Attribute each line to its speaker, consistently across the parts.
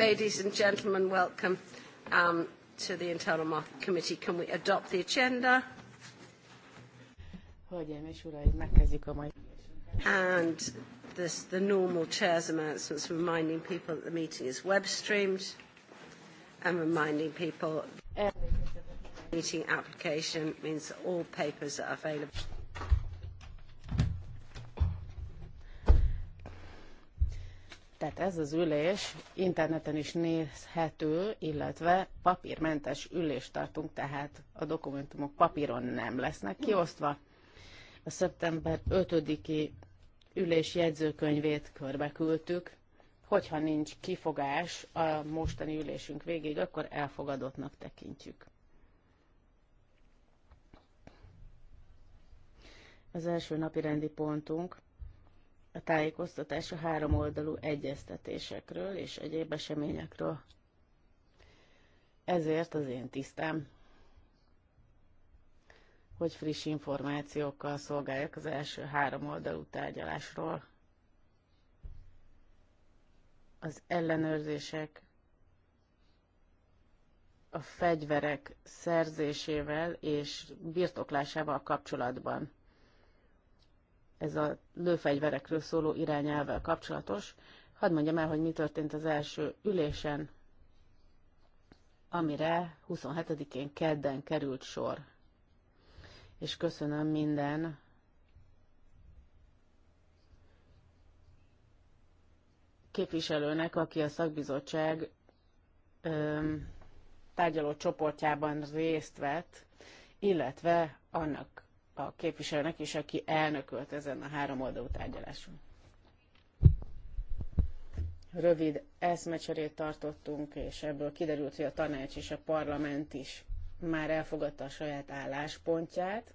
Speaker 1: Ladies and gentlemen, welcome um, to the Internal Market Committee. Can we adopt the agenda? And this, the normal chair's announcements reminding people that the meeting is web streamed and reminding people e- meeting application means that all papers are available.
Speaker 2: ez az ülés interneten is nézhető, illetve papírmentes ülést tartunk, tehát a dokumentumok papíron nem lesznek kiosztva. A szeptember 5-i ülés jegyzőkönyvét körbeküldtük. Hogyha nincs kifogás a mostani ülésünk végéig, akkor elfogadottnak tekintjük. Az első napi rendi pontunk a tájékoztatás a három oldalú egyeztetésekről és egyéb eseményekről. Ezért az én tisztem, hogy friss információkkal szolgáljak az első három oldalú tárgyalásról. Az ellenőrzések a fegyverek szerzésével és birtoklásával kapcsolatban ez a lőfegyverekről szóló irányelvvel kapcsolatos. Hadd mondjam el, hogy mi történt az első ülésen, amire 27-én kedden került sor. És köszönöm minden képviselőnek, aki a szakbizottság öm, tárgyaló csoportjában részt vett, illetve annak a képviselőnek is, aki elnökölt ezen a három oldalú tárgyaláson. Rövid eszmecserét tartottunk, és ebből kiderült, hogy a tanács és a parlament is már elfogadta a saját álláspontját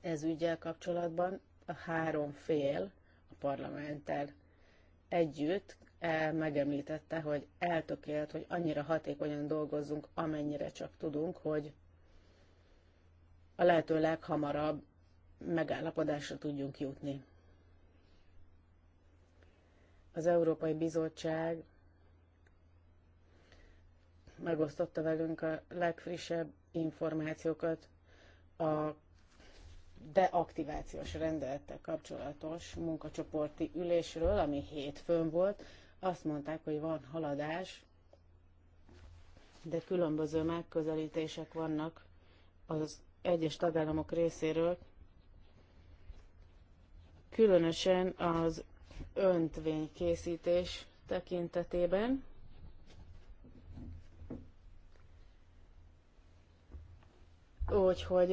Speaker 2: ez ügyel kapcsolatban. A három fél a parlamenttel együtt e, megemlítette, hogy eltökélt, hogy annyira hatékonyan dolgozzunk, amennyire csak tudunk, hogy a lehető leghamarabb megállapodásra tudjunk jutni. Az Európai Bizottság megosztotta velünk a legfrissebb információkat a deaktivációs rendelettel kapcsolatos munkacsoporti ülésről, ami hétfőn volt. Azt mondták, hogy van haladás, de különböző megközelítések vannak az egyes tagállamok részéről, különösen az öntvénykészítés tekintetében. Úgyhogy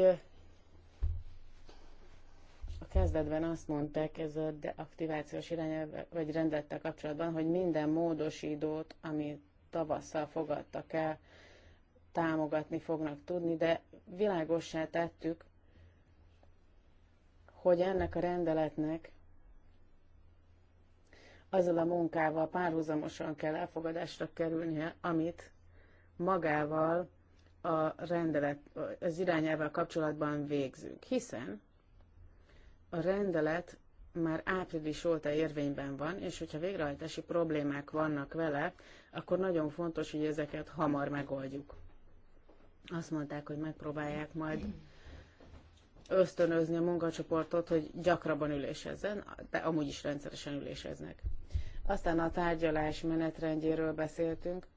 Speaker 2: a kezdetben azt mondták ez a deaktivációs irányelv vagy rendettel kapcsolatban, hogy minden módosítót, amit tavasszal fogadtak el, támogatni fognak tudni, de világossá tettük, hogy ennek a rendeletnek azzal a munkával párhuzamosan kell elfogadásra kerülnie, amit magával a rendelet, az irányával kapcsolatban végzünk, hiszen a rendelet már április óta érvényben van, és hogyha végrehajtási problémák vannak vele, akkor nagyon fontos, hogy ezeket hamar megoldjuk. Azt mondták, hogy megpróbálják majd ösztönözni a munkacsoportot, hogy gyakrabban ülésezzen, de amúgy is rendszeresen üléseznek. Aztán a tárgyalás menetrendjéről beszéltünk.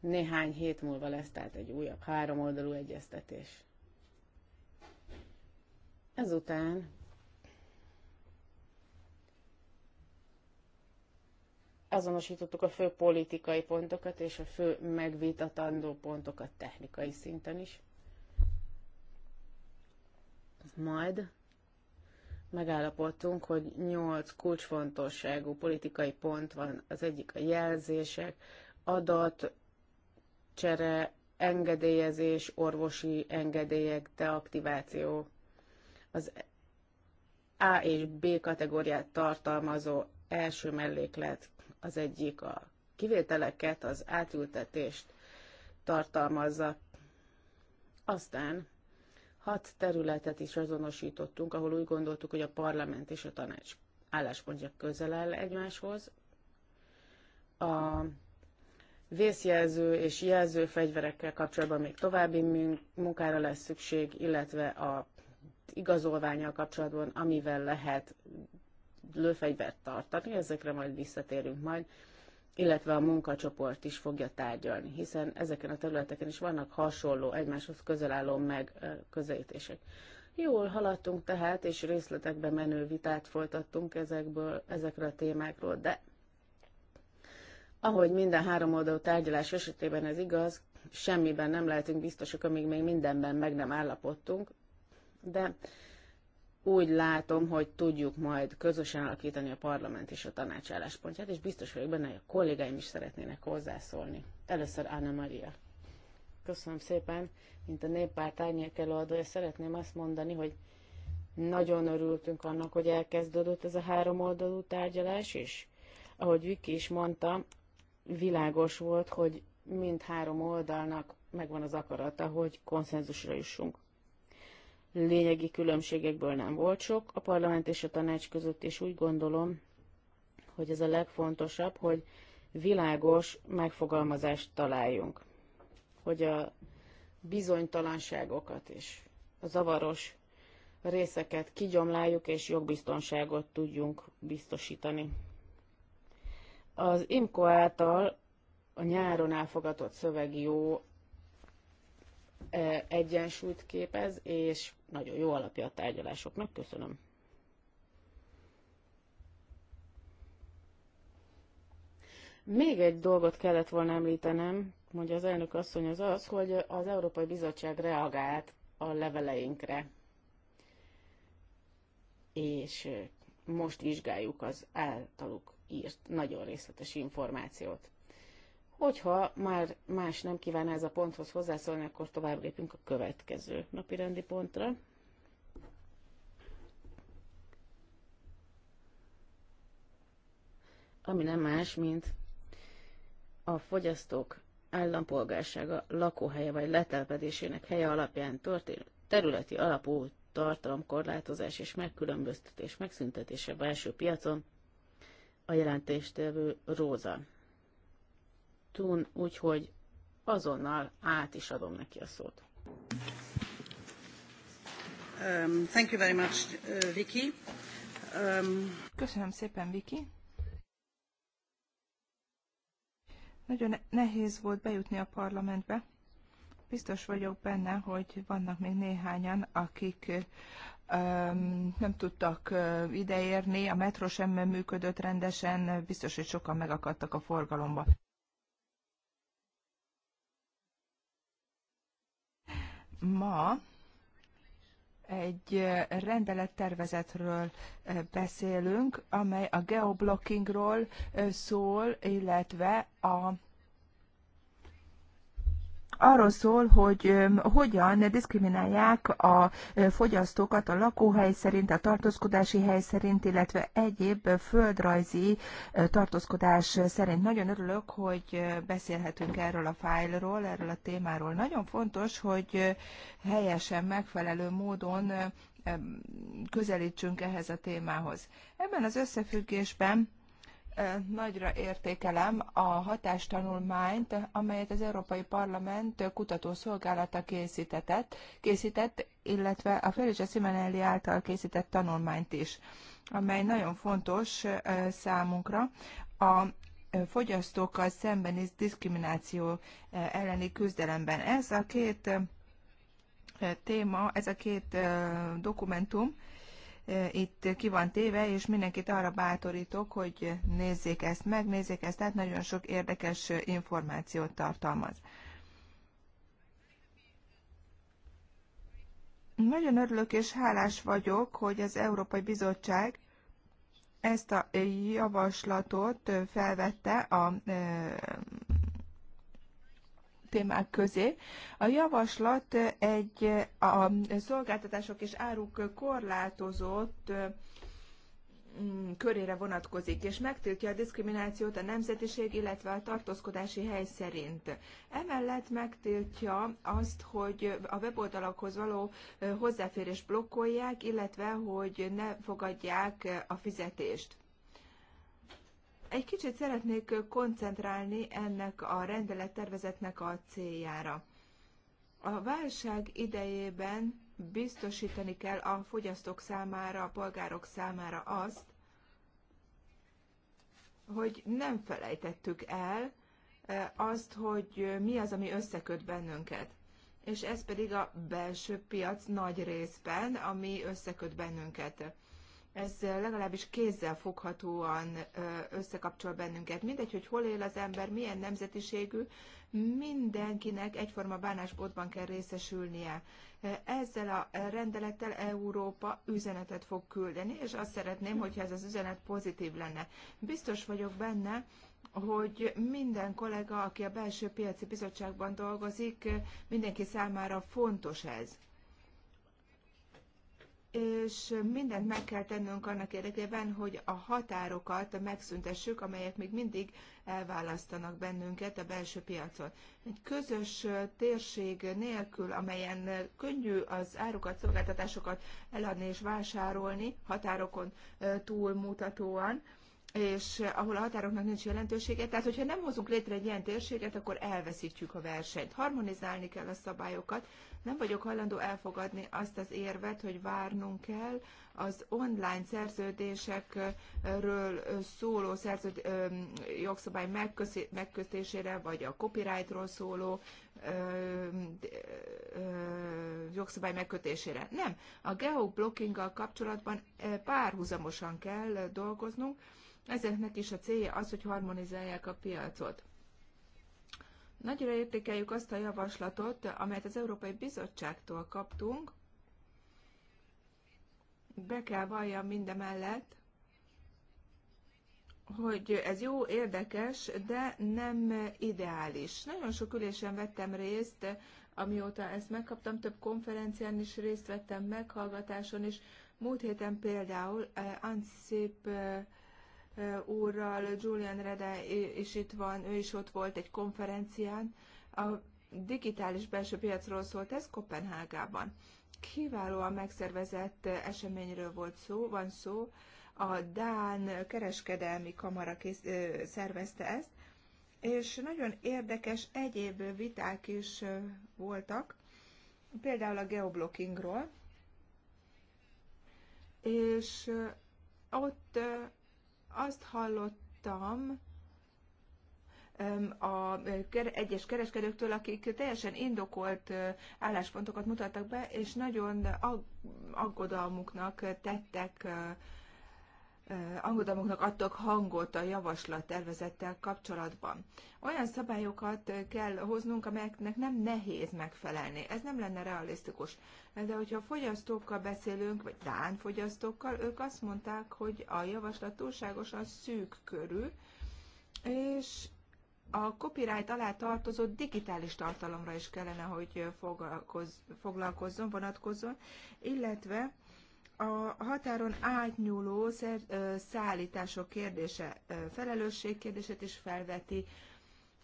Speaker 2: Néhány hét múlva lesz tehát egy újabb háromoldalú egyeztetés. Ezután azonosítottuk a fő politikai pontokat és a fő megvitatandó pontokat technikai szinten is. Majd megállapodtunk, hogy nyolc kulcsfontosságú politikai pont van. Az egyik a jelzések, adat, csere, engedélyezés, orvosi engedélyek, deaktiváció. Az A és B kategóriát tartalmazó első melléklet az egyik a kivételeket, az átültetést tartalmazza. Aztán hat területet is azonosítottunk, ahol úgy gondoltuk, hogy a parlament és a tanács álláspontja közel áll egymáshoz. A vészjelző és jelző fegyverekkel kapcsolatban még további munkára lesz szükség, illetve a igazolványal kapcsolatban, amivel lehet lőfegyvert tartani, ezekre majd visszatérünk majd, illetve a munkacsoport is fogja tárgyalni, hiszen ezeken a területeken is vannak hasonló, egymáshoz közel álló megközelítések. Jól haladtunk tehát, és részletekbe menő vitát folytattunk ezekből, ezekről a témákról, de ahogy minden három oldalú tárgyalás esetében ez igaz, semmiben nem lehetünk biztosak, amíg még mindenben meg nem állapodtunk, de úgy látom, hogy tudjuk majd közösen alakítani a parlament és a tanács álláspontját, és biztos vagyok benne, hogy a kollégáim is szeretnének hozzászólni. Először Anna Maria. Köszönöm szépen, mint a néppárt árnyék előadója, szeretném azt mondani, hogy nagyon örültünk annak, hogy elkezdődött ez a három oldalú tárgyalás, és ahogy Viki is mondta, világos volt, hogy mind három oldalnak megvan az akarata, hogy konszenzusra jussunk lényegi különbségekből nem volt sok a parlament és a tanács között, és úgy gondolom, hogy ez a legfontosabb, hogy világos megfogalmazást találjunk, hogy a bizonytalanságokat és a zavaros részeket kigyomláljuk, és jogbiztonságot tudjunk biztosítani. Az IMCO által a nyáron elfogadott szöveg jó E, egyensúlyt képez, és nagyon jó alapja a tárgyalásoknak. Köszönöm. Még egy dolgot kellett volna említenem, mondja az elnök asszony, az az, hogy az Európai Bizottság reagált a leveleinkre. És e, most vizsgáljuk az általuk írt nagyon részletes információt. Hogyha már más nem kíván ez a ponthoz hozzászólni, akkor tovább lépünk a következő napi rendi pontra. Ami nem más, mint a fogyasztók állampolgársága lakóhelye vagy letelpedésének helye alapján történő területi alapú tartalomkorlátozás és megkülönböztetés megszüntetése belső piacon, a jelentéstevő Róza. Tun, úgyhogy azonnal át is adom
Speaker 3: neki a szót. Um, thank you very much, uh, Vicky. Um... Köszönöm szépen, Viki. Nagyon nehéz volt bejutni a parlamentbe. Biztos vagyok benne, hogy vannak még néhányan, akik um, nem tudtak uh, ideérni, a metró sem működött rendesen, biztos, hogy sokan megakadtak a forgalomba. ma egy rendelettervezetről beszélünk, amely a geoblockingról szól, illetve a arról szól, hogy hogyan diszkriminálják a fogyasztókat a lakóhely szerint, a tartózkodási hely szerint, illetve egyéb földrajzi tartózkodás szerint. Nagyon örülök, hogy beszélhetünk erről a fájlról, erről a témáról. Nagyon fontos, hogy helyesen, megfelelő módon közelítsünk ehhez a témához. Ebben az összefüggésben nagyra értékelem a hatástanulmányt, amelyet az Európai Parlament kutatószolgálata készített, készített illetve a Felice Simonelli által készített tanulmányt is, amely nagyon fontos számunkra a fogyasztókkal szembeni diszkrimináció elleni küzdelemben. Ez a két téma, ez a két dokumentum, itt ki van téve, és mindenkit arra bátorítok, hogy nézzék ezt meg, nézzék ezt, tehát nagyon sok érdekes információt tartalmaz. Nagyon örülök és hálás vagyok, hogy az Európai Bizottság ezt a javaslatot felvette a témák közé. A javaslat egy a szolgáltatások és áruk korlátozott mm, körére vonatkozik, és megtiltja a diszkriminációt a nemzetiség, illetve a tartózkodási hely szerint. Emellett megtiltja azt, hogy a weboldalakhoz való hozzáférés blokkolják, illetve hogy ne fogadják a fizetést. Egy kicsit szeretnék koncentrálni ennek a rendelettervezetnek a céljára. A válság idejében biztosítani kell a fogyasztók számára, a polgárok számára azt, hogy nem felejtettük el eh, azt, hogy mi az, ami összeköt bennünket. És ez pedig a belső piac nagy részben, ami összeköt bennünket ez legalábbis kézzel foghatóan összekapcsol bennünket. Mindegy, hogy hol él az ember, milyen nemzetiségű, mindenkinek egyforma bánásbódban kell részesülnie. Ezzel a rendelettel Európa üzenetet fog küldeni, és azt szeretném, hogyha ez az üzenet pozitív lenne. Biztos vagyok benne, hogy minden kollega, aki a belső piaci bizottságban dolgozik, mindenki számára fontos ez és mindent meg kell tennünk annak érdekében, hogy a határokat megszüntessük, amelyek még mindig elválasztanak bennünket a belső piacon. Egy közös térség nélkül, amelyen könnyű az árukat, szolgáltatásokat eladni és vásárolni határokon túlmutatóan, és ahol a határoknak nincs jelentősége. Tehát, hogyha nem hozunk létre egy ilyen térséget, akkor elveszítjük a versenyt. Harmonizálni kell a szabályokat. Nem vagyok hajlandó elfogadni azt az érvet, hogy várnunk kell az online szerződésekről szóló szerződ, jogszabály megkötésére, vagy a copyrightról szóló jogszabály megkötésére. Nem. A geoblockinggal kapcsolatban párhuzamosan kell dolgoznunk, Ezeknek is a célja az, hogy harmonizálják a piacot. Nagyra értékeljük azt a javaslatot, amelyet az Európai Bizottságtól kaptunk. Be kell valljam mindemellett, hogy ez jó, érdekes, de nem ideális. Nagyon sok ülésen vettem részt, amióta ezt megkaptam, több konferencián is részt vettem, meghallgatáson is. Múlt héten például uh, úrral, Julian Rede is itt van, ő is ott volt egy konferencián. A digitális belső piacról szólt ez Kopenhágában. Kiválóan megszervezett eseményről volt szó, van szó. A Dán kereskedelmi kamara kész, ö, szervezte ezt, és nagyon érdekes egyéb viták is voltak, például a geoblockingról, és ott azt hallottam a egyes kereskedőktől, akik teljesen indokolt álláspontokat mutattak be, és nagyon aggodalmuknak tettek aggodalmuknak adtak hangot a javaslat tervezettel kapcsolatban. Olyan szabályokat kell hoznunk, amelyeknek nem nehéz megfelelni. Ez nem lenne realisztikus. De hogyha fogyasztókkal beszélünk, vagy dán fogyasztókkal, ők azt mondták, hogy a javaslat túlságosan szűk körül, és a copyright alá tartozó digitális tartalomra is kellene, hogy foglalkozzon, vonatkozzon, illetve a határon átnyúló szállítások kérdése, felelősség kérdését is felveti.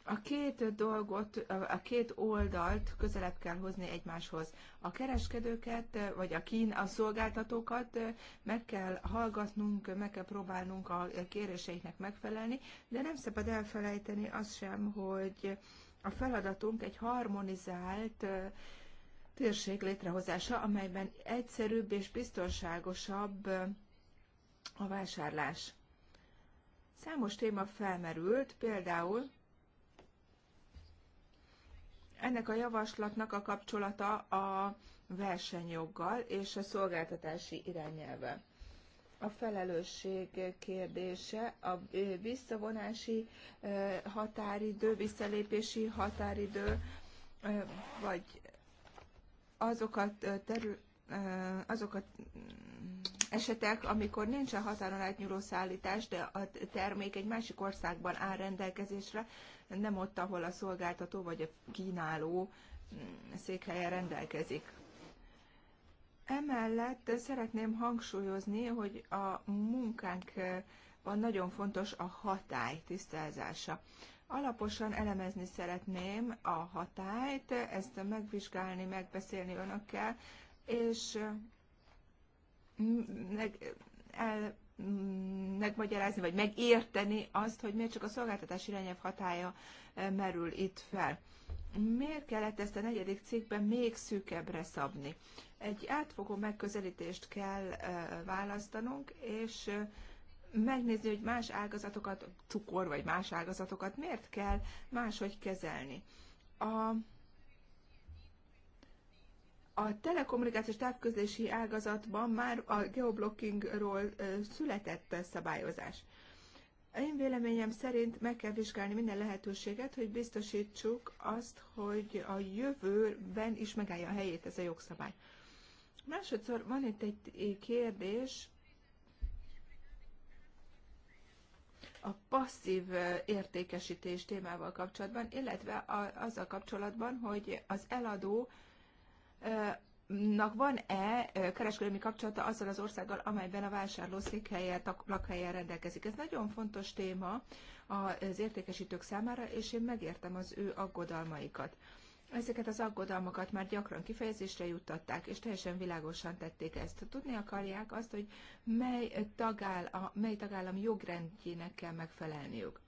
Speaker 3: A két dolgot, a két oldalt közelebb kell hozni egymáshoz. A kereskedőket, vagy a kín, a szolgáltatókat meg kell hallgatnunk, meg kell próbálnunk a kéréseiknek megfelelni, de nem szabad elfelejteni azt sem, hogy a feladatunk egy harmonizált térség létrehozása, amelyben egyszerűbb és biztonságosabb a vásárlás. Számos téma felmerült, például ennek a javaslatnak a kapcsolata a versenyjoggal és a szolgáltatási irányelvvel. A felelősség kérdése, a visszavonási határidő, visszalépési határidő, vagy azokat terül, azok mm, esetek, amikor nincs a határon átnyúló szállítás, de a termék egy másik országban áll rendelkezésre, nem ott, ahol a szolgáltató vagy a kínáló mm, székhelye rendelkezik. Emellett szeretném hangsúlyozni, hogy a munkánkban nagyon fontos a hatály tisztázása. Alaposan elemezni szeretném a hatályt, ezt megvizsgálni, megbeszélni önökkel, és mm, meg, el, mm, megmagyarázni, vagy megérteni azt, hogy miért csak a szolgáltatás irányelv hatája e, merül itt fel. Miért kellett ezt a negyedik cikkben még szűkebbre szabni? Egy átfogó megközelítést kell e, választanunk, és megnézni, hogy más ágazatokat, cukor vagy más ágazatokat miért kell máshogy kezelni. A, a telekommunikációs távközlési ágazatban már a geoblockingról született szabályozás. Én véleményem szerint meg kell vizsgálni minden lehetőséget, hogy biztosítsuk azt, hogy a jövőben is megállja a helyét ez a jogszabály. Másodszor van itt egy kérdés, a passzív értékesítés témával kapcsolatban, illetve a, azzal kapcsolatban, hogy az eladó van-e kereskedelmi kapcsolata azzal az országgal, amelyben a vásárló székhelyen, lakhelyen rendelkezik? Ez nagyon fontos téma az értékesítők számára, és én megértem az ő aggodalmaikat. Ezeket az aggodalmakat már gyakran kifejezésre juttatták, és teljesen világosan tették ezt. Tudni akarják azt, hogy mely, tagáll, mely tagállam jogrendjének kell megfelelniük.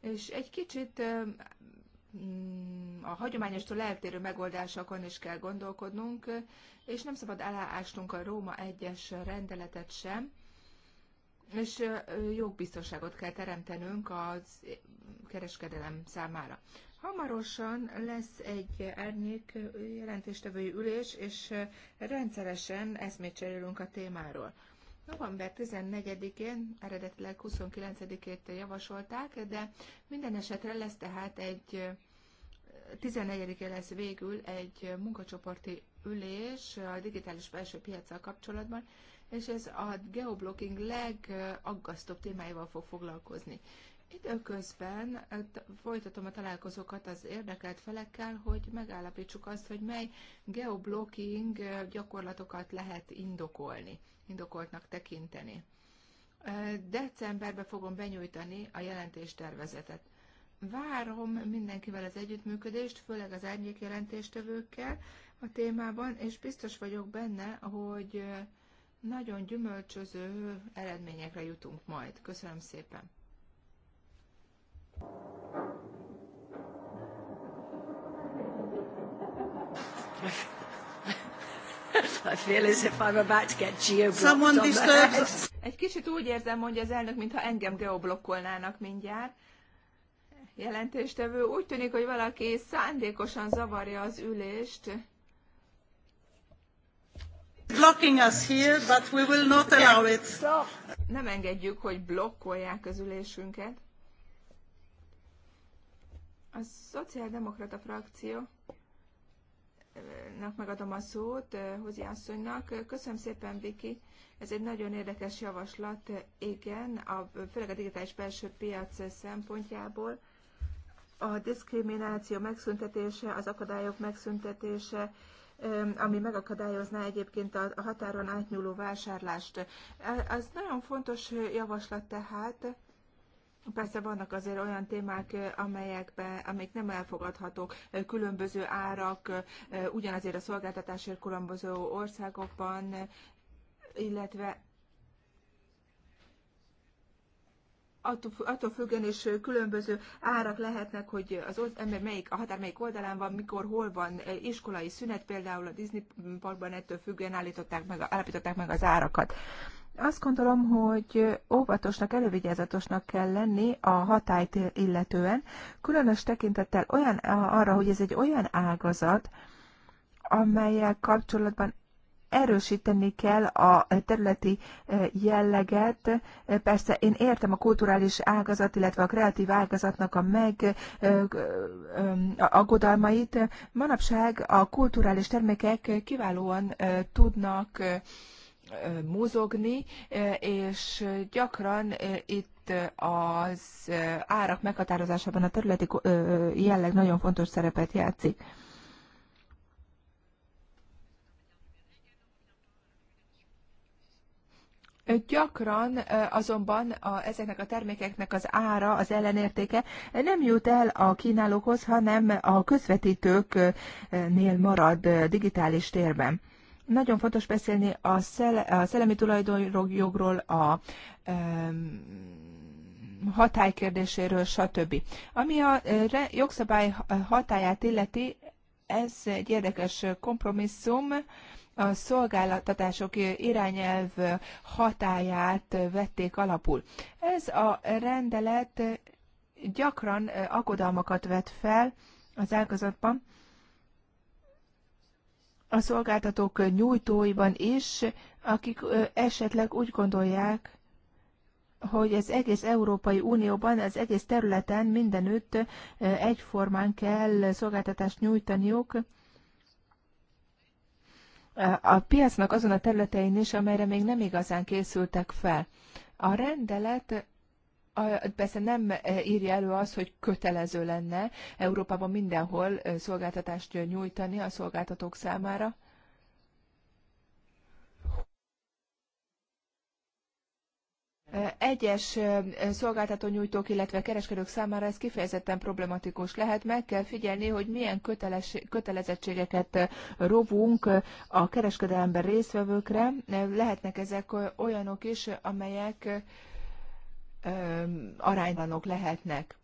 Speaker 3: És egy kicsit mm, a hagyományostól eltérő megoldásokon is kell gondolkodnunk, és nem szabad aláásnunk a Róma 1-es rendeletet sem, és jogbiztonságot kell teremtenünk az kereskedelem számára. Hamarosan lesz egy árnyék jelentéstevői ülés, és rendszeresen eszmét cserélünk a témáról. November 14-én, eredetileg 29-ét javasolták, de minden esetre lesz tehát egy 14 -e lesz végül egy munkacsoporti ülés a digitális belső piacsal kapcsolatban, és ez a geoblocking legaggasztóbb témáival fog foglalkozni. Időközben folytatom a találkozókat az érdekelt felekkel, hogy megállapítsuk azt, hogy mely geoblocking gyakorlatokat lehet indokolni, indokoltnak tekinteni. Decemberben fogom benyújtani a jelentéstervezetet. Várom mindenkivel az együttműködést, főleg az árnyék jelentéstevőkkel a témában, és biztos vagyok benne, hogy nagyon gyümölcsöző eredményekre jutunk majd. Köszönöm szépen!
Speaker 1: I feel as if I'm about to get Someone
Speaker 3: Egy kicsit úgy érzem, mondja az elnök, mintha engem geoblokkolnának mindjárt. Jelentéstevő, úgy tűnik, hogy valaki szándékosan zavarja az ülést.
Speaker 1: Blocking us here, but we will not allow
Speaker 3: it. Nem engedjük, hogy blokkolják az ülésünket. A szociáldemokrata frakció megadom a szót Hozi eh, asszonynak. Köszönöm szépen, Viki. Ez egy nagyon érdekes javaslat, igen, a, főleg a digitális belső piac szempontjából. A diszkrimináció megszüntetése, az akadályok megszüntetése, ami megakadályozná egyébként a határon átnyúló vásárlást. Ez nagyon fontos javaslat tehát, Persze vannak azért olyan témák, amelyekben, amik nem elfogadhatók, különböző árak, ugyanazért a szolgáltatásért különböző országokban, illetve attól függően is különböző árak lehetnek, hogy az ember melyik, a határ melyik oldalán van, mikor, hol van iskolai szünet, például a Disney parkban ettől függően állították meg, állapították meg az árakat. Azt gondolom, hogy óvatosnak, elővigyázatosnak kell lenni a hatályt illetően, különös tekintettel olyan, arra, hogy ez egy olyan ágazat, amelyel kapcsolatban erősíteni kell a területi e, jelleget. Persze én értem a kulturális ágazat, illetve a kreatív ágazatnak a meg e, e, aggodalmait. Manapság a kulturális termékek kiválóan tudnak mozogni, és gyakran itt az árak meghatározásában a területi jelleg nagyon fontos szerepet játszik. Gyakran azonban a, ezeknek a termékeknek az ára, az ellenértéke nem jut el a kínálókhoz, hanem a közvetítőknél marad digitális térben. Nagyon fontos beszélni a, szele, a szellemi tulajdonjogról, a um, hatály kérdéséről, stb. Ami a eh, jogszabály hatáját illeti, ez egy érdekes kompromisszum, a szolgáltatások irányelv hatáját vették alapul. Ez a rendelet gyakran eh, akodalmakat vet fel az ágazatban, a szolgáltatók nyújtóiban is, akik esetleg úgy gondolják, hogy az egész Európai Unióban, az egész területen mindenütt egyformán kell szolgáltatást nyújtaniuk, a piacnak azon a területein is, amelyre még nem igazán készültek fel. A rendelet persze nem e, írja elő az, hogy kötelező lenne Európában mindenhol e, szolgáltatást nyújtani a szolgáltatók számára. E, egyes nyújtók, illetve kereskedők számára ez kifejezetten problematikus lehet. Meg kell figyelni, hogy milyen köteles, kötelezettségeket rovunk a kereskedelemben résztvevőkre. Lehetnek ezek olyanok is, amelyek aránylanok lehetnek.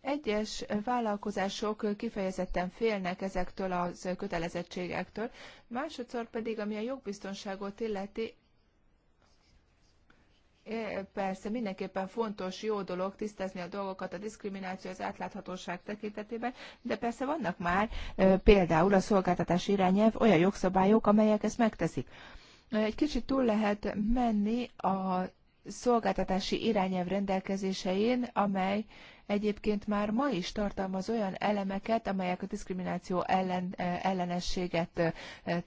Speaker 3: Egyes vállalkozások kifejezetten félnek ezektől az kötelezettségektől, másodszor pedig, ami a jogbiztonságot illeti, Persze, mindenképpen fontos, jó dolog tisztázni a dolgokat a diszkrimináció, az átláthatóság tekintetében, de persze vannak már például a szolgáltatás irányelv olyan jogszabályok, amelyek ezt megteszik. Egy kicsit túl lehet menni a szolgáltatási irányelv rendelkezésein, amely egyébként már ma is tartalmaz olyan elemeket, amelyek a diszkrimináció ellen, eh, ellenességet eh,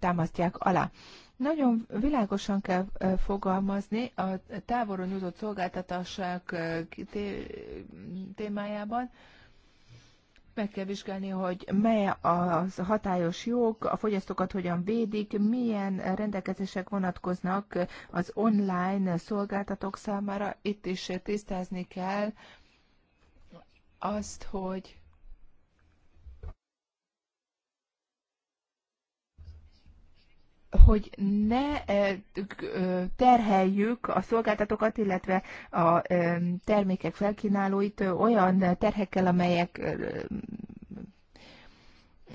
Speaker 3: támasztják alá. Nagyon világosan kell eh, fogalmazni a távolról nyújtott szolgáltatások témájában, meg kell vizsgálni, hogy mely az hatályos jog, a fogyasztókat hogyan védik, milyen rendelkezések vonatkoznak az online szolgáltatók számára. Itt is tisztázni kell azt, hogy hogy ne e, terheljük a szolgáltatókat, illetve a termékek felkínálóit olyan terhekkel, amelyek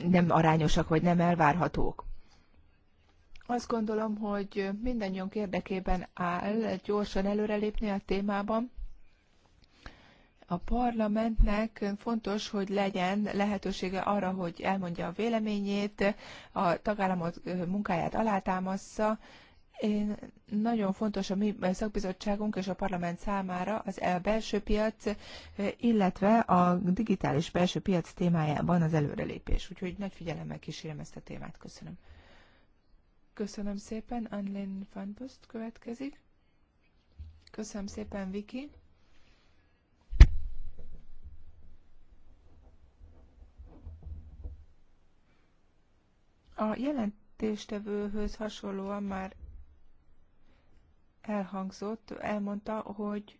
Speaker 3: nem arányosak, vagy nem elvárhatók. Azt gondolom, hogy mindannyiunk érdekében áll gyorsan előrelépni a témában, a parlamentnek fontos, hogy legyen lehetősége arra, hogy elmondja a véleményét, a tagállamok munkáját alátámassza. Én nagyon fontos a mi szakbizottságunk és a parlament számára az e-, belső piac, illetve a digitális belső piac témájában az előrelépés. Úgyhogy nagy figyelemmel kísérem ezt a témát. Köszönöm. Köszönöm szépen. Anlin van Bust következik. Köszönöm szépen, Viki. A jelentéstevőhöz hasonlóan már elhangzott, elmondta, hogy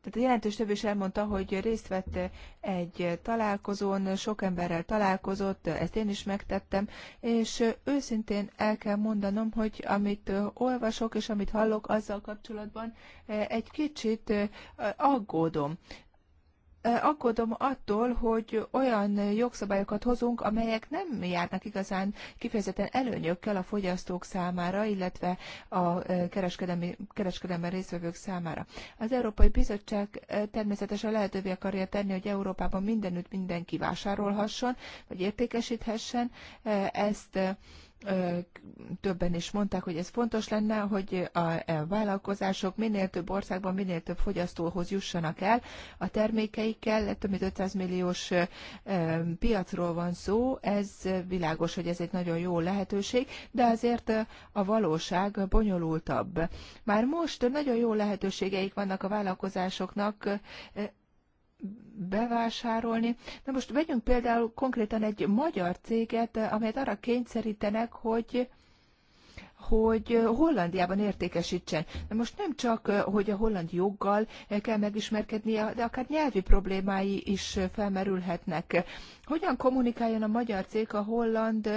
Speaker 3: tehát a jelentéstevő is elmondta, hogy részt vett egy találkozón, sok emberrel találkozott, ezt én is megtettem, és őszintén el kell mondanom, hogy amit olvasok és amit hallok azzal kapcsolatban, egy kicsit aggódom aggódom attól, hogy olyan jogszabályokat hozunk, amelyek nem járnak igazán kifejezetten előnyökkel a fogyasztók számára, illetve a kereskedelmi, kereskedelmi részvevők számára. Az Európai Bizottság természetesen lehetővé akarja tenni, hogy Európában mindenütt mindenki vásárolhasson, vagy értékesíthessen. Ezt többen is mondták, hogy ez fontos lenne, hogy a vállalkozások minél több országban, minél több fogyasztóhoz jussanak el a termékeikkel. Több mint 500 milliós piacról van szó, ez világos, hogy ez egy nagyon jó lehetőség, de azért a valóság bonyolultabb. Már most nagyon jó lehetőségeik vannak a vállalkozásoknak, bevásárolni. Na most vegyünk például konkrétan egy magyar céget, amelyet arra kényszerítenek, hogy hogy Hollandiában értékesítsen. De most nem csak, hogy a holland joggal kell megismerkednie, de akár nyelvi problémái is felmerülhetnek. Hogyan kommunikáljon a magyar cég a holland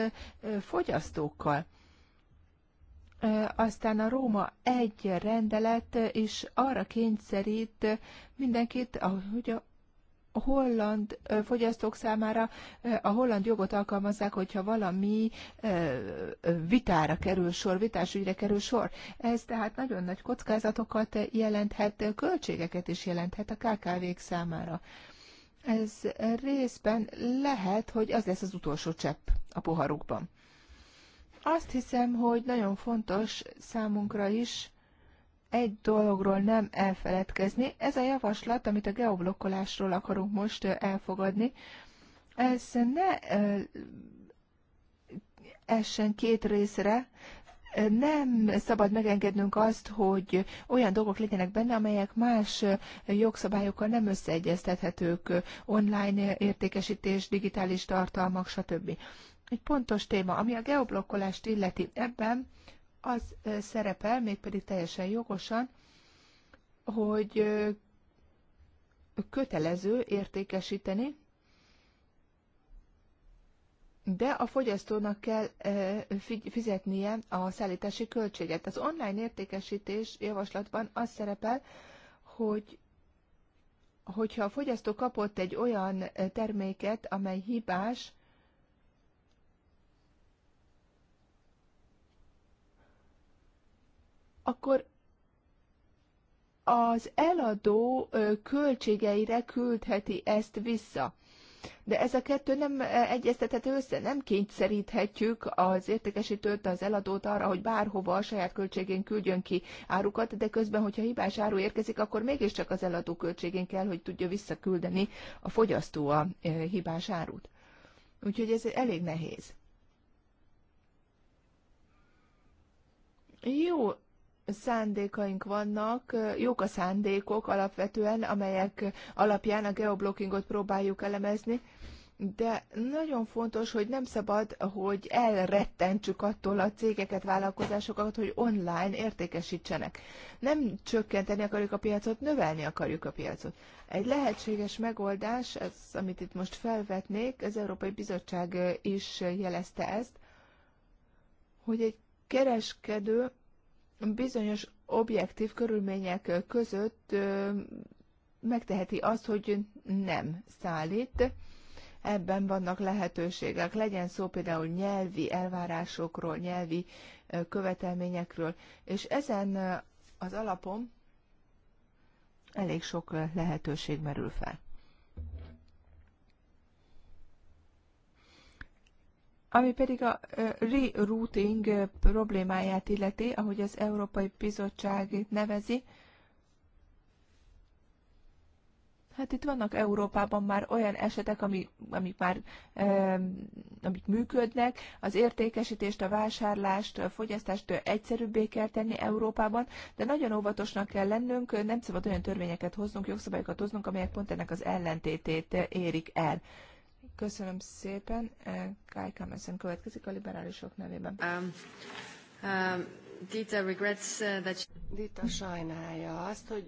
Speaker 3: fogyasztókkal? Aztán a Róma egy rendelet is arra kényszerít mindenkit, hogy a a holland fogyasztók számára a holland jogot alkalmazzák, hogyha valami vitára kerül sor, vitás ügyre kerül sor. Ez tehát nagyon nagy kockázatokat jelenthet, költségeket is jelenthet a KKV-k számára. Ez részben lehet, hogy az lesz az utolsó csepp a poharukban. Azt hiszem, hogy nagyon fontos számunkra is, egy dologról nem elfeledkezni. Ez a javaslat, amit a geoblokkolásról akarunk most elfogadni, ez ne essen két részre, nem szabad megengednünk azt, hogy olyan dolgok legyenek benne, amelyek más jogszabályokkal nem összeegyeztethetők, online értékesítés, digitális tartalmak, stb. Egy pontos téma, ami a geoblokkolást illeti, ebben az szerepel, mégpedig teljesen jogosan, hogy kötelező értékesíteni, de a fogyasztónak kell fizetnie a szállítási költséget. Az online értékesítés javaslatban az szerepel, hogy hogyha a fogyasztó kapott egy olyan terméket, amely hibás, akkor az eladó költségeire küldheti ezt vissza. De ez a kettő nem egyeztethető össze, nem kényszeríthetjük az értékesítőt, az eladót arra, hogy bárhova a saját költségén küldjön ki árukat, de közben, hogyha hibás áru érkezik, akkor mégiscsak az eladó költségén kell, hogy tudja visszaküldeni a fogyasztó a hibás árut. Úgyhogy ez elég nehéz. Jó, szándékaink vannak, jók a szándékok alapvetően, amelyek alapján a geoblockingot próbáljuk elemezni, de nagyon fontos, hogy nem szabad, hogy elrettentsük attól a cégeket, vállalkozásokat, hogy online értékesítsenek. Nem csökkenteni akarjuk a piacot, növelni akarjuk a piacot. Egy lehetséges megoldás, ez, amit itt most felvetnék, az Európai Bizottság is jelezte ezt, hogy egy kereskedő bizonyos objektív körülmények között megteheti azt, hogy nem szállít. Ebben vannak lehetőségek, legyen szó például nyelvi elvárásokról, nyelvi követelményekről, és ezen az alapon elég sok lehetőség merül fel. Ami pedig a rerouting problémáját illeti, ahogy az Európai Bizottság nevezi, Hát itt vannak Európában már olyan esetek, ami, amik már e, amik működnek. Az értékesítést, a vásárlást, a fogyasztást egyszerűbbé kell tenni Európában, de nagyon óvatosnak kell lennünk, nem szabad olyan törvényeket hoznunk, jogszabályokat hoznunk, amelyek pont ennek az ellentétét érik el. Köszönöm szépen. Kai eh, Kamerson következik a liberálisok nevében. Um,
Speaker 4: um, Dita regrets uh, that... Dita sajnálja azt, hogy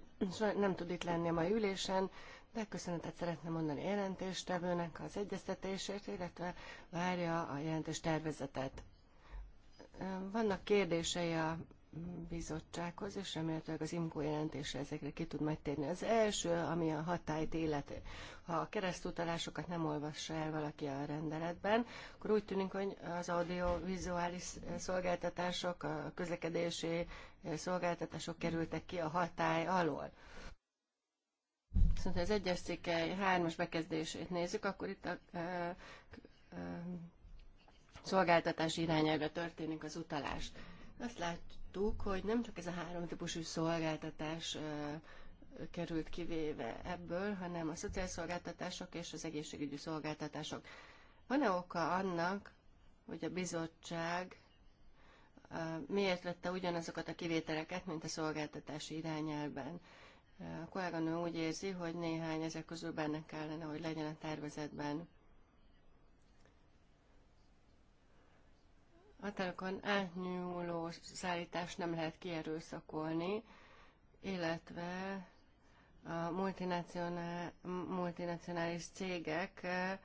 Speaker 4: nem tud itt lenni a mai ülésen, de köszönetet szeretne mondani jelentéstevőnek az egyeztetésért, illetve várja a jelentés tervezetet. Vannak kérdései a bizottsághoz, és remélhetőleg az IMCO jelentése ezekre ki tud majd térni. Az első, ami a hatályt illeti. Ha a keresztutalásokat nem olvassa el valaki a rendeletben, akkor úgy tűnik, hogy az audiovizuális szolgáltatások, a közlekedési szolgáltatások kerültek ki a hatály alól. szóval az egyes cikkely hármas bekezdését nézzük, akkor itt a, szolgáltatás irányába történik az utalás. Azt látjuk, láttuk, hogy nem csak ez a három típusú szolgáltatás került kivéve ebből, hanem a szociális szolgáltatások és az egészségügyi szolgáltatások. Van-e oka annak, hogy a bizottság miért vette ugyanazokat a kivételeket, mint a szolgáltatási irányelben? A kolléganő úgy érzi, hogy néhány ezek közül benne kellene, hogy legyen a tervezetben. határokon átnyúló szállítást nem lehet kierőszakolni, illetve a multinacionál, multinacionális cégekre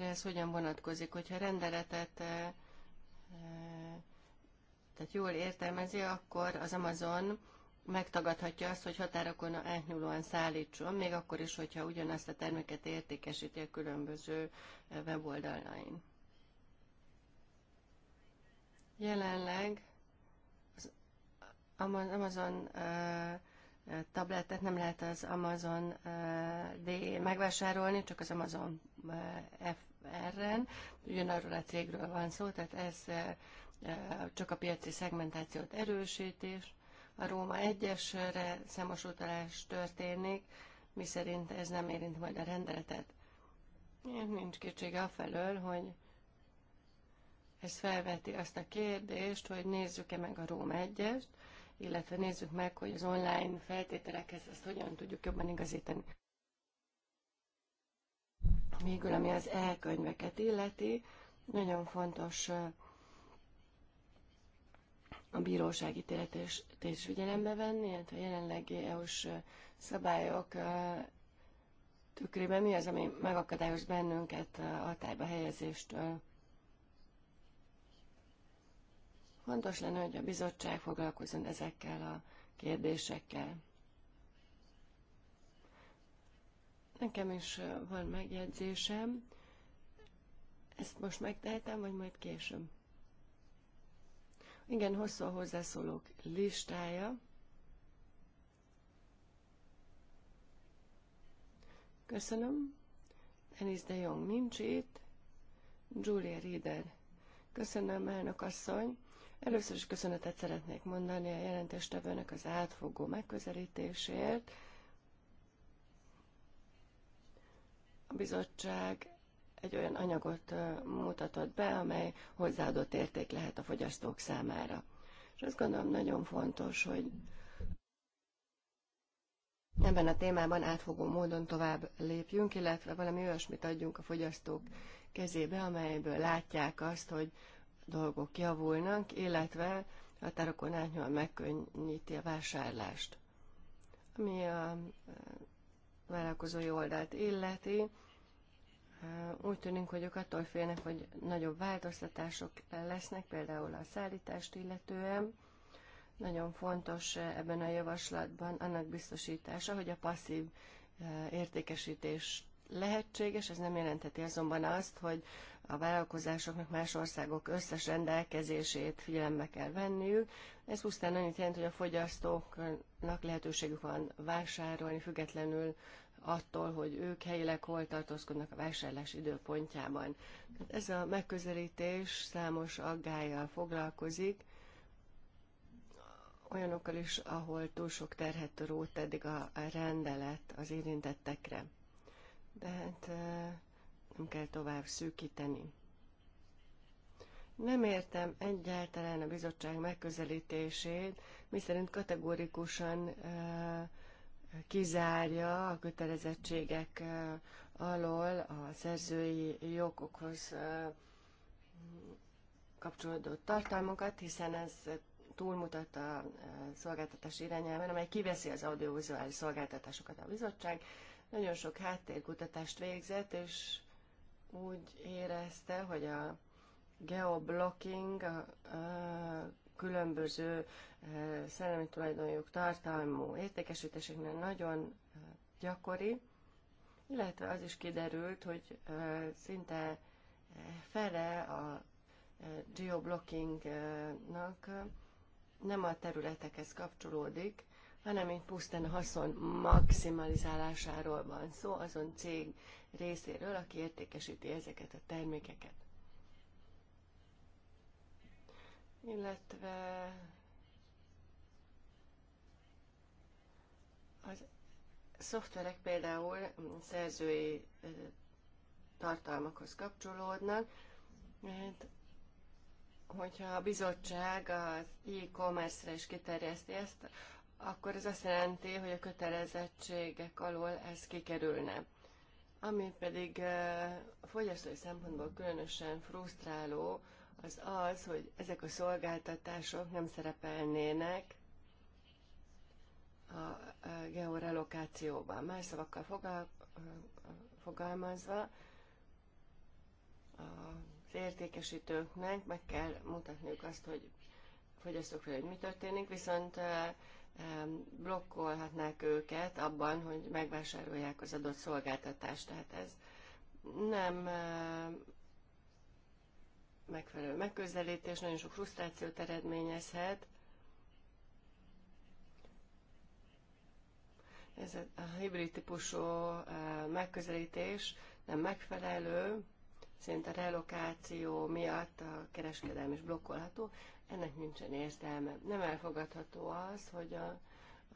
Speaker 4: ez hogyan vonatkozik, hogyha rendeletet e, tehát jól értelmezi, akkor az Amazon megtagadhatja azt, hogy határokon átnyúlóan szállítson, még akkor is, hogyha ugyanazt a terméket értékesíti a különböző e, weboldalain. Jelenleg az Amazon tabletet nem lehet az Amazon D megvásárolni, csak az Amazon FR-en. Ugyanarról a cégről van szó, tehát ez csak a piaci szegmentációt erősítés. A Róma 1-esre számos utalás történik, miszerint ez nem érint majd a rendeletet. Nincs kétsége afelől, hogy ez felveti azt a kérdést, hogy nézzük-e meg a Róm 1-est, illetve nézzük meg, hogy az online feltételekhez ezt hogyan tudjuk jobban igazítani. Végül, ami az elkönyveket illeti, nagyon fontos uh, a bírósági téletést is figyelembe venni, illetve a jelenlegi EU-s uh, szabályok uh, tükrében mi az, ami megakadályoz bennünket a tájba helyezéstől. Fontos lenne, hogy a bizottság foglalkozzon ezekkel a kérdésekkel. Nekem is van megjegyzésem. Ezt most megtehetem, vagy majd később? Igen, hosszú a hozzászólók listája. Köszönöm. Denise de Jong nincs itt. Julia Rieder. Köszönöm, elnök asszony. Először is köszönetet szeretnék mondani a jelentéstevőnek az átfogó megközelítésért. A bizottság egy olyan anyagot mutatott be, amely hozzáadott érték lehet a fogyasztók számára. És azt gondolom nagyon fontos, hogy ebben a témában átfogó módon tovább lépjünk, illetve valami olyasmit adjunk a fogyasztók kezébe, amelyből látják azt, hogy dolgok javulnak, illetve határokon átnyúl megkönnyíti a vásárlást. Ami a e, vállalkozói oldalt illeti, e, úgy tűnik, hogy ők attól félnek, hogy nagyobb változtatások lesznek, például a szállítást illetően. Nagyon fontos e, ebben a javaslatban annak biztosítása, hogy a passzív értékesítést lehetséges, ez nem jelentheti azonban azt, hogy a vállalkozásoknak más országok összes rendelkezését figyelembe kell venniük. Ez pusztán annyit jelent, hogy a fogyasztóknak lehetőségük van vásárolni, függetlenül attól, hogy ők helyileg hol tartózkodnak a vásárlás időpontjában. Ez a megközelítés számos aggájjal foglalkozik, olyanokkal is, ahol túl sok terhet rót eddig a rendelet az érintettekre. Tehát nem kell tovább szűkíteni. Nem értem egyáltalán a bizottság megközelítését, miszerint kategórikusan kizárja a kötelezettségek alól a szerzői jogokhoz kapcsolódó tartalmakat, hiszen ez túlmutat a szolgáltatás irányelven, amely kiveszi az audiovizuális szolgáltatásokat a bizottság, nagyon sok háttérkutatást végzett, és úgy érezte, hogy a geoblocking a, a különböző e, szellemi tulajdonjuk tartalmú értékesítéseknél nagyon e, gyakori, illetve az is kiderült, hogy e, szinte fele a geoblockingnak nem a területekhez kapcsolódik, hanem itt pusztán a haszon maximalizálásáról van szó, azon cég részéről, aki értékesíti ezeket a termékeket. Illetve az szoftverek például szerzői tartalmakhoz kapcsolódnak, mert hát, hogyha a bizottság az e-commerce-re is kiterjeszti ezt, akkor ez azt jelenti, hogy a kötelezettségek alól ez kikerülne. Ami pedig a fogyasztói szempontból különösen frusztráló, az az, hogy ezek a szolgáltatások nem szerepelnének a georelokációban. Más szavakkal fogalmazva, az értékesítőknek meg kell mutatniuk azt, hogy fogyasztók fel, hogy mi történik, viszont blokkolhatnák őket abban, hogy megvásárolják az adott szolgáltatást. Tehát ez nem megfelelő megközelítés, nagyon sok frusztrációt eredményezhet. Ez a hibrid típusú megközelítés nem megfelelő, szerint a relokáció miatt a kereskedelm is blokkolható, ennek nincsen értelme. Nem elfogadható az, hogy a,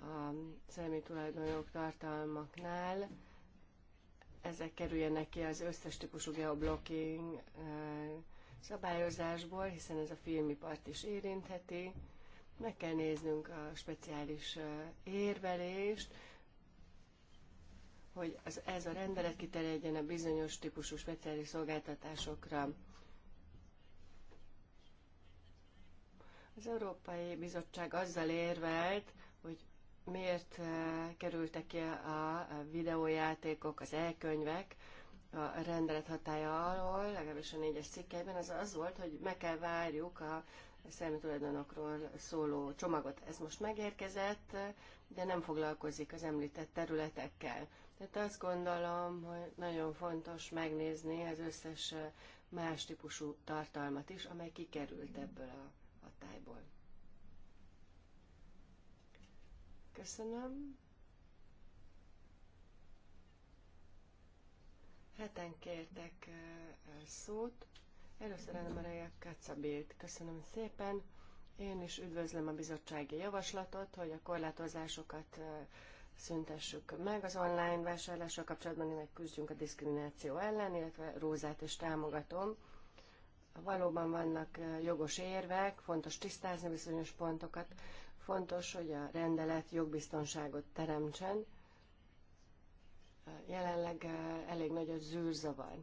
Speaker 4: a szellemi tulajdonjog tartalmaknál ezek kerüljenek ki az összes típusú geoblocking eh, szabályozásból, hiszen ez a filmipart is érintheti. Meg kell néznünk a speciális eh, érvelést, hogy az, ez a rendelet kiterjedjen a bizonyos típusú speciális szolgáltatásokra. Az Európai Bizottság azzal érvelt, hogy miért eh, kerültek ki a videójátékok, az elkönyvek a rendelet hatája alól, legalábbis a négyes cikkeiben, az az volt, hogy meg kell várjuk a szellemi tulajdonokról szóló csomagot. Ez most megérkezett, de nem foglalkozik az említett területekkel. Tehát azt gondolom, hogy nagyon fontos megnézni az összes eh, más típusú tartalmat is, amely kikerült ebből a hatályból. Köszönöm. Heten kértek szót. Először Anna-Maria Kacabét. Köszönöm szépen. Én is üdvözlöm a bizottsági javaslatot, hogy a korlátozásokat szüntessük meg az online vásárlással kapcsolatban, illetve küzdjünk a diszkrimináció ellen, illetve Rózát is támogatom valóban vannak jogos érvek, fontos tisztázni bizonyos pontokat, fontos, hogy a rendelet jogbiztonságot teremtsen. Jelenleg elég nagy a zűrzavar.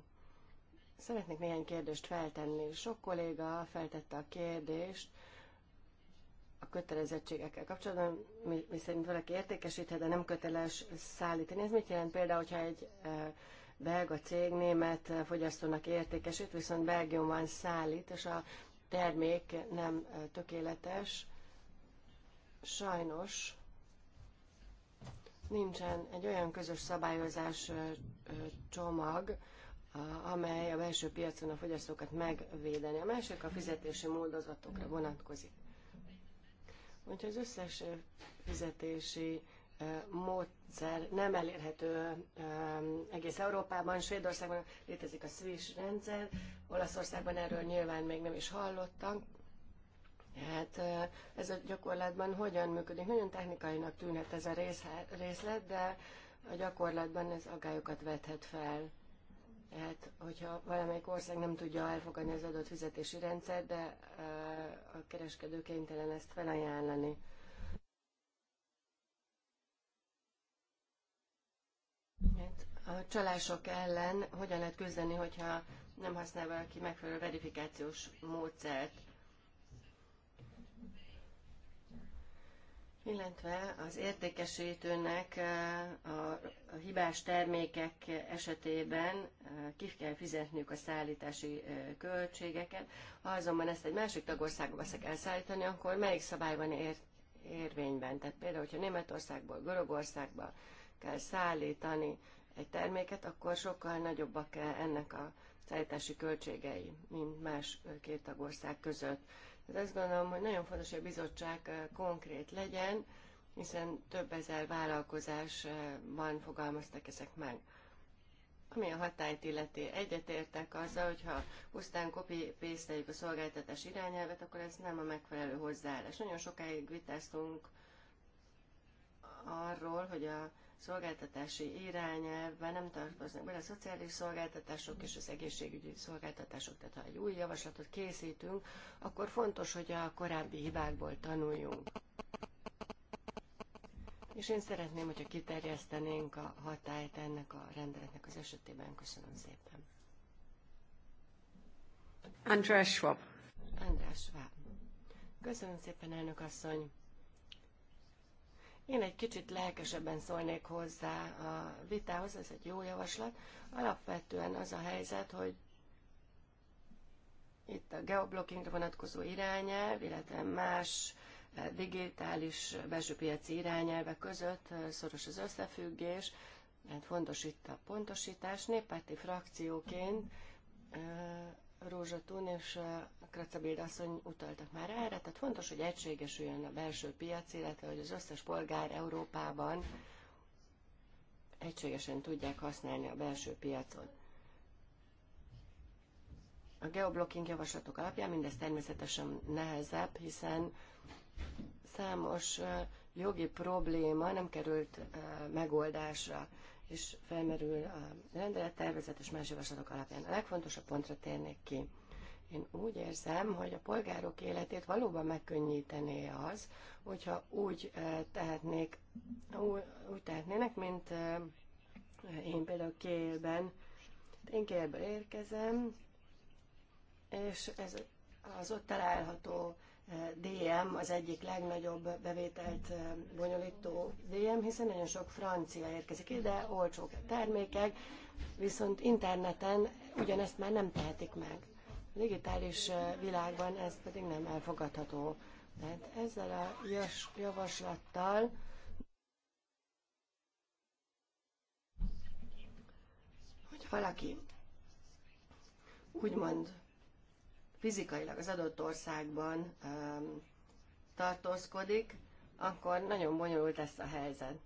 Speaker 4: Szeretnék néhány kérdést feltenni. Sok kolléga feltette a kérdést a kötelezettségekkel kapcsolatban, mi, mi szerint valaki értékesíthet, de nem köteles szállítani. Ez mit jelent például, hogyha egy belga cég német fogyasztónak értékesít, viszont Belgiumban szállít, és a termék nem tökéletes. Sajnos nincsen egy olyan közös szabályozás csomag, amely a belső piacon a fogyasztókat megvédeni. A másik a fizetési módozatokra vonatkozik. úgyhogy az összes fizetési módszer nem elérhető egész Európában. Svédországban létezik a Swiss rendszer, Olaszországban erről nyilván még nem is hallottam. Hát ez a gyakorlatban hogyan működik? Nagyon technikainak tűnhet ez a részlet, de a gyakorlatban ez agályokat vethet fel. Tehát, hogyha valamelyik ország nem tudja elfogadni az adott fizetési rendszer, de a kereskedő kénytelen ezt felajánlani. a csalások ellen hogyan lehet küzdeni, hogyha nem használ valaki megfelelő verifikációs módszert. Illetve az értékesítőnek eh, a hibás termékek esetében eh, ki kell fizetniük a szállítási eh, költségeket. Ha azonban ezt egy másik tagországba kell szállítani, akkor melyik van ér, érvényben? Tehát például, hogyha Németországból, Görögországba kell szállítani egy terméket, akkor sokkal nagyobbak ennek a szállítási költségei, mint más két tagország között. Tehát azt gondolom, hogy nagyon fontos, hogy a bizottság konkrét legyen, hiszen több ezer vállalkozásban fogalmaztak ezek meg. Ami a hatályt illeti, egyetértek azzal, hogyha pusztán kopi pészteljük a szolgáltatás irányelvet, akkor ez nem a megfelelő hozzáállás. Nagyon sokáig vitáztunk arról, hogy a szolgáltatási irányelvben nem tartoznak bele a szociális szolgáltatások és az egészségügyi szolgáltatások. Tehát ha egy új javaslatot készítünk, akkor fontos, hogy a korábbi hibákból tanuljunk. És én szeretném, hogyha kiterjesztenénk a hatályt ennek a rendeletnek az esetében. Köszönöm szépen.
Speaker 1: András Schwab.
Speaker 4: András Schwab. Köszönöm szépen, elnök asszony. Én egy kicsit lelkesebben szólnék hozzá a vitához, ez egy jó javaslat. Alapvetően az a helyzet, hogy itt a geoblockingra vonatkozó irányelv, illetve más eh, digitális eh, belső piaci irányelve között eh, szoros az összefüggés, mert fontos itt a pontosítás. Néppárti frakcióként Rózsa Tún és eh, Kraca asszony utaltak már erre, tehát fontos, hogy egységesüljön a belső piac, illetve hogy az összes polgár Európában egységesen tudják használni a belső piacon. A geoblocking javaslatok alapján mindez természetesen nehezebb, hiszen számos eh, jogi probléma nem került eh, megoldásra és felmerül a rendelettervezet és más javaslatok alapján. A legfontosabb pontra térnék ki. Én úgy érzem, hogy a polgárok életét valóban megkönnyítené az, hogyha úgy eh, tehetnék, úgy, úgy tehetnének, mint eh, én például Kélben. Én Kélből érkezem, és ez az ott található DM az egyik legnagyobb bevételt bonyolító DM, hiszen nagyon sok francia érkezik ide, olcsók a termékek, viszont interneten ugyanezt már nem tehetik meg. A digitális világban ez pedig nem elfogadható. Tehát ezzel a javaslattal hogy valaki úgymond fizikailag az adott országban um, tartózkodik, akkor nagyon bonyolult lesz a helyzet.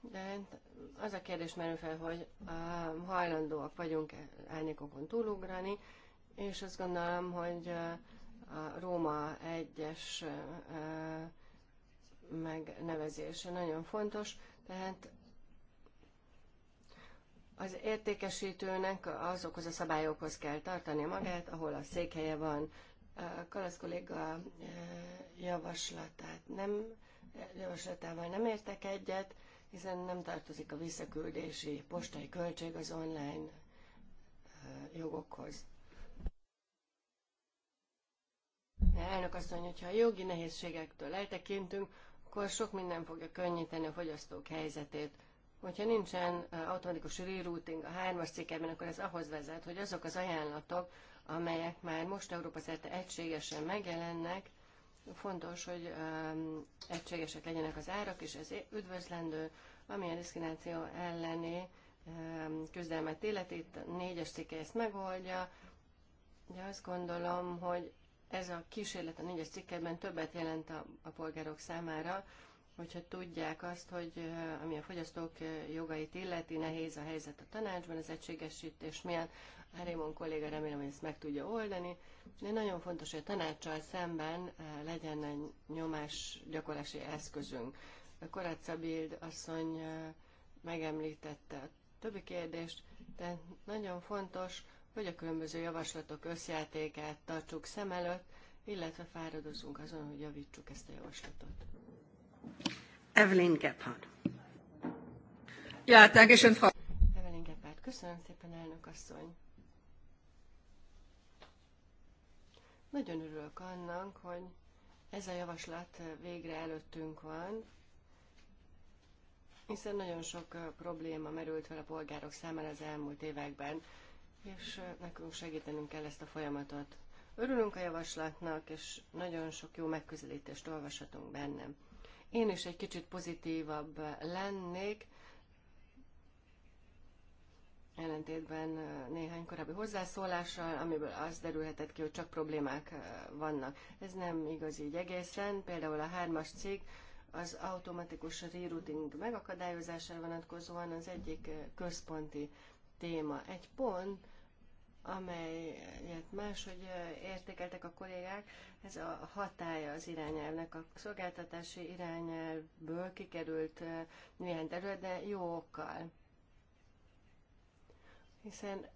Speaker 4: De az a kérdés merül fel, hogy um, hajlandóak vagyunk árnyékokon túlugrani, és azt gondolom, hogy uh, a Róma egyes uh, uh, megnevezése nagyon fontos, tehát az értékesítőnek azokhoz a szabályokhoz kell tartani magát, ahol a székhelye van. Kalasz kolléga eh, javaslatát nem, eh, javaslatával nem értek egyet, hiszen nem tartozik a visszaküldési postai költség az online eh, jogokhoz. Elnök azt mondja, hogy a jogi nehézségektől eltekintünk, akkor sok minden fogja könnyíteni a fogyasztók helyzetét. Hogyha nincsen automatikus rerouting a hármas cikkeben, akkor ez ahhoz vezet, hogy azok az ajánlatok, amelyek már most Európa szerte egységesen megjelennek, fontos, hogy um, egységesek legyenek az árak, és ez üdvözlendő, ami a diszkrimináció elleni um, küzdelmet illeti, itt négyes cikke ezt megoldja, de azt gondolom, hogy ez a kísérlet a négyes cikkeben többet jelent a, a polgárok számára, hogyha tudják azt, hogy ami a fogyasztók jogait illeti, nehéz a helyzet a tanácsban, az egységesítés milyen. Rémon kolléga remélem, hogy ezt meg tudja oldani, de nagyon fontos, hogy a tanácssal szemben legyen egy nyomás gyakorlási eszközünk. Koratza Bild asszony megemlítette a többi kérdést, de nagyon fontos, hogy a különböző javaslatok összjátékát tartsuk szem előtt, illetve fáradozunk azon, hogy javítsuk ezt a javaslatot.
Speaker 1: Evelyn Gephardt.
Speaker 4: Ja, danke Frau. Evelyn Gephardt, köszönöm szépen, elnök asszony. Nagyon örülök annak, hogy ez a javaslat végre előttünk van, hiszen nagyon sok probléma merült fel a polgárok számára az elmúlt években, és nekünk segítenünk kell ezt a folyamatot. Örülünk a javaslatnak, és nagyon sok jó megközelítést olvashatunk bennem. Én is egy kicsit pozitívabb lennék, ellentétben néhány korábbi hozzászólással, amiből az derülhetett ki, hogy csak problémák vannak. Ez nem igaz így egészen. Például a hármas cég az automatikus rerouting megakadályozására vonatkozóan az egyik központi téma. Egy pont, amelyet máshogy értékeltek a kollégák, ez a hatája az irányelvnek. A szolgáltatási irányelvből kikerült néhány terület, de jó okkal. Hiszen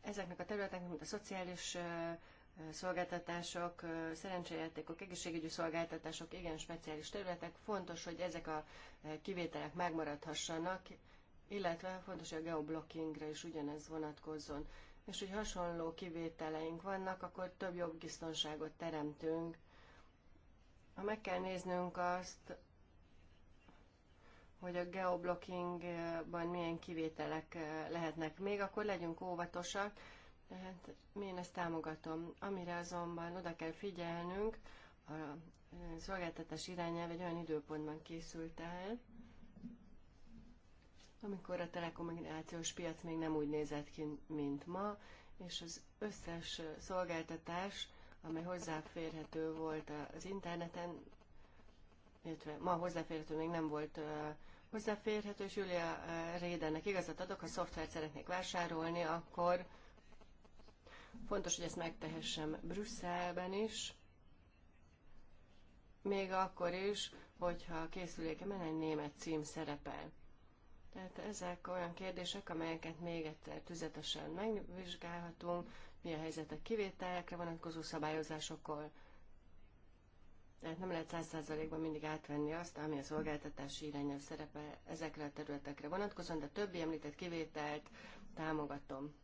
Speaker 4: ezeknek a területeknek, mint a szociális szolgáltatások, szerencsejátékok, egészségügyi szolgáltatások, igen speciális területek, fontos, hogy ezek a kivételek megmaradhassanak, illetve fontos, hogy a geoblockingra is ugyanez vonatkozzon és hogy hasonló kivételeink vannak, akkor több jogbiztonságot teremtünk. Ha meg kell néznünk azt, hogy a geoblockingban milyen kivételek eh, lehetnek még, akkor legyünk óvatosak, tehát én ezt támogatom. Amire azonban oda kell figyelnünk, a eh, szolgáltatás irányelv egy olyan időpontban készült el, amikor a telekommunikációs piac még nem úgy nézett ki, mint ma, és az összes szolgáltatás, amely hozzáférhető volt az interneten, illetve ma hozzáférhető még nem volt hozzáférhető, és Julia Rédennek igazat adok, ha szoftvert szeretnék vásárolni, akkor fontos, hogy ezt megtehessem Brüsszelben is, még akkor is, hogyha a készülékemen egy német cím szerepel. Tehát ezek olyan kérdések, amelyeket még egyszer tüzetesen megvizsgálhatunk, mi a helyzet a kivételekre vonatkozó szabályozásokkal. Tehát nem lehet 100%-ban mindig átvenni azt, ami a szolgáltatási irányelv szerepe ezekre a területekre vonatkozóan, de a többi említett kivételt támogatom.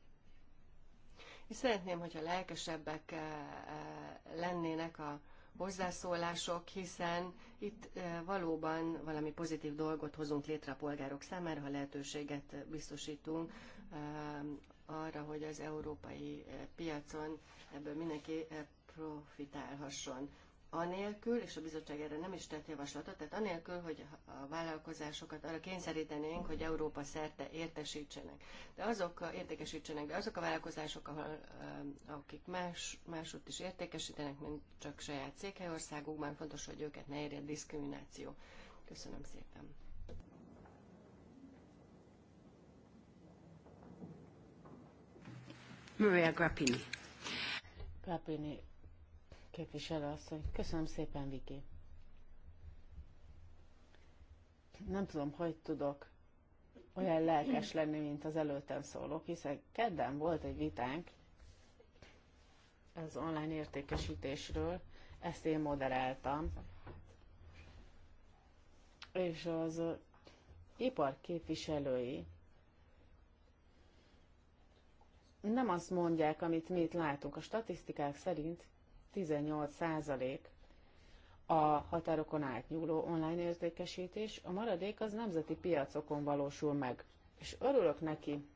Speaker 4: És szeretném, hogyha lelkesebbek eh, eh, lennének a hozzászólások, hiszen itt valóban valami pozitív dolgot hozunk létre a polgárok számára, ha lehetőséget biztosítunk arra, hogy az európai piacon ebből mindenki profitálhasson anélkül, és a bizottság erre nem is tett javaslatot, tehát anélkül, hogy a vállalkozásokat arra kényszerítenénk, hogy Európa szerte értesítsenek. De azok értékesítsenek, de azok a vállalkozások, ahol, akik más, másút is értékesítenek, mint csak saját székhelyországukban, fontos, hogy őket ne érje diszkrimináció. Köszönöm szépen.
Speaker 1: Maria Grappini.
Speaker 2: Grappini képviselő asszony. Köszönöm szépen, Viki. Nem tudom, hogy tudok olyan lelkes lenni, mint az előttem szólók, hiszen kedden volt egy vitánk az online értékesítésről, ezt én moderáltam, és az ipar képviselői nem azt mondják, amit mi itt látunk. A statisztikák szerint 18% a határokon átnyúló online értékesítés, a maradék az nemzeti piacokon valósul meg. És örülök neki,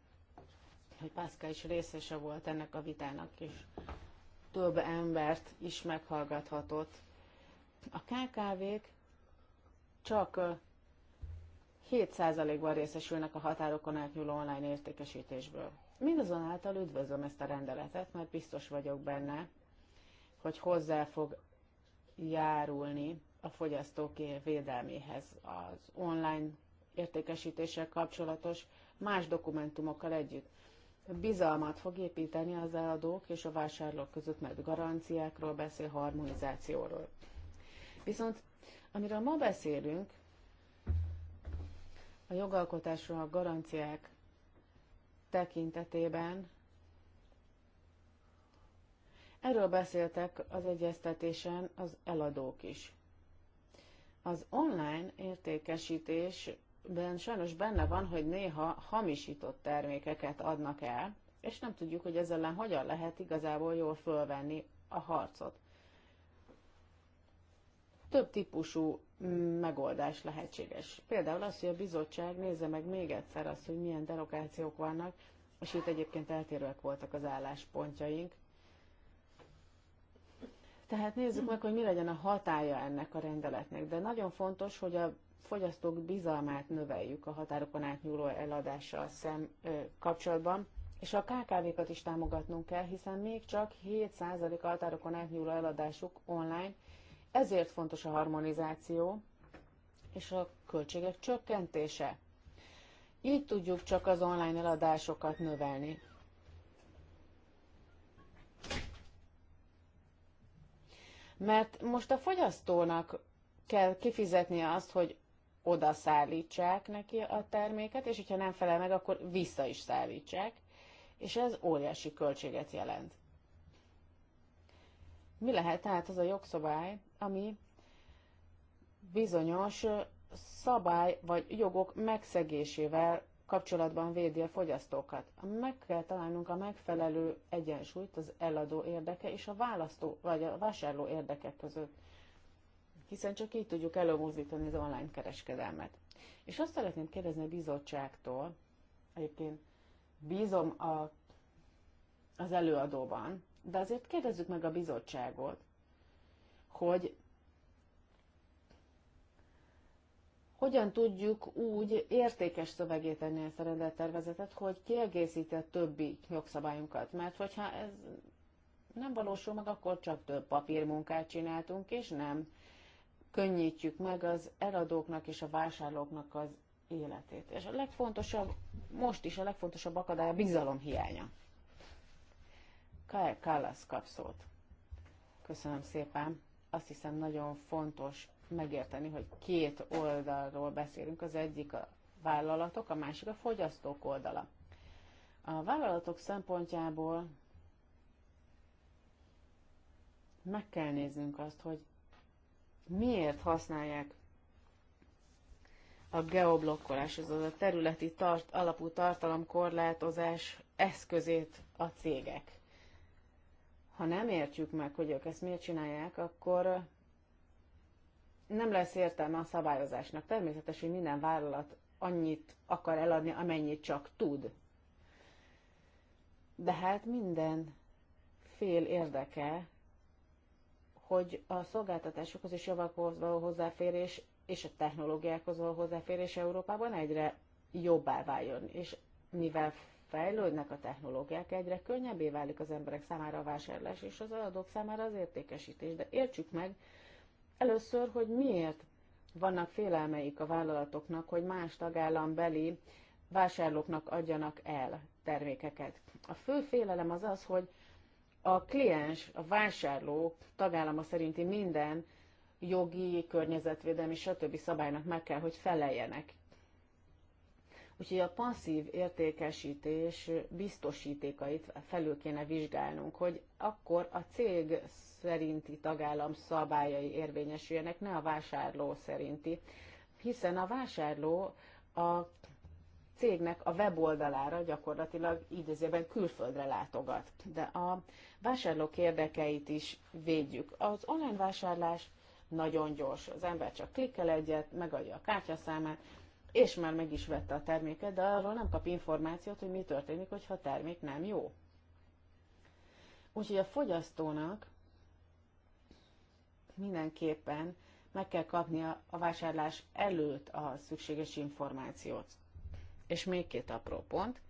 Speaker 2: hogy Pászka is részese volt ennek a vitának, és több embert is meghallgathatott. A KKV-k csak 7%-ban részesülnek a határokon átnyúló online értékesítésből. Mindazonáltal üdvözlöm ezt a rendeletet, mert biztos vagyok benne, hogy hozzá fog járulni a fogyasztók védelméhez az online értékesítéssel kapcsolatos más dokumentumokkal együtt. Bizalmat fog építeni az eladók és a vásárlók között, mert garanciákról beszél, harmonizációról. Viszont amiről ma beszélünk, a jogalkotásról a garanciák tekintetében Erről beszéltek az egyeztetésen az eladók is. Az online értékesítésben sajnos benne van, hogy néha hamisított termékeket adnak el, és nem tudjuk, hogy ezzel ellen hogyan lehet igazából jól fölvenni a harcot. Több típusú megoldás lehetséges. Például az, hogy a bizottság nézze meg még egyszer azt, hogy milyen derogációk vannak, és itt egyébként eltérőek voltak az álláspontjaink, tehát nézzük meg, hogy mi legyen a hatája ennek a rendeletnek. De nagyon fontos, hogy a fogyasztók bizalmát növeljük a határokon átnyúló eladással szem, ö, kapcsolatban, és a KKV-kat is támogatnunk kell, hiszen még csak 7% a határokon átnyúló eladásuk online, ezért fontos a harmonizáció és a költségek csökkentése. Így tudjuk csak az online eladásokat növelni. Mert most a fogyasztónak kell kifizetnie azt, hogy oda szállítsák neki a terméket, és hogyha nem felel meg, akkor vissza is szállítsák, és ez óriási költséget jelent. Mi lehet tehát az a jogszabály, ami bizonyos szabály vagy jogok megszegésével kapcsolatban védi a fogyasztókat. Meg kell találnunk a megfelelő egyensúlyt az eladó érdeke és a választó vagy a vásárló érdeke között, hiszen csak így tudjuk előmozdítani az online kereskedelmet. És azt szeretném kérdezni a bizottságtól, egyébként bízom a, az előadóban, de azért kérdezzük meg a bizottságot, hogy hogyan tudjuk úgy értékes szövegét tenni ezt a rendelettervezetet, hogy kiegészíti a többi jogszabályunkat. Mert hogyha ez nem valósul meg, akkor csak több papírmunkát csináltunk, és nem könnyítjük meg az eladóknak és a vásárlóknak az életét. És a legfontosabb, most is a legfontosabb akadály a bizalom hiánya. Kállász Kallas kap szót. Köszönöm szépen. Azt hiszem nagyon fontos megérteni, hogy két oldalról beszélünk, az egyik a vállalatok, a másik a fogyasztók oldala. A vállalatok szempontjából meg kell néznünk azt, hogy miért használják a geoblokkolás, azaz a területi tart, alapú tartalomkorlátozás eszközét a cégek. Ha nem értjük meg, hogy ők ezt miért csinálják, akkor nem lesz értelme a szabályozásnak. Természetesen hogy minden vállalat annyit akar eladni, amennyit csak tud. De hát minden fél érdeke, hogy a szolgáltatásokhoz és javakhoz való hozzáférés és a technológiákhoz való hozzáférés Európában egyre jobbá váljon. És mivel fejlődnek a technológiák, egyre könnyebbé válik az emberek számára a vásárlás és az adók számára az értékesítés. De értsük meg, Először, hogy miért vannak félelmeik a vállalatoknak, hogy más tagállambeli vásárlóknak adjanak el termékeket. A fő félelem az az, hogy a kliens, a vásárló tagállama szerinti minden jogi, környezetvédelmi, stb. szabálynak meg kell, hogy feleljenek. Úgyhogy a passzív értékesítés biztosítékait felül kéne vizsgálnunk, hogy akkor a cég szerinti tagállam szabályai érvényesüljenek, ne a vásárló szerinti, hiszen a vásárló a cégnek a weboldalára gyakorlatilag azért külföldre látogat. De a vásárlók érdekeit is védjük. Az online vásárlás nagyon gyors. Az ember csak klikkel egyet, megadja a kártyaszámát, és már meg is vette a terméket, de arról nem kap információt, hogy mi történik, hogyha a termék nem jó. Úgyhogy a fogyasztónak mindenképpen meg kell kapnia a vásárlás előtt a szükséges információt. És még két apró pont,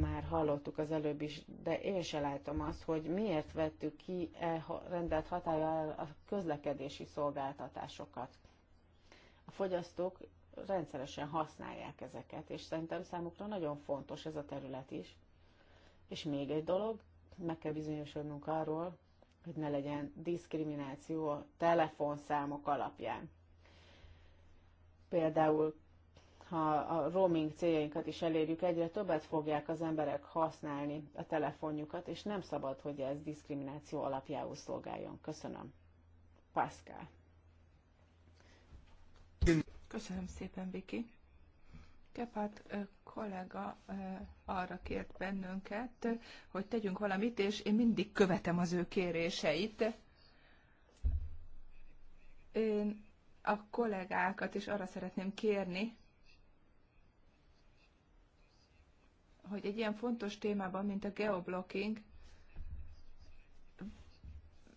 Speaker 2: már hallottuk az előbb is, de én se látom azt, hogy miért vettük ki e rendelt hatája a közlekedési szolgáltatásokat. A fogyasztók rendszeresen használják ezeket, és szerintem számukra nagyon fontos ez a terület is. És még egy dolog, meg kell bizonyosodnunk arról, hogy ne legyen diszkrimináció a telefonszámok alapján. Például, ha a roaming céljainkat is elérjük, egyre többet fogják az emberek használni a telefonjukat, és nem szabad, hogy ez diszkrimináció alapjául szolgáljon. Köszönöm. Pascal.
Speaker 3: Köszönöm szépen, Viki. Gephardt kollega arra kért bennünket, hogy tegyünk valamit, és én mindig követem az ő kéréseit. Én a kollégákat is arra szeretném kérni, hogy egy ilyen fontos témában, mint a geoblocking,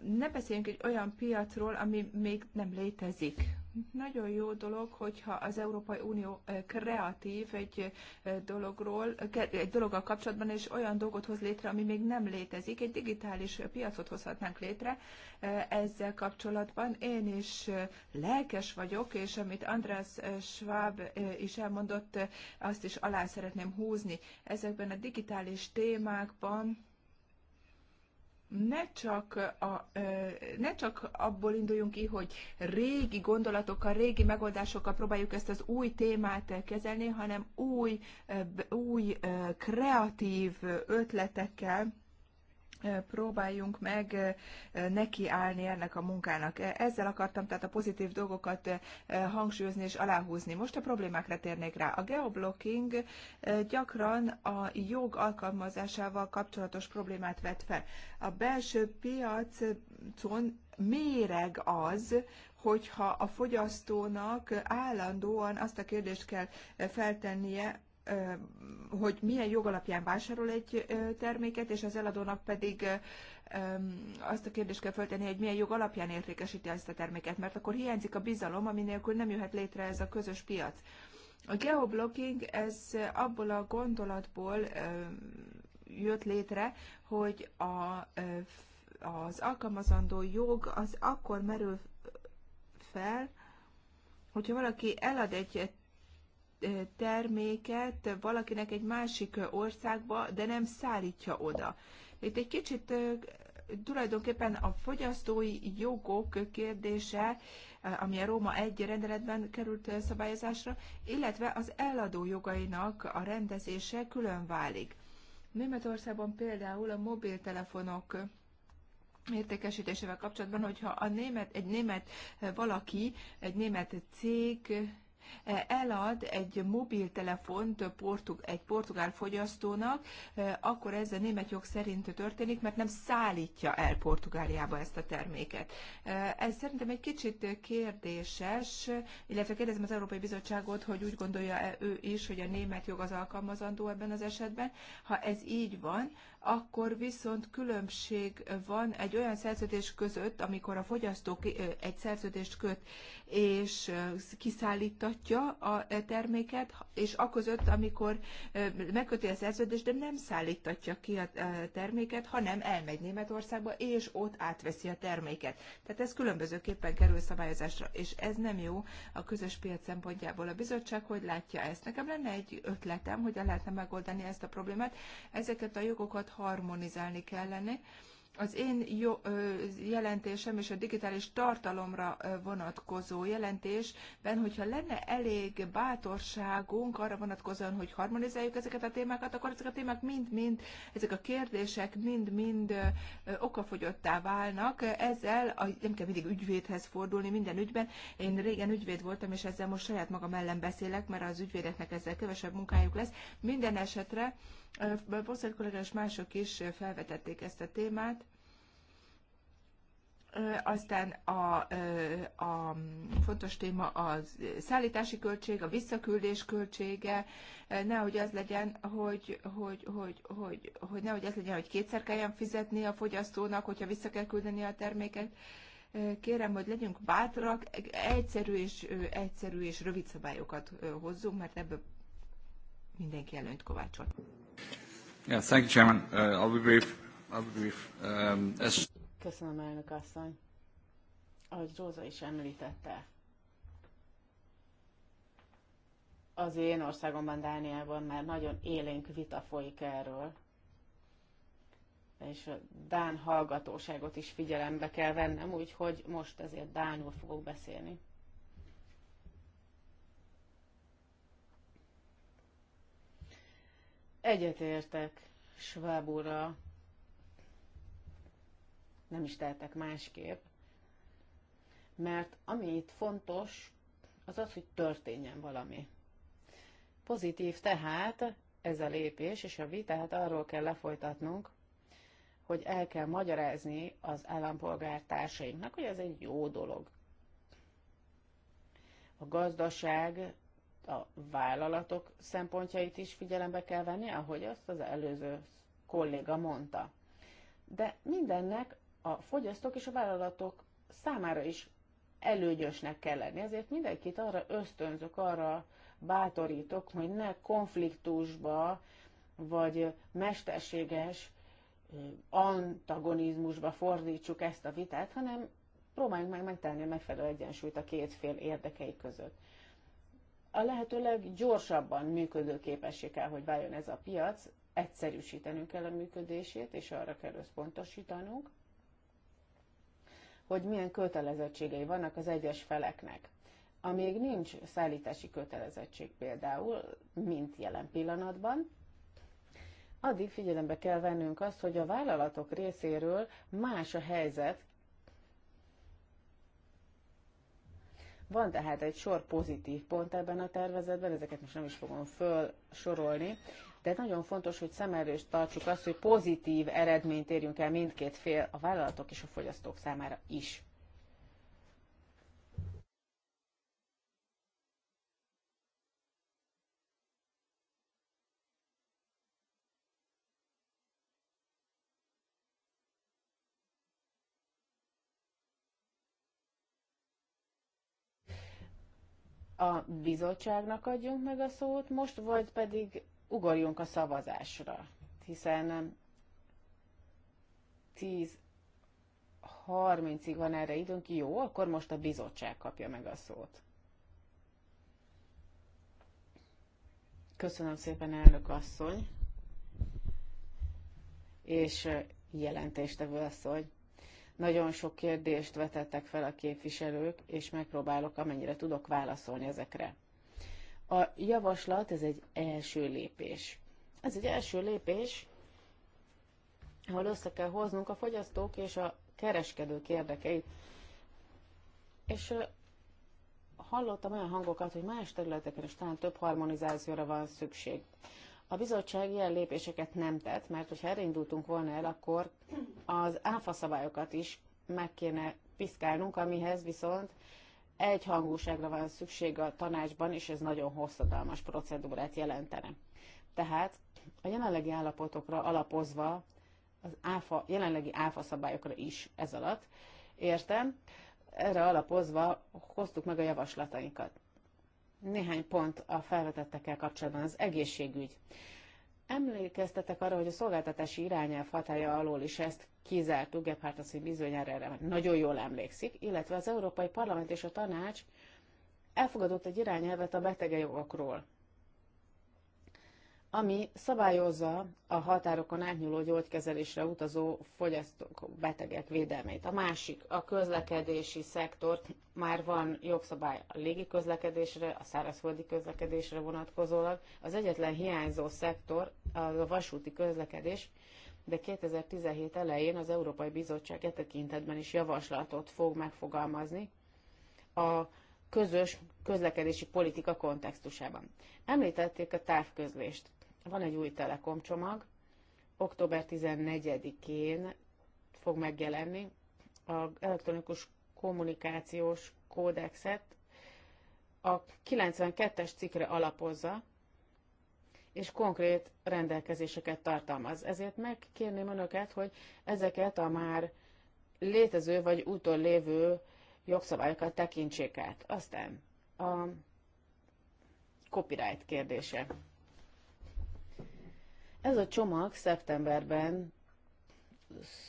Speaker 3: ne beszéljünk egy olyan piacról, ami még nem létezik. Nagyon jó dolog, hogyha az Európai Unió eh, kreatív egy eh, dologról, egy dologgal kapcsolatban, és olyan dolgot hoz létre, ami még nem létezik. Egy digitális piacot hozhatnánk létre eh, ezzel kapcsolatban. Én is lelkes vagyok, és amit András Schwab is elmondott, azt is alá szeretném húzni. Ezekben a digitális témákban ne csak, a, ne csak abból induljunk ki, hogy régi gondolatokkal, régi megoldásokkal próbáljuk ezt az új témát kezelni, hanem új, új kreatív ötletekkel, próbáljunk meg nekiállni ennek a munkának. E, ezzel akartam tehát a pozitív dolgokat hangsúlyozni és aláhúzni. Most a problémákra térnék rá. A geoblocking gyakran a jog alkalmazásával kapcsolatos problémát vet fel. A belső piacon méreg az, hogyha a fogyasztónak állandóan azt a kérdést kell feltennie, hogy milyen jogalapján vásárol egy terméket, és az eladónak pedig azt a kérdést kell föltenni, hogy milyen jog alapján értékesíti ezt a terméket, mert akkor hiányzik a bizalom, ami nélkül nem jöhet létre ez a közös piac. A geoblocking ez abból a gondolatból jött létre, hogy a, az alkalmazandó jog az akkor merül fel, hogyha valaki elad egy terméket valakinek egy másik országba, de nem szállítja oda. Itt egy kicsit tulajdonképpen a fogyasztói jogok kérdése, ami a Róma egy rendeletben került szabályozásra, illetve az eladó jogainak a rendezése külön válik. Németországban például a mobiltelefonok értékesítésével kapcsolatban, hogyha a német, egy német valaki, egy német cég elad egy mobiltelefont portug, egy portugál fogyasztónak, akkor ez a német jog szerint történik, mert nem szállítja el Portugáliába ezt a terméket. Ez szerintem egy kicsit kérdéses, illetve kérdezem az Európai Bizottságot, hogy úgy gondolja -e ő is, hogy a német jog az alkalmazandó ebben az esetben. Ha ez így van, akkor viszont különbség van egy olyan szerződés között, amikor a fogyasztó egy szerződést köt és kiszállítatja a terméket, és aközött, amikor megköti a szerződést, de nem szállítatja ki a terméket, hanem elmegy Németországba, és ott átveszi a terméket. Tehát ez különbözőképpen kerül szabályozásra, és ez nem jó a közös piac szempontjából. A bizottság hogy látja ezt? Nekem lenne egy ötletem, hogyan lehetne megoldani ezt a problémát. Ezeket a jogokat harmonizálni kellene. Az én jó, jelentésem és a digitális tartalomra vonatkozó jelentésben, hogyha lenne elég bátorságunk arra vonatkozóan, hogy harmonizáljuk ezeket a témákat, akkor ezek a témák mind-mind, ezek a kérdések mind-mind okafogyottá válnak. Ezzel a, nem kell mindig ügyvédhez fordulni minden ügyben. Én régen ügyvéd voltam, és ezzel most saját magam ellen beszélek, mert az ügyvédeknek ezzel kevesebb munkájuk lesz. Minden esetre Bosszert kollega és mások is felvetették ezt a témát. Aztán a, a fontos téma a szállítási költség, a visszaküldés költsége, nehogy az legyen, hogy, hogy, hogy, hogy, hogy nehogy az legyen, hogy kétszer kelljen fizetni a fogyasztónak, hogyha vissza kell küldeni a terméket. Kérem, hogy legyünk bátrak, egyszerű és, egyszerű és rövid szabályokat hozzunk, mert ebből mindenki előnyt kovácsol.
Speaker 1: Yeah, thank you, Chairman. Uh, I'll be brief. I'll be
Speaker 2: brief. Um, as... Köszönöm, elnök asszony. Ahogy Róza is említette, az én országomban, Dániában már nagyon élénk vita folyik erről, és a Dán hallgatóságot is figyelembe kell vennem, úgyhogy most ezért Dánul fogok beszélni. Egyetértek Schwab Nem is tehetek másképp. Mert ami itt fontos, az az, hogy történjen valami. Pozitív tehát ez a lépés, és a vitát arról kell lefolytatnunk, hogy el kell magyarázni az állampolgártársainknak, hogy ez egy jó dolog. A gazdaság a vállalatok szempontjait is figyelembe kell venni, ahogy azt az előző kolléga mondta. De mindennek a fogyasztók és a vállalatok számára is előnyösnek kell lenni, ezért mindenkit arra ösztönzök, arra bátorítok, hogy ne konfliktusba vagy mesterséges antagonizmusba fordítsuk ezt a vitát, hanem próbáljunk meg megtenni a megfelelő egyensúlyt a két fél érdekei között a lehető leggyorsabban működőképessé kell, hogy váljon ez a piac, egyszerűsítenünk kell a működését, és arra kell összpontosítanunk, hogy milyen kötelezettségei vannak az egyes feleknek. Amíg nincs szállítási kötelezettség például, mint jelen pillanatban, addig figyelembe kell vennünk azt, hogy a vállalatok részéről más a helyzet Van tehát egy sor pozitív pont ebben a tervezetben, ezeket most nem is fogom felsorolni, de nagyon fontos, hogy szem tartsuk azt, hogy pozitív eredményt érjünk el mindkét fél a vállalatok és a fogyasztók számára is. a bizottságnak adjunk meg a szót most, vagy pedig ugorjunk a szavazásra, hiszen 30 ig van erre időnk, jó, akkor most a bizottság kapja meg a szót. Köszönöm szépen, elnök asszony, és jelentéstevő asszony. Nagyon sok kérdést vetettek fel a képviselők, és megpróbálok, amennyire tudok válaszolni ezekre. A javaslat, ez egy első lépés. Ez egy első lépés, ahol össze kell hoznunk a fogyasztók és a kereskedők érdekeit. És hallottam olyan hangokat, hogy más területeken is talán több harmonizációra van szükség. A bizottság ilyen lépéseket nem tett, mert hogyha elindultunk volna el, akkor az áfa szabályokat is meg kéne piszkálnunk, amihez viszont hangúságra van szükség a tanácsban, és ez nagyon hosszadalmas procedúrát jelentene. Tehát a jelenlegi állapotokra alapozva, az áfa, jelenlegi áfa szabályokra is ez alatt, értem, erre alapozva hoztuk meg a javaslatainkat. Néhány pont a felvetettekkel kapcsolatban az egészségügy. Emlékeztetek arra, hogy a szolgáltatási irányelv hatája alól is ezt kizártuk, Gephardt asszony bizonyára erre nagyon jól emlékszik, illetve az Európai Parlament és a Tanács elfogadott egy irányelvet a betegejogokról ami szabályozza a határokon átnyúló gyógykezelésre utazó fogyasztók, betegek védelmét. A másik, a közlekedési szektor már van jogszabály a légi közlekedésre, a szárazföldi közlekedésre vonatkozólag. Az egyetlen hiányzó szektor a vasúti közlekedés, de 2017 elején az Európai Bizottság e tekintetben is javaslatot fog megfogalmazni a közös közlekedési politika kontextusában. Említették a távközlést. Van egy új Telekom csomag, október 14-én fog megjelenni az elektronikus kommunikációs kódexet a 92-es cikkre alapozza, és konkrét rendelkezéseket tartalmaz. Ezért megkérném önöket, hogy ezeket a már létező vagy úton lévő jogszabályokat tekintsék át. Aztán a copyright kérdése. Ez a csomag szeptemberben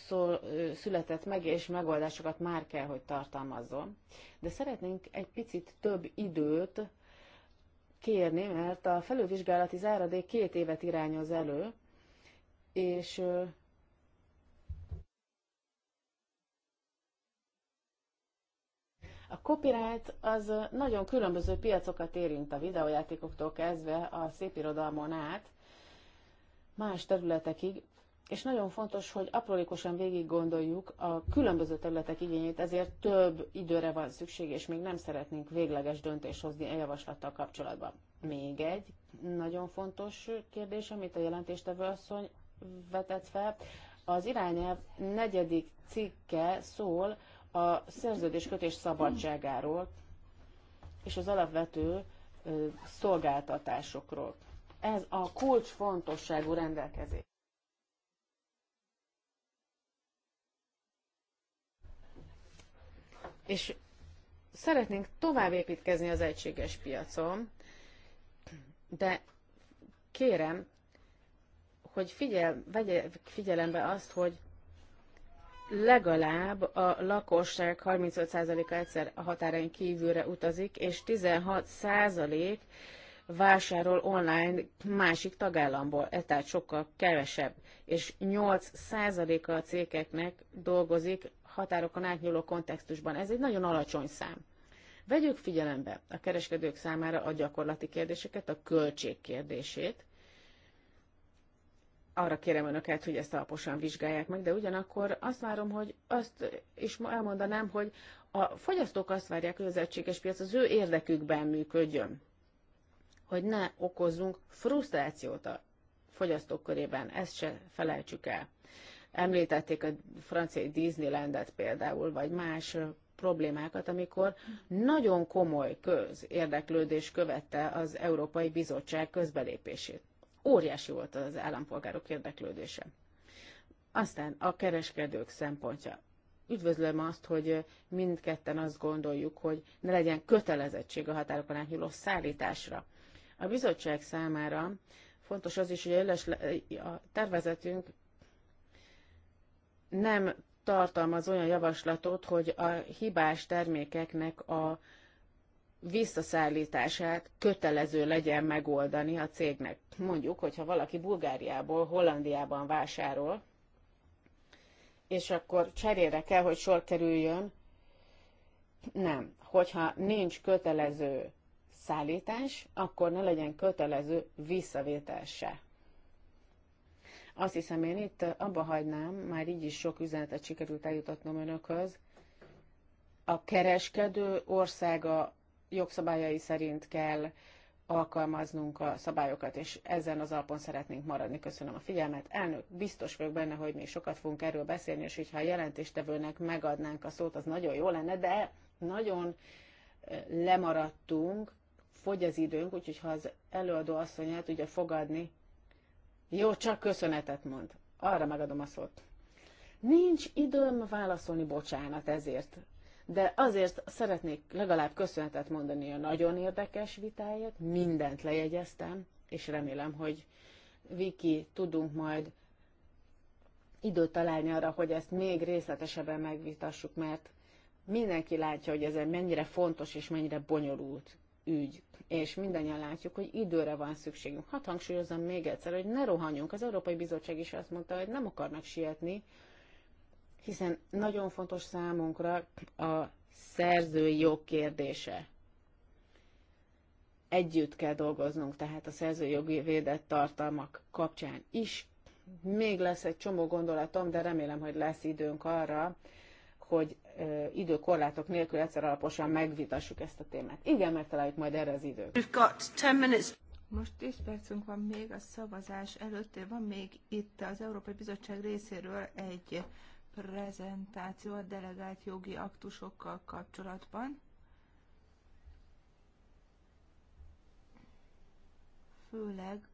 Speaker 2: szól, született meg, és megoldásokat már kell, hogy tartalmazzon. De szeretnénk egy picit több időt kérni, mert a felülvizsgálati záradék két évet irányoz elő, és A copyright az nagyon különböző piacokat érint a videójátékoktól kezdve a szépirodalmon át, más területekig, és nagyon fontos, hogy aprólékosan végig gondoljuk a különböző területek igényét, ezért több időre van szükség, és még nem szeretnénk végleges döntést hozni a e javaslattal kapcsolatban. Még egy nagyon fontos kérdés, amit a jelentéstevő asszony vetett fel. Az irányelv negyedik cikke szól a szerződéskötés szabadságáról és az alapvető szolgáltatásokról. Ez a kulcs fontosságú rendelkezés. És szeretnénk tovább építkezni az egységes piacon, de kérem, hogy figyel, vegye figyelembe azt, hogy legalább a lakosság 35%-a egyszer a határain kívülre utazik, és 16% vásárol online másik tagállamból, ez tehát sokkal kevesebb. És 8%-a a cégeknek dolgozik határokon átnyúló kontextusban. Ez egy nagyon alacsony szám. Vegyük figyelembe a kereskedők számára a gyakorlati kérdéseket, a költség kérdését. Arra kérem önöket, hogy ezt alaposan vizsgálják meg, de ugyanakkor azt várom, hogy azt is elmondanám, hogy a fogyasztók azt várják, hogy az egységes piac az ő érdekükben működjön hogy ne okozzunk frusztrációt a fogyasztók körében, ezt se felejtsük el. Említették a francia Disneylandet például, vagy más problémákat, amikor nagyon komoly közérdeklődés követte az Európai Bizottság közbelépését. Óriási volt az állampolgárok érdeklődése. Aztán a kereskedők szempontja. Üdvözlöm azt, hogy mindketten azt gondoljuk, hogy ne legyen kötelezettség a határokon átnyúló szállításra. A bizottság számára fontos az is, hogy a tervezetünk nem tartalmaz olyan javaslatot, hogy a hibás termékeknek a visszaszállítását kötelező legyen megoldani a cégnek. Mondjuk, hogyha valaki Bulgáriából, Hollandiában vásárol, és akkor cserére kell, hogy sor kerüljön. Nem. Hogyha nincs kötelező szállítás, akkor ne legyen kötelező visszavétel se. Azt hiszem, én itt eh, abba hagynám, már így is sok üzenetet sikerült eljutatnom önökhöz. A kereskedő országa jogszabályai szerint kell alkalmaznunk a szabályokat, és ezen az alapon szeretnénk maradni. Köszönöm a figyelmet. Elnök, biztos vagyok benne, hogy még sokat fogunk erről beszélni, és hogyha a jelentéstevőnek megadnánk a szót, az nagyon jó lenne, de nagyon eh, lemaradtunk fogy az időnk, úgyhogy ha az előadó asszony el tudja fogadni, jó, csak köszönetet mond. Arra megadom a szót. Nincs időm válaszolni, bocsánat ezért. De azért szeretnék legalább köszönetet mondani a nagyon érdekes vitáért, mindent lejegyeztem, és remélem, hogy Viki, tudunk majd időt találni arra, hogy ezt még részletesebben megvitassuk, mert mindenki látja, hogy ez mennyire fontos és mennyire bonyolult ügy, és mindannyian látjuk, hogy időre van szükségünk. Hadd hangsúlyozom még egyszer, hogy ne rohanjunk. Az Európai Bizottság is azt mondta, hogy nem akarnak sietni, hiszen nagyon fontos számunkra a szerzői jog kérdése. Együtt kell dolgoznunk, tehát a szerzői jogi védett tartalmak kapcsán is. Még lesz egy csomó gondolatom, de remélem, hogy lesz időnk arra, hogy időkorlátok nélkül egyszer alaposan megvitassuk ezt a témát. Igen, megtaláljuk majd erre az időt. We've
Speaker 3: got 10 minutes. Most 10 percünk van még a szavazás előtt. Van még itt az Európai Bizottság részéről egy prezentáció a delegált jogi aktusokkal kapcsolatban. Főleg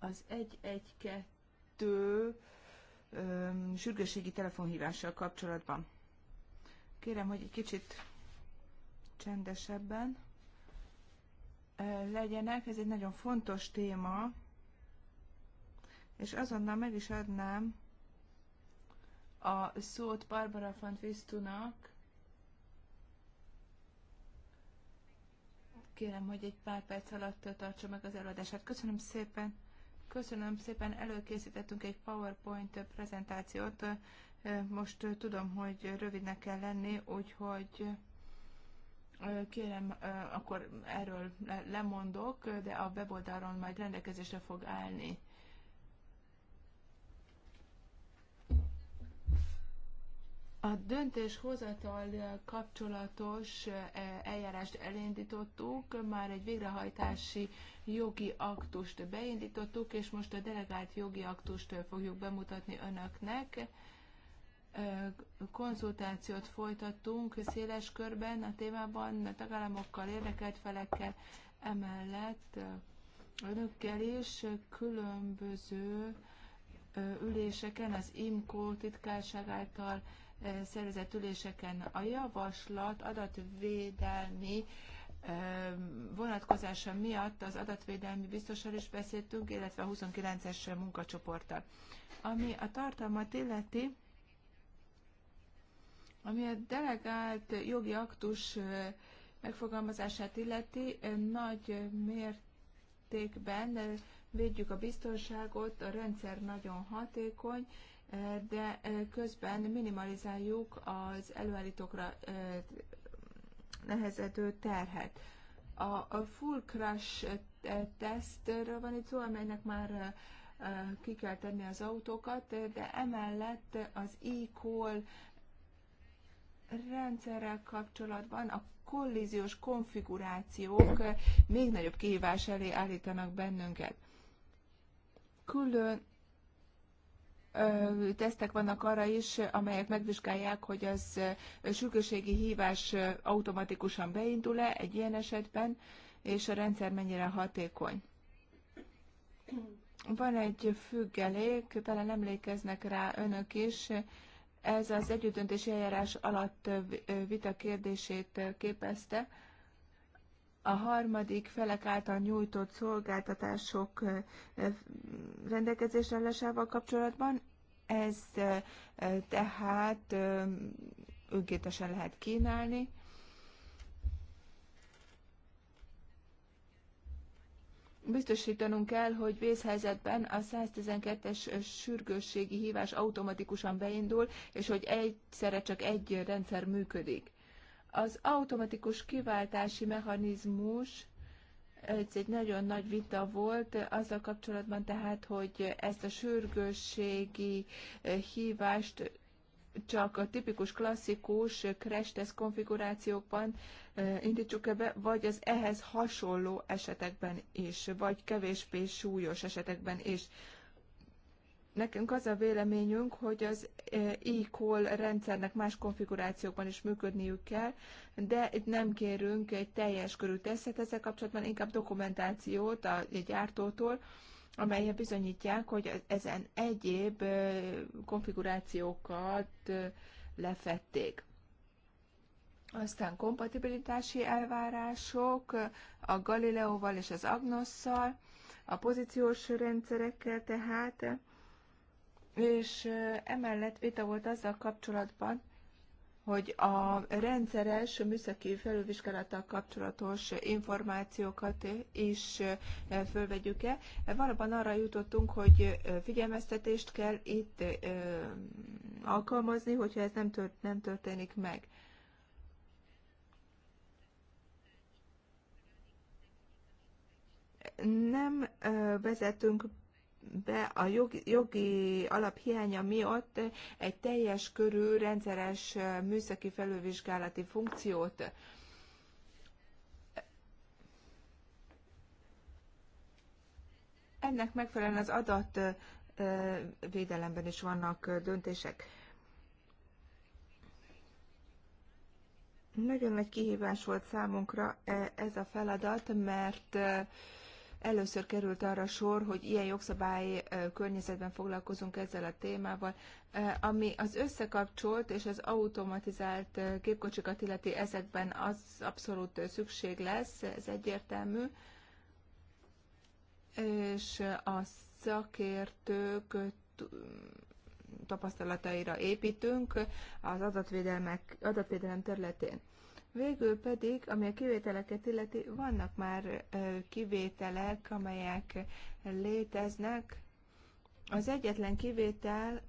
Speaker 3: az 112 sürgősségi telefonhívással kapcsolatban. Kérem, hogy egy kicsit csendesebben legyenek. Ez egy nagyon fontos téma, és azonnal meg is adnám a szót Barbara van Visztunak. Kérem, hogy egy pár perc alatt tartsa meg az előadását. Köszönöm szépen! Köszönöm szépen, előkészítettünk egy PowerPoint prezentációt. Most tudom, hogy rövidnek kell lenni, úgyhogy kérem, akkor erről lemondok, de a weboldalon majd rendelkezésre fog állni A döntéshozatal kapcsolatos eh, eljárást elindítottuk, már egy végrehajtási jogi aktust beindítottuk, és most a delegált jogi aktust fogjuk bemutatni önöknek. Eh, konzultációt folytattunk széles körben a témában, a tagállamokkal, érdekelt felekkel, emellett eh, önökkel is különböző üléseken az IMCO titkárság által szervezett üléseken. A javaslat adatvédelmi vonatkozása miatt az adatvédelmi biztosról is beszéltünk, illetve a 29-es munkacsoporttal. Ami a tartalmat illeti, ami a delegált jogi aktus megfogalmazását illeti, nagy mértékben védjük a biztonságot, a rendszer nagyon hatékony, de közben minimalizáljuk az előállítókra nehezedő terhet. A full crash tesztről van itt szó, amelynek már ki kell tenni az autókat, de emellett az e rendszerrel kapcsolatban a kollíziós konfigurációk még nagyobb kihívás elé állítanak bennünket. Külön tesztek vannak arra is, amelyek megvizsgálják, hogy az sürgőségi hívás automatikusan beindul-e egy ilyen esetben, és a rendszer mennyire hatékony. Van egy függelék, talán emlékeznek rá önök is, ez az együttöntési eljárás alatt vita kérdését képezte a harmadik felek által nyújtott szolgáltatások rendelkezésre állásával kapcsolatban. Ez tehát önkéntesen lehet kínálni. Biztosítanunk kell, hogy vészhelyzetben a 112-es sürgősségi hívás automatikusan beindul, és hogy egyszerre csak egy rendszer működik. Az automatikus kiváltási mechanizmus ez egy nagyon nagy vita volt azzal kapcsolatban tehát, hogy ezt a sürgősségi eh, hívást csak a tipikus klasszikus crash konfigurációkban eh, indítsuk ebbe, vagy az ehhez hasonló esetekben is, vagy kevésbé súlyos esetekben is. Nekünk az a véleményünk, hogy az e, e-call rendszernek más konfigurációkban is működniük kell, de itt nem kérünk egy teljes körű tesztet ezzel kapcsolatban, inkább dokumentációt a gyártótól, amelyek bizonyítják, hogy ezen egyéb e, konfigurációkat e, lefették. Aztán kompatibilitási elvárások a Galileóval és az Agnosszal, a pozíciós rendszerekkel tehát, és emellett vita volt azzal kapcsolatban, hogy a rendszeres műszaki felülvizsgálattal kapcsolatos információkat is fölvegyük-e. Valóban arra jutottunk, hogy figyelmeztetést kell itt alkalmazni, hogyha ez nem, tört, nem történik meg. Nem vezetünk be a jogi, jogi alaphiánya miatt egy teljes körű rendszeres műszaki felülvizsgálati funkciót ennek megfelelően az adat védelemben is vannak döntések. Nagyon nagy kihívás volt számunkra e, ez a feladat, mert Először került arra sor, hogy ilyen jogszabályi környezetben foglalkozunk ezzel a témával, ami az összekapcsolt és az automatizált gépkocsikat illeti ezekben az abszolút szükség lesz, ez egyértelmű, és a szakértők tapasztalataira építünk az adatvédelmek, adatvédelem területén. Végül pedig, ami a kivételeket illeti, vannak már kivételek, amelyek léteznek. Az egyetlen kivétel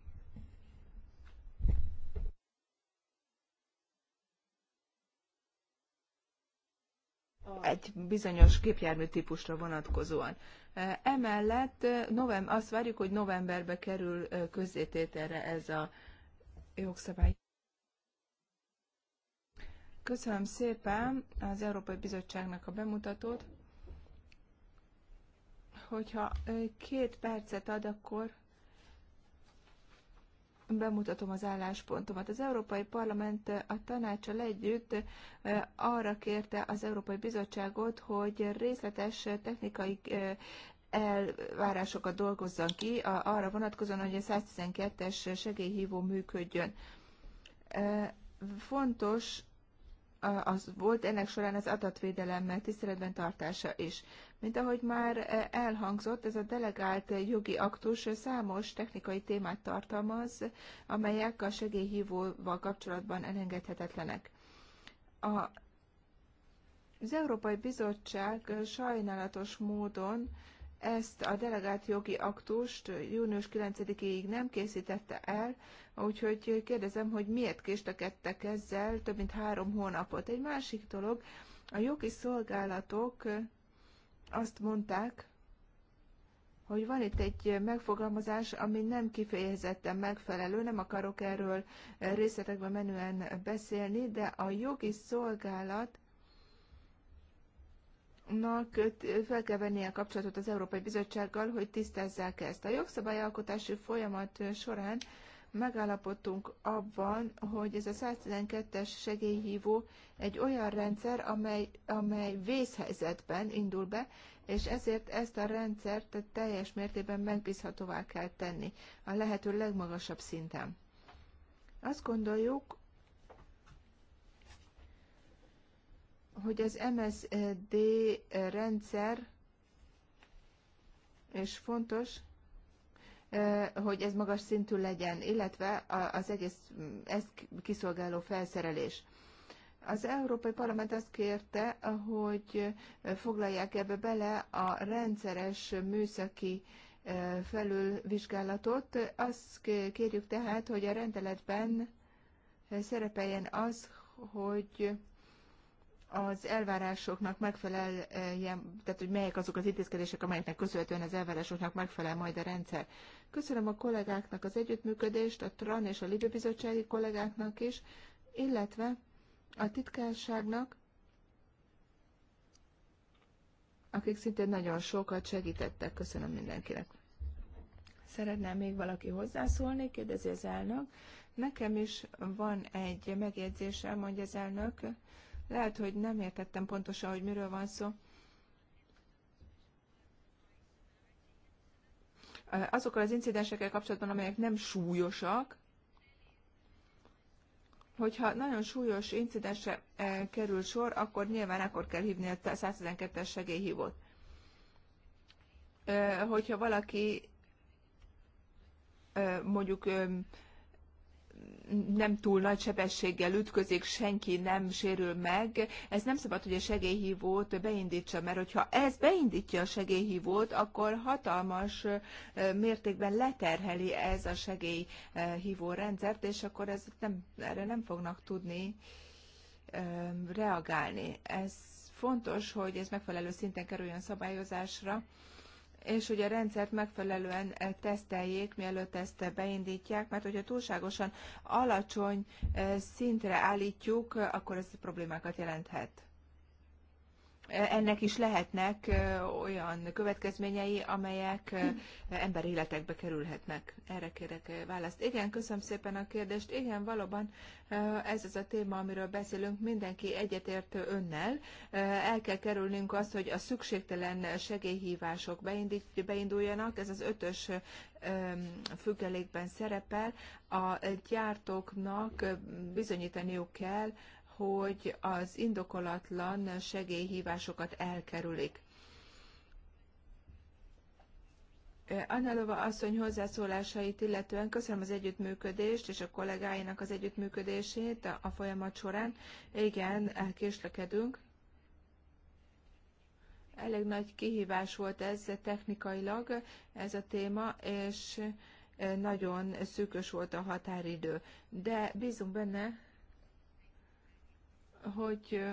Speaker 3: egy bizonyos képjármű típusra vonatkozóan. Emellett november, azt várjuk, hogy novemberbe kerül közzétételre ez a jogszabály. Köszönöm szépen az Európai Bizottságnak a bemutatót. Hogyha két percet ad, akkor bemutatom az álláspontomat. Az Európai Parlament a tanácsal együtt arra kérte az Európai Bizottságot, hogy részletes technikai elvárásokat dolgozzon ki arra vonatkozóan, hogy a 112-es segélyhívó működjön. Fontos az volt ennek során az adatvédelemmel tiszteletben tartása is. Mint ahogy már e, elhangzott, ez a delegált jogi aktus számos technikai témát tartalmaz, amelyek a segélyhívóval kapcsolatban elengedhetetlenek. A, az Európai Bizottság sajnálatos módon ezt a delegált jogi aktust június 9-ig nem készítette el, úgyhogy kérdezem, hogy miért késtekedtek ezzel több mint három hónapot. Egy másik dolog, a jogi szolgálatok azt mondták, hogy van itt egy megfogalmazás, ami nem kifejezetten megfelelő, nem akarok erről részletekbe menően beszélni, de a jogi szolgálat Nak fel kell vennie a kapcsolatot az Európai Bizottsággal, hogy tisztázzák ezt. A jogszabályalkotási folyamat során megállapodtunk abban, hogy ez a 112-es segélyhívó egy olyan rendszer, amely, amely vészhelyzetben indul be, és ezért ezt a rendszert teljes mértékben megbízhatóvá kell tenni a lehető legmagasabb szinten. Azt gondoljuk, hogy az MSD rendszer, és fontos, hogy ez magas szintű legyen, illetve az egész ezt kiszolgáló felszerelés. Az Európai Parlament azt kérte, hogy foglalják ebbe bele a rendszeres műszaki felülvizsgálatot. Azt kérjük tehát, hogy a rendeletben szerepeljen az, hogy az elvárásoknak megfelel, eh, tehát hogy melyek azok az intézkedések, amelyeknek köszönhetően az elvárásoknak megfelel majd a rendszer. Köszönöm a kollégáknak az együttműködést, a TRAN és a Libe Bizottsági kollégáknak is, illetve a titkárságnak, akik szintén nagyon sokat segítettek. Köszönöm mindenkinek. Szeretne még valaki hozzászólni? Kérdezi az elnök. Nekem is van egy megjegyzésem, mondja az elnök. Lehet, hogy nem értettem pontosan, hogy miről van szó. Azokkal az incidensekkel kapcsolatban, amelyek nem súlyosak, hogyha nagyon súlyos incidensre eh, kerül sor, akkor nyilván akkor kell hívni a 112-es segélyhívót. Eh, hogyha valaki eh, mondjuk nem túl nagy sebességgel ütközik, senki nem sérül meg. Ez nem szabad, hogy a segélyhívót beindítsa, mert hogyha ez beindítja a segélyhívót, akkor hatalmas mértékben leterheli ez a segélyhívó rendszert, és akkor ez nem, erre nem fognak tudni reagálni. Ez fontos, hogy ez megfelelő szinten kerüljön szabályozásra és hogy a rendszert megfelelően eh, teszteljék, mielőtt ezt eh, beindítják, mert hogyha túlságosan alacsony eh, szintre állítjuk, akkor ez problémákat jelenthet ennek is lehetnek olyan következményei, amelyek emberi életekbe kerülhetnek. Erre kérek választ. Igen, köszönöm szépen a kérdést. Igen, valóban ez az a téma, amiről beszélünk. Mindenki egyetért önnel. El kell kerülnünk azt, hogy a szükségtelen segélyhívások beinduljanak. Ez az ötös függelékben szerepel. A gyártóknak bizonyítaniuk kell, hogy az indokolatlan segélyhívásokat elkerülik. Annalova asszony hozzászólásait illetően köszönöm az együttműködést és a kollégáinak az együttműködését a folyamat során. Igen, elkéslekedünk. Eh, Elég nagy kihívás volt ez technikailag, ez a téma, és eh, nagyon szűkös volt a határidő. De bízunk benne, hogy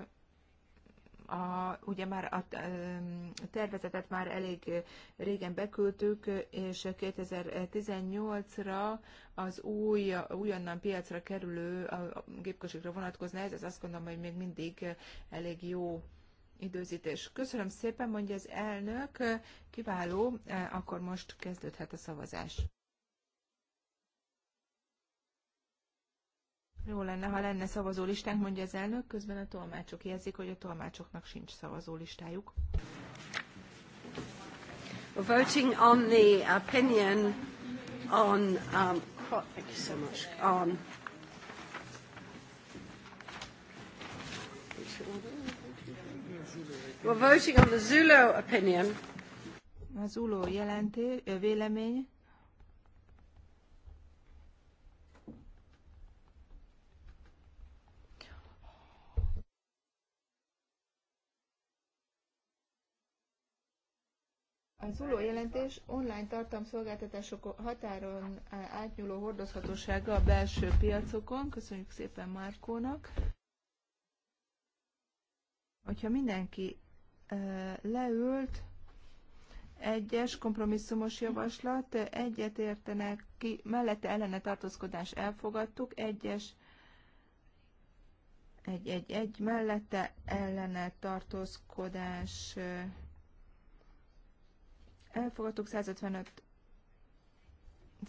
Speaker 3: a, ugye már a tervezetet már elég régen beküldtük, és 2018-ra az új, újonnan piacra kerülő a gépkocsikra vonatkozna ez, ez azt gondolom, hogy még mindig elég jó időzítés. Köszönöm szépen, mondja az elnök, kiváló, akkor most kezdődhet a szavazás. Jó lenne, ha lenne szavazólistánk, mondja az elnök, közben a tolmácsok jelzik, hogy a tolmácsoknak sincs szavazólistájuk. We're voting on the opinion on, um, oh, thank you so
Speaker 1: much, on um,
Speaker 5: We're
Speaker 3: voting on the Zulu opinion. A Zulu jelenté, vélemény. Az ULO jelentés online tartalomszolgáltatások határon átnyúló hordozhatósága a belső piacokon. Köszönjük szépen Márkónak. Hogyha mindenki leült, egyes kompromisszumos javaslat, egyet értenek ki, mellette ellene tartózkodás elfogadtuk, egyes egy, egy, egy mellette ellene tartózkodás elfogadtuk 155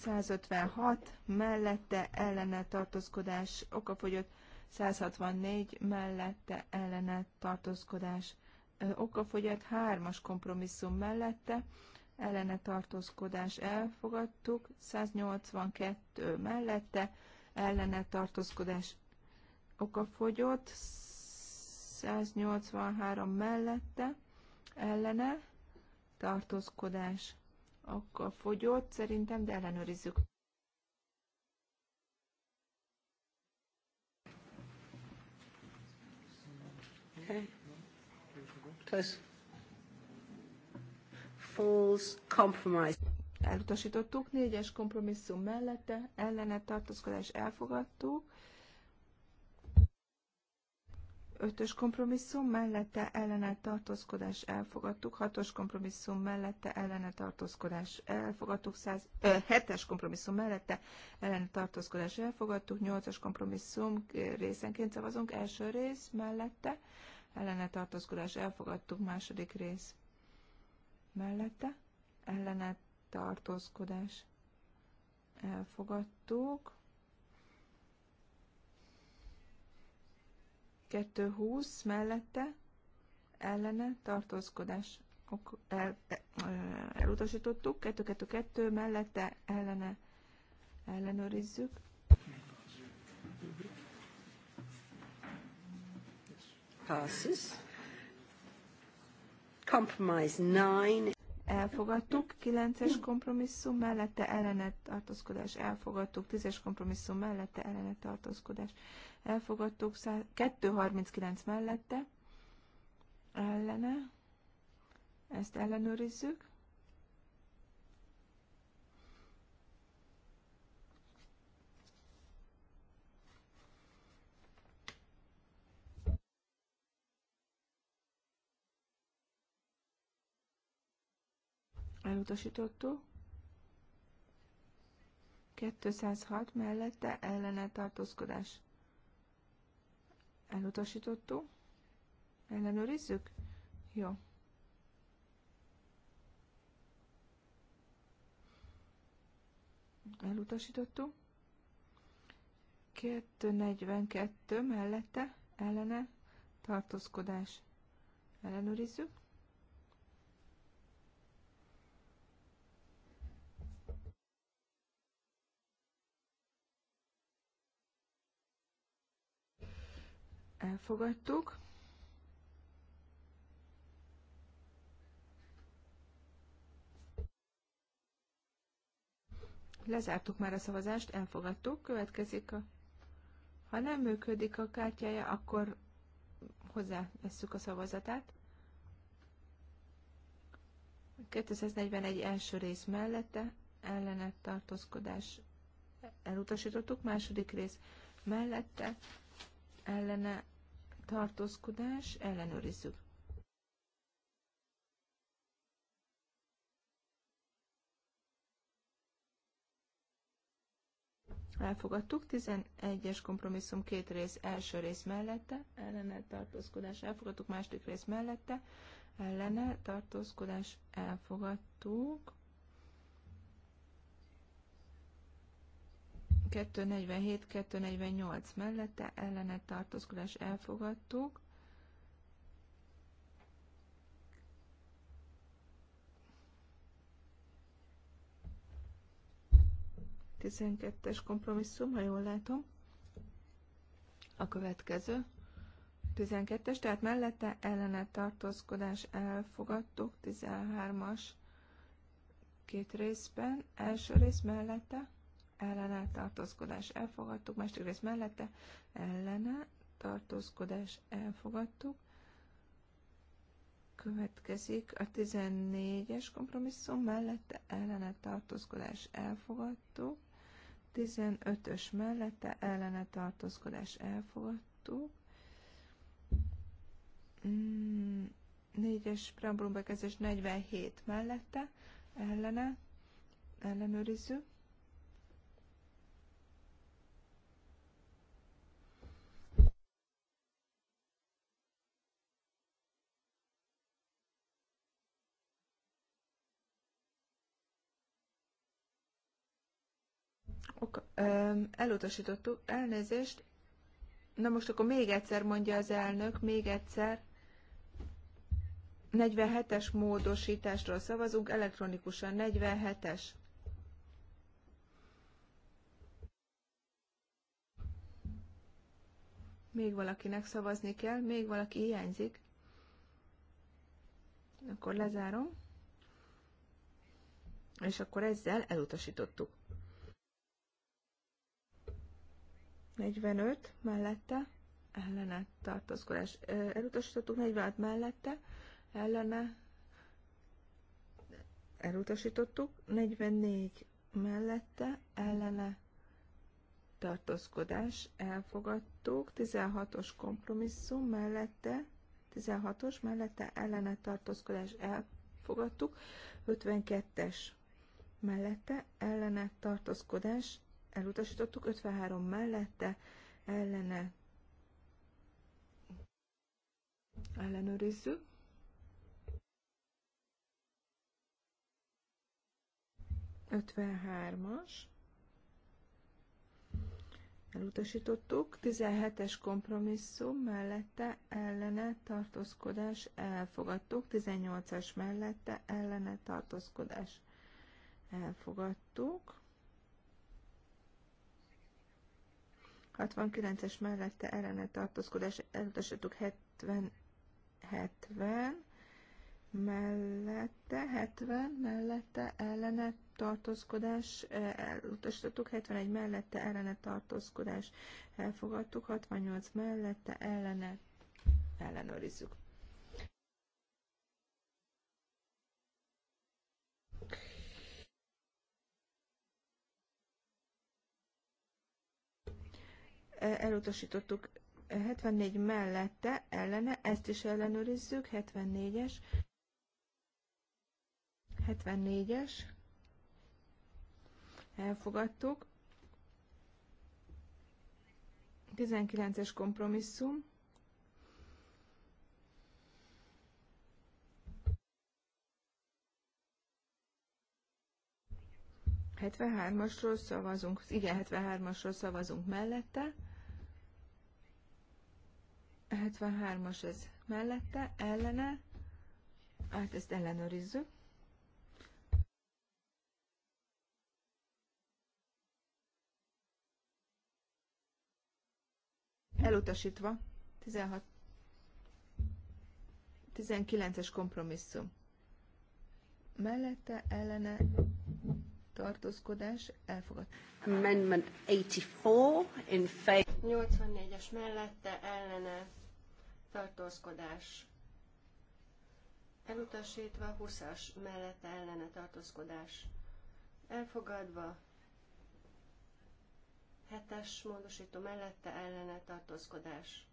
Speaker 3: 156 mellette ellene tartózkodás okafogyott, 164 mellette ellene tartózkodás okafogyott, 3-as kompromisszum mellette ellene tartózkodás elfogadtuk, 182 mellette ellene tartózkodás okafogyott, 183 mellette ellene tartózkodás akkor fogyott szerintem, de ellenőrizzük. False compromise. Elutasítottuk négyes kompromisszum mellette, ellene tartózkodás elfogadtuk. Ötös kompromisszum mellette ellene tartózkodás elfogadtuk, hatos kompromisszum mellette ellene tartózkodás elfogadtuk, száz, ö, hetes kompromisszum mellette ellene tartózkodás elfogadtuk, nyolcas kompromisszum részenként szavazunk, első rész mellette ellene tartózkodás elfogadtuk, második rész mellette ellene tartózkodás elfogadtuk, 220 mellette ellene tartózkodás el, el, e, elutasítottuk, 222 mellette ellene ellenőrizzük. Passes. Compromise 9. Elfogadtuk, 9-es kompromisszum mellette ellenet tartózkodás, elfogadtuk, 10-es kompromisszum mellette ellenet tartózkodás, elfogadtuk, 239 mellette, ellene, ezt ellenőrizzük. Elutasítottuk. 206 mellette ellene tartózkodás Elutasítottuk. Ellenőrizzük? Jó. Elutasítottuk. 242 mellette ellene tartózkodás. Ellenőrizzük. elfogadtuk. Lezártuk már a szavazást, elfogadtuk. Következik a... Ha nem működik a kártyája, akkor hozzá vesszük a szavazatát. 241 első rész mellette ellene tartózkodás elutasítottuk, második rész mellette ellene tartózkodás, ellenőrizzük. Elfogadtuk. 11-es kompromisszum két rész első rész mellette, ellene tartózkodás elfogadtuk, második rész mellette, ellene tartózkodás elfogadtuk. 247, 248 mellette ellene tartózkodás elfogadtuk. Tizenkettes kompromisszum, ha jól látom. A következő. 12-es, tehát mellette ellene tartózkodás elfogadtuk, 13-as két részben, első rész mellette ellene tartózkodás elfogadtuk, másik rész mellette ellene tartózkodás elfogadtuk. Következik a 14-es kompromisszum, mellette ellene tartózkodás elfogadtuk. 15-ös mellette ellene tartózkodás elfogadtuk. 4-es mm, preambulum bekezdés 47 mellette ellene ellenőrizzük. Ok, elutasítottuk, elnézést. Na most akkor még egyszer mondja az elnök, még egyszer. 47-es módosításról szavazunk, elektronikusan 47-es. Még valakinek szavazni kell, még valaki hiányzik. Akkor lezárom. És akkor ezzel elutasítottuk. 45 mellette, ellene tartózkodás elutasítottuk, 46 mellette, ellene elutasítottuk, 44 mellette, ellene tartózkodás elfogadtuk, 16-os kompromisszum mellette, 16-os mellette ellene tartózkodás elfogadtuk, 52-es mellette ellene tartózkodás elutasítottuk, 53 mellette ellene ellenőrizzük. Ötvenhármas. Elutasítottuk. 17-es kompromisszum mellette ellene tartózkodás elfogadtuk. 18-as mellette ellene tartózkodás elfogadtuk. 69-es mellette ellene tartózkodás elutasítottuk 70, 70 mellette, 70 mellette ellene tartózkodás e, elutasítottuk, 71 mellette ellene tartózkodás elfogadtuk, 68 mellette ellene ellenőrizzük. elutasítottuk 74 mellette, ellene, ezt is ellenőrizzük, 74-es, 74-es, elfogadtuk, 19-es kompromisszum, Hetvenhármasról szavazunk, igen, 73 szavazunk mellette, 73-as ez mellette, ellene, hát ezt ellenőrizzük. Elutasítva, 16, 19-es kompromisszum. Mellette, ellene, tartózkodás, elfogad. Amendment 84
Speaker 1: in favor.
Speaker 4: 84-es mellette, ellene, tartózkodás elutasítva, huszas mellette ellene tartózkodás elfogadva, hetes módosító mellette ellene tartózkodás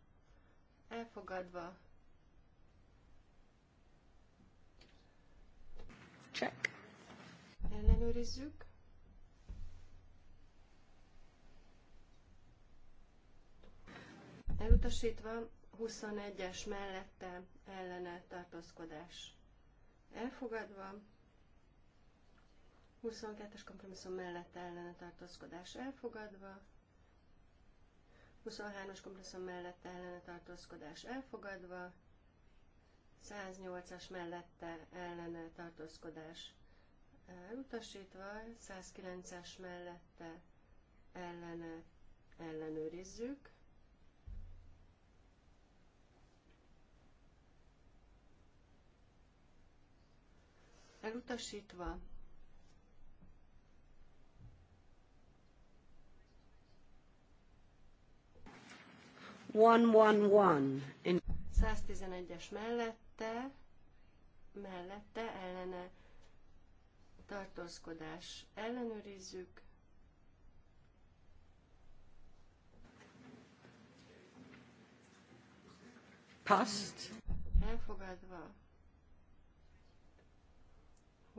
Speaker 4: elfogadva, Check. Ellenőrizzük. Elutasítva 21-es mellette ellene tartózkodás elfogadva, 22-es kompromisszum mellette ellene tartózkodás elfogadva, 23-as kompromisszum mellette ellene tartózkodás elfogadva, 108-as mellette ellene tartózkodás elutasítva, 109-es mellette ellene ellenőrizzük. elutasítva.
Speaker 1: One, one, one. In...
Speaker 4: 111-es mellette, mellette ellene tartózkodás ellenőrizzük. Past. Elfogadva.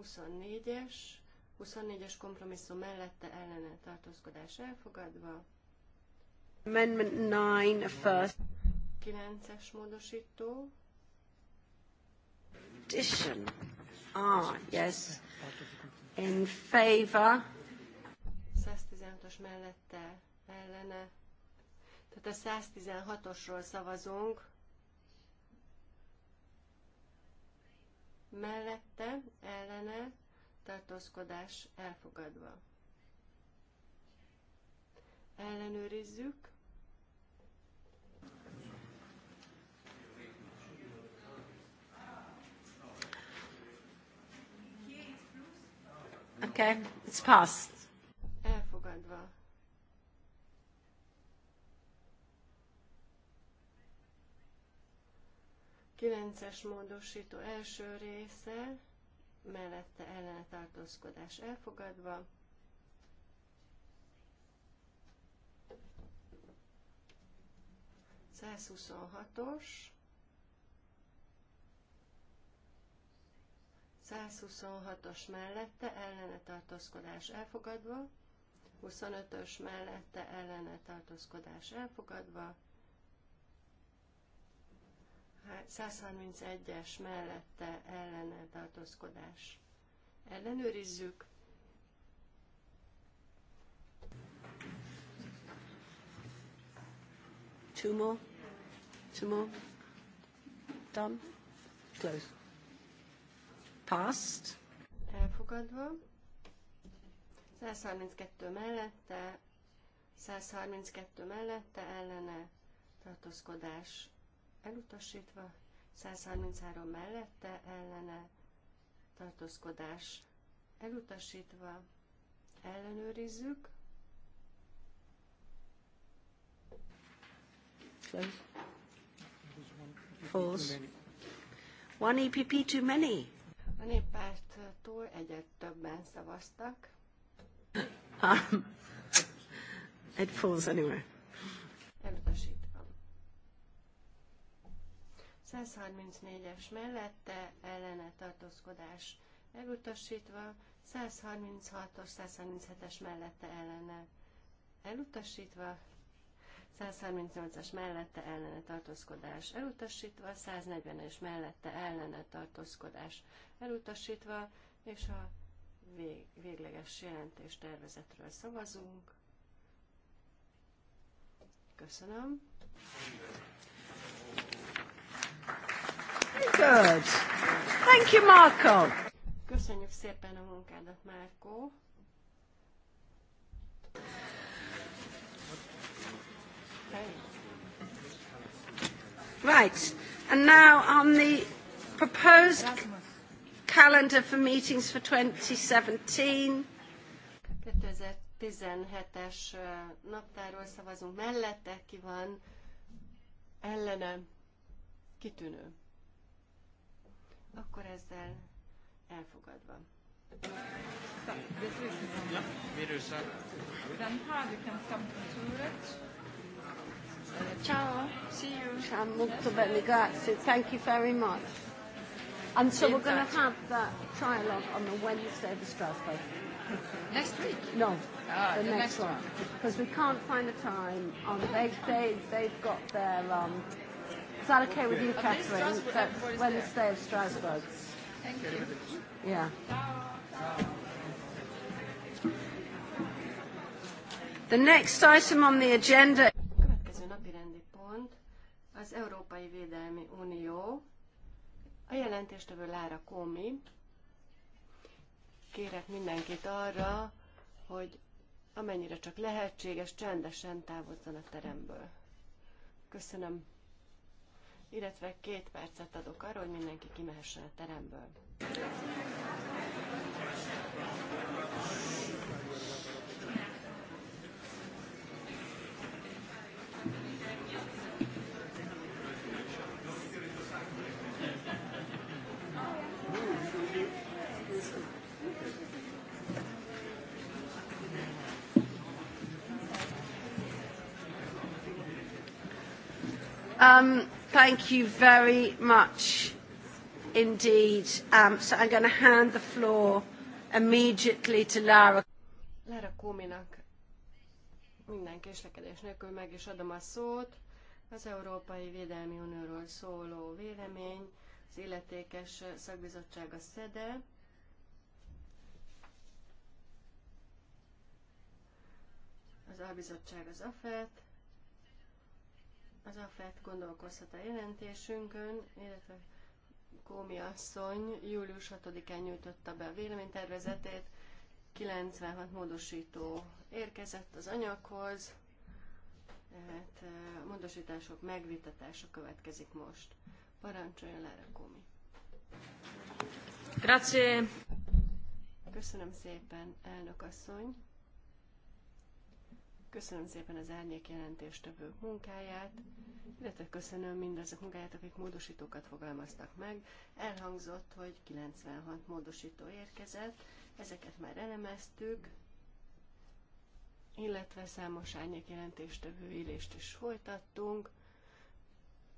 Speaker 4: 24-es, 24-es kompromisszum mellette ellene tartózkodás elfogadva.
Speaker 1: Amendment 9 first.
Speaker 4: 9-es módosító.
Speaker 1: Addition. Ah, yes. In favor.
Speaker 4: 116-os mellette ellene. Tehát a 116-osról szavazunk. mellette, ellene, tartózkodás elfogadva. Ellenőrizzük.
Speaker 1: Okay, it's passed.
Speaker 4: 9-es módosító első része, mellette ellentartózkodás elfogadva. Százhuszonhatos. százhuszonhatos mellette ellene tartózkodás elfogadva, huszonötös mellette ellene tartózkodás elfogadva, 131-es hát, mellette ellene tartózkodás. Ellenőrizzük.
Speaker 1: Two more. Two more. Done. Close. Passed.
Speaker 4: Elfogadva. 132 mellette, 132 mellette ellene tartózkodás elutasítva, 133 mellette ellene tartózkodás elutasítva, ellenőrizzük.
Speaker 1: False. One EPP too many.
Speaker 4: A néppárttól egyet többen szavaztak.
Speaker 1: Um, it falls anyway.
Speaker 4: 134-es mellette ellene tartózkodás elutasítva, 136-os, 137-es mellette ellene elutasítva, 138-as mellette ellene tartózkodás elutasítva, 140-es mellette ellene tartózkodás elutasítva, és a vég, végleges jelentés tervezetről szavazunk. Köszönöm.
Speaker 5: Good. Thank you, Marco.
Speaker 4: Köszönjük szépen a munkádat, Márkó.
Speaker 1: Right. And now on the proposed calendar for meetings for 2017.
Speaker 4: 2017-es naptáról szavazunk mellette, ki van ellenem kitűnő akkor ezzel elfogadva. Ja,
Speaker 3: Ciao, see you. Ciao, molto bene, grazie.
Speaker 1: Thank you very much. And so we're going to have that trialogue on the Wednesday of the Strasbourg. Next week? No, ah, the, the next, next one. Because we can't find a time. Um, they, they, they've got their um, that okay with you, Catherine? That Wednesday of Strasbourg. Thank you. Yeah. The next item on the agenda.
Speaker 4: Következő napi rendi pont az Európai Védelmi Unió. A jelentéstevő Lára Komi. Kérek mindenkit arra, hogy amennyire csak lehetséges, csendesen távozzon a teremből. Köszönöm illetve két percet adok arra, hogy mindenki kimehessen a teremből.
Speaker 1: Um, Thank you very much indeed. Um, so I'm going to hand the floor immediately to Lara.
Speaker 4: Lara Kóminak minden késlekedés nélkül meg is adom a szót. Az Európai Védelmi Unióról szóló vélemény, az illetékes szakbizottsága SZEDE. Az albizottság az AFET, az AFET gondolkozhat a jelentésünkön, illetve Kómi asszony július 6-án nyújtotta be a véleménytervezetét, 96 módosító érkezett az anyaghoz, tehát a módosítások megvitatása következik most. Parancsoljon Lára Kómi. Grazie. Köszönöm szépen, elnök asszony. Köszönöm szépen az árnyék jelentéstevők munkáját, illetve köszönöm mindazok munkáját, akik módosítókat fogalmaztak meg. Elhangzott, hogy 96 módosító érkezett, ezeket már elemeztük, illetve számos árnyék jelentéstevő ülést is folytattunk,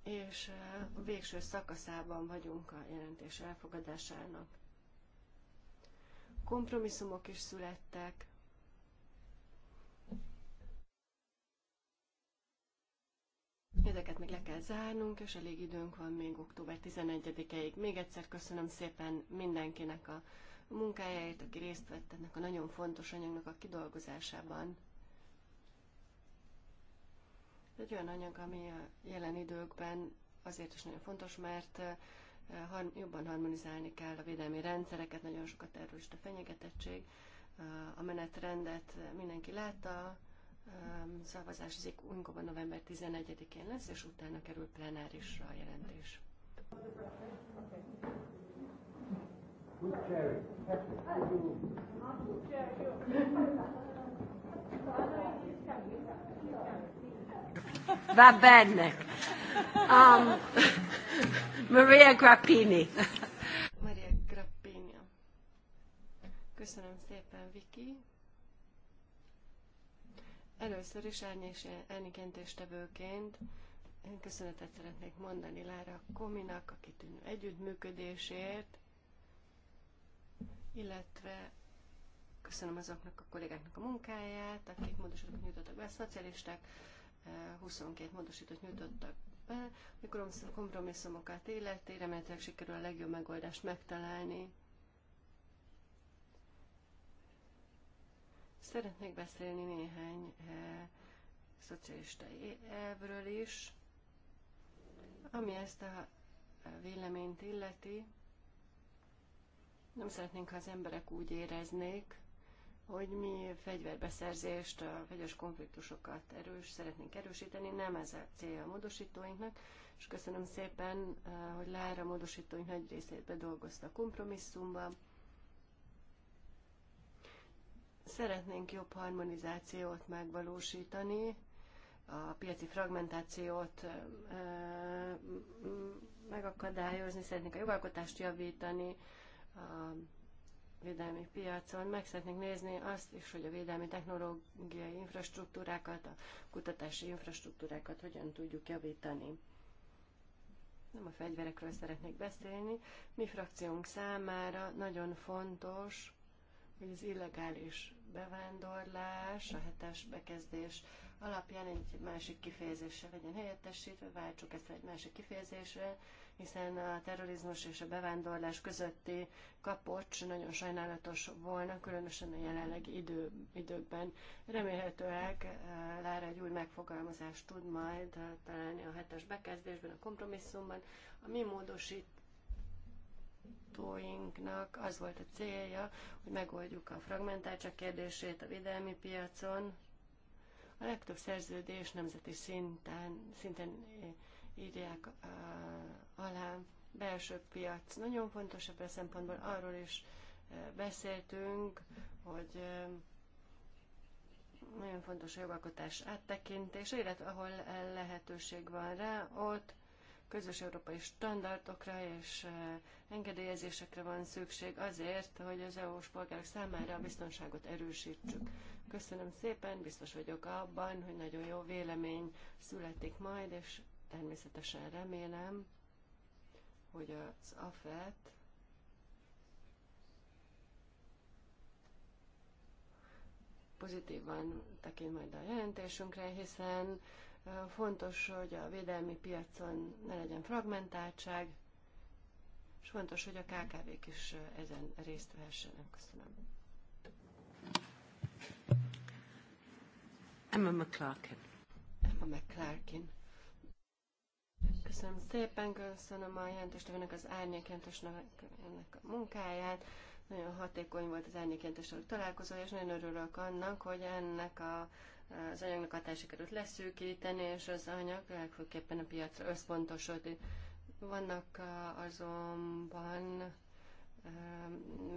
Speaker 4: és eh, a végső szakaszában vagyunk a jelentés elfogadásának. Kompromisszumok is születtek, Ezeket még le kell zárnunk, és elég időnk van még október 11-ig. Még egyszer köszönöm szépen mindenkinek a munkájáért, aki részt vett ennek a nagyon fontos anyagnak a kidolgozásában. Egy olyan anyag, ami a jelen időkben azért is nagyon fontos, mert eh, jobban harmonizálni kell a védelmi rendszereket, nagyon sok a fenyegetettség, eh, a menetrendet mindenki látta, szavazás az Unkóban november 11-én lesz, és utána kerül plenárisra a jelentés.
Speaker 5: Good
Speaker 1: Va bene. Um, Maria Grappini.
Speaker 4: Maria Grappini. Köszönöm szépen, Viki. Először is árnyékentéstevőként én köszönetet szeretnék mondani Lára Kominak a kitűnő együttműködésért, illetve köszönöm azoknak a kollégáknak a munkáját, akik módosítókat nyújtottak be, a szocialisták 22 eh, módosítót nyújtottak be, mikor kompromisszumokat illeti, remélhetőleg sikerül a legjobb megoldást megtalálni Szeretnék beszélni néhány e, szocialista elvről is, ami ezt a eh, véleményt illeti. Nem szeretnénk, ha az emberek úgy éreznék, hogy mi fegyverbeszerzést, a fegyveres konfliktusokat erős, szeretnénk erősíteni, nem ez a célja a módosítóinknak, és köszönöm szépen, eh, hogy Lára módosítóink nagy részét bedolgozta a kompromisszumban Szeretnénk jobb harmonizációt megvalósítani, a piaci fragmentációt megakadályozni, szeretnénk a jogalkotást javítani, a védelmi piacon. Meg szeretnénk nézni azt is, hogy a védelmi technológiai infrastruktúrákat, a kutatási infrastruktúrákat hogyan tudjuk javítani. Nem a fegyverekről szeretnék beszélni. Mi frakciónk számára nagyon fontos hogy az illegális bevándorlás, a hetes bekezdés alapján egy másik kifejezéssel legyen helyettesítve, váltsuk ezt egy másik kifejezésre, hiszen a terrorizmus és a bevándorlás közötti kapocs nagyon sajnálatos volna, különösen a jelenlegi idő, időkben. Remélhetőleg eh, Lára egy új megfogalmazást tud majd eh, találni a hetes bekezdésben, a kompromisszumban. A mi módosít kutatóinknak az volt a célja, hogy megoldjuk a fragmentáltság kérdését a védelmi piacon. A legtöbb szerződés nemzeti szinten, szinten írják uh, alá. Belső piac nagyon fontos ebben a szempontból. Arról is uh, beszéltünk, hogy uh, nagyon fontos a jogalkotás áttekintése, illetve ahol lehetőség van rá, ott közös európai standardokra és eh, engedélyezésekre van szükség azért, hogy az EU-s polgárok számára a biztonságot erősítsük. Köszönöm szépen, biztos vagyok abban, hogy nagyon jó vélemény születik majd, és természetesen remélem, hogy az AFET pozitívan tekint majd a jelentésünkre, hiszen Fontos, hogy a védelmi piacon ne legyen fragmentáltság, és fontos, hogy a KKV-k is ezen részt vehessenek. Köszönöm.
Speaker 1: Emma McClarkin.
Speaker 4: Emma McClarkin. Köszönöm szépen, köszönöm a jelentéstevőnek az árnyék ennek a munkáját. Nagyon hatékony volt az árnyék találkozó, és nagyon örülök annak, hogy ennek a az anyagnak hatásikerült leszűkíteni, és az anyag legfőképpen a piacra összpontosodik. Vannak azonban